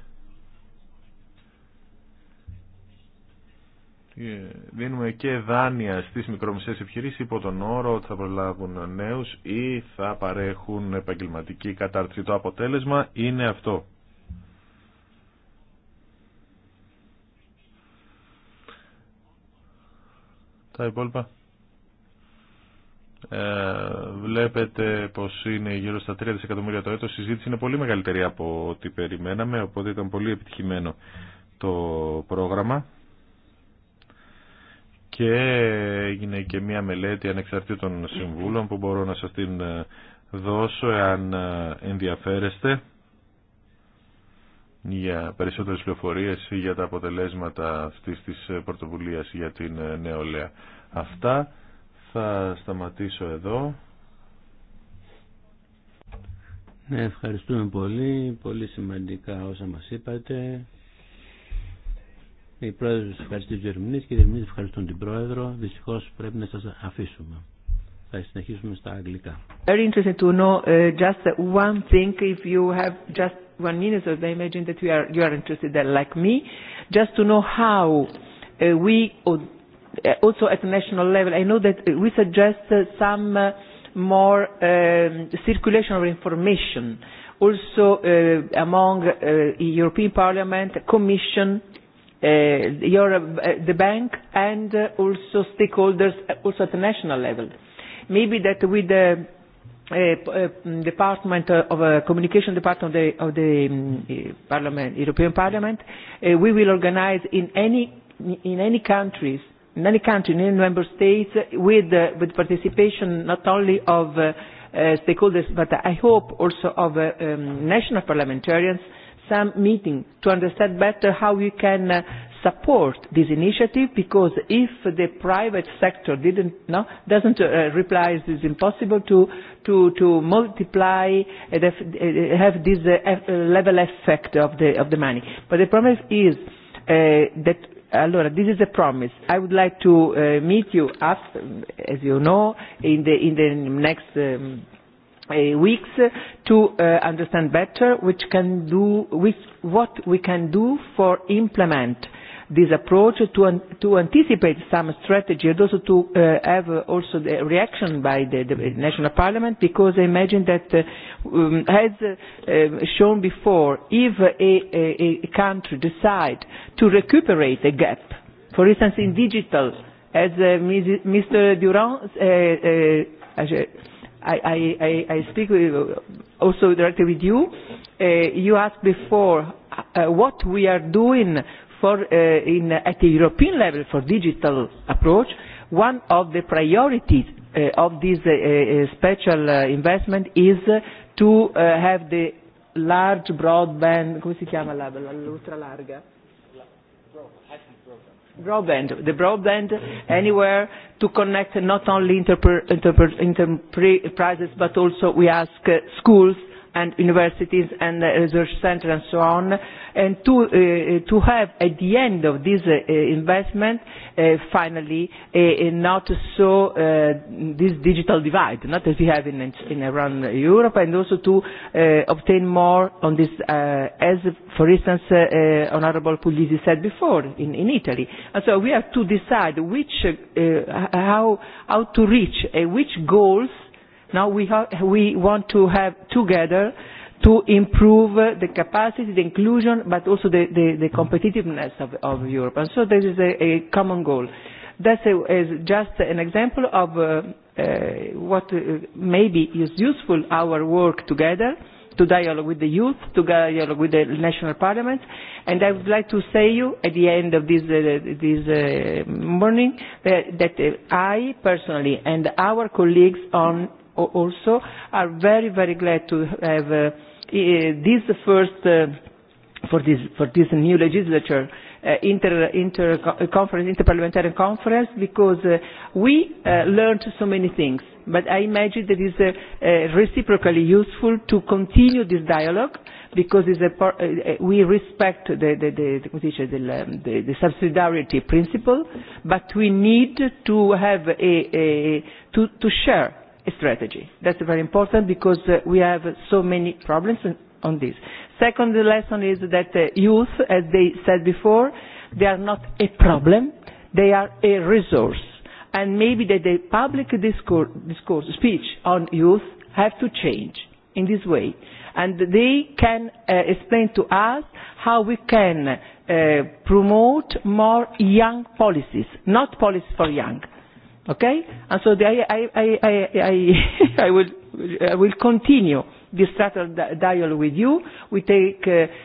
δίνουμε και δάνεια στις μικρομεσαίες επιχειρήσεις υπό τον όρο ότι θα προλάβουν νέους ή θα παρέχουν επαγγελματική κατάρτιση. Το αποτέλεσμα είναι αυτό. Τα υπόλοιπα ε, βλέπετε πως είναι γύρω στα 3 δισεκατομμύρια το έτος. Η συζήτηση είναι πολύ μεγαλύτερη από ό,τι περιμέναμε, οπότε ήταν πολύ επιτυχημένο το πρόγραμμα. Και έγινε και μια μελέτη ανεξαρτήτων συμβούλων που μπορώ να σας την ε, δώσω εάν ε, ενδιαφέρεστε για περισσότερες πληροφορίες για τα αποτελέσματα αυτής της πρωτοβουλίας για την νεολαία. Αυτά θα σταματήσω εδώ. Ναι, ευχαριστούμε πολύ. Πολύ σημαντικά όσα μας είπατε. Η σας ευχαριστεί τους Γερμινείς και οι Γερμινείς ευχαριστούν την πρόεδρο. Δυστυχώς πρέπει να σας αφήσουμε. Θα συνεχίσουμε στα αγγλικά. Very interesting to know uh, just one thing if you have just one minute or I imagine that you are, you are interested like me just to know how uh, we also at national level. I know that we suggest some more circulation of information, also among European Parliament, Commission, the Bank, and also stakeholders, also at the national level. Maybe that with the department of communication department of the Parliament, European Parliament, we will organize in any in any countries many countries, many member states, with with participation not only of stakeholders, but I hope also of national parliamentarians, some meeting to understand better how we can support this initiative because if the private sector didn't no doesn't reply it is impossible to to to multiply and have this level effect of the of the money but the problem is that Allora, this is a promise. I would like to meet you, as you know, in the in the next weeks to understand better which can do, with what we can do for implement this approach to to anticipate some strategy and also to have also the reaction by the national parliament because I imagine that as shown before if a country decides to recuperate a gap for instance in digital as Mr. Durand I I speak also directly with you you asked before what we are doing for in at the European level for digital approach, one of the priorities of this special investment is to have the large broadband come si chiama la l'ultra larga broadband the broadband anywhere to connect not only enterprises but also we ask schools and universities and research centers and so on, and to have at the end of this investment finally not so this digital divide, not as we have in around Europe, and also to obtain more on this, as for instance Honourable Puglisi said before in in Italy. And so we have to decide which how how to reach which goals Now we want to have together to improve the capacity, the inclusion, but also the competitiveness of Europe. And so this is a common goal. That is just an example of what maybe is useful, our work together, to dialogue with the youth, to dialogue with the national parliaments. And I would like to say you at the end of this this morning that I personally and our colleagues on also are very, very glad to have this first for this for this new legislature inter inter conference interparliamentary conference because we learned so many things but i imagine that is reciprocally useful to continue this dialogue because it's a we respect the the the the subsidiarity principle but we need to have a to to share strategy. That's very important because we have so many problems on this. Second lesson is that youth, as they said before, they are not a problem, they are a resource. And maybe that the public discourse, speech on youth have to change in this way. And they can explain to us how we can promote more young policies, not policies for young Okay? And so the I, I, I, I, I, will, I will continue this structural dialogue with you. We take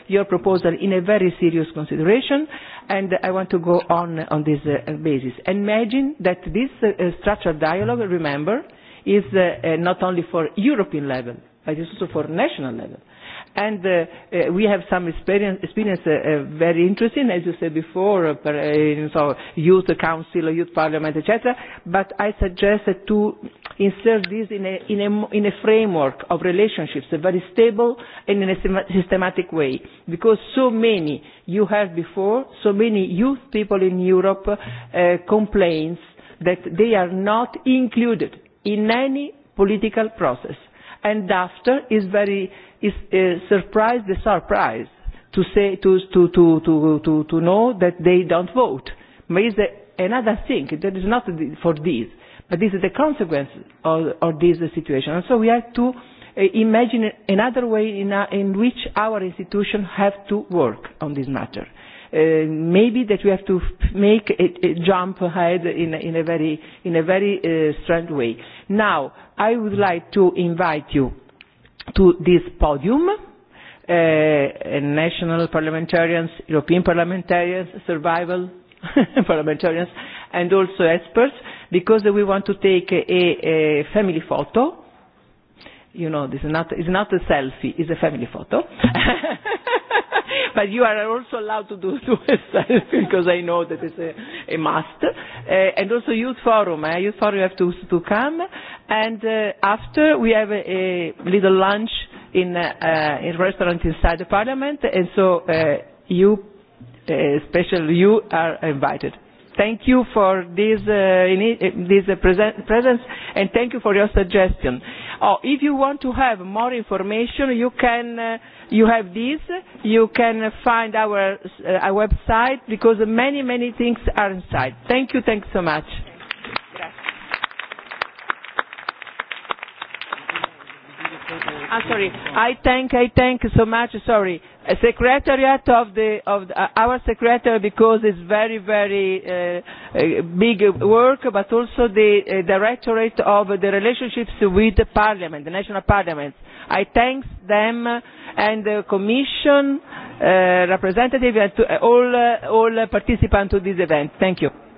your proposal in a very serious consideration, and I want to go on on this basis. Imagine that this structural dialogue, remember, is not only for European level, but it's also for national level and we have some experience experience very interesting as you said before so youth council youth parliament etc but i suggest to insert this in a in a in a framework of relationships a very stable and in a systematic way because so many you heard before so many youth people in europe complains that they are not included in any political process and after is very is a surprise the surprise to say to to to to to know that they don't vote. But is another thing that is not for this, but this is the consequence of of this situation. And so we have to imagine another way in in which our institutions have to work on this matter. Maybe that we have to make a jump ahead in in a very in a very strange way. Now I would like to invite you to this podium national parliamentarians, European parliamentarians, survival parliamentarians, and also experts, because we want to take a family photo. You know, this is not, it's not a selfie, it's a family photo but you are also allowed to do it because I know that it's a, a must. and also youth forum, uh, youth forum you have to, to come. And after we have a, little lunch in uh, in restaurant inside the parliament. And so you, uh, especially you, are invited. Thank you for this, this presence and thank you for your suggestion. Oh, if you want to have more information, you can You have this. You can find our website because many, many things are inside. Thank you. Thanks so much. I'm sorry. I thank, I thank so much. Sorry, secretariat of the of our secretary because it's very, very big work, but also the directorate of the relationships with the Parliament, the national Parliament. I thank them and the Commission representative and all all participants to this event. Thank you.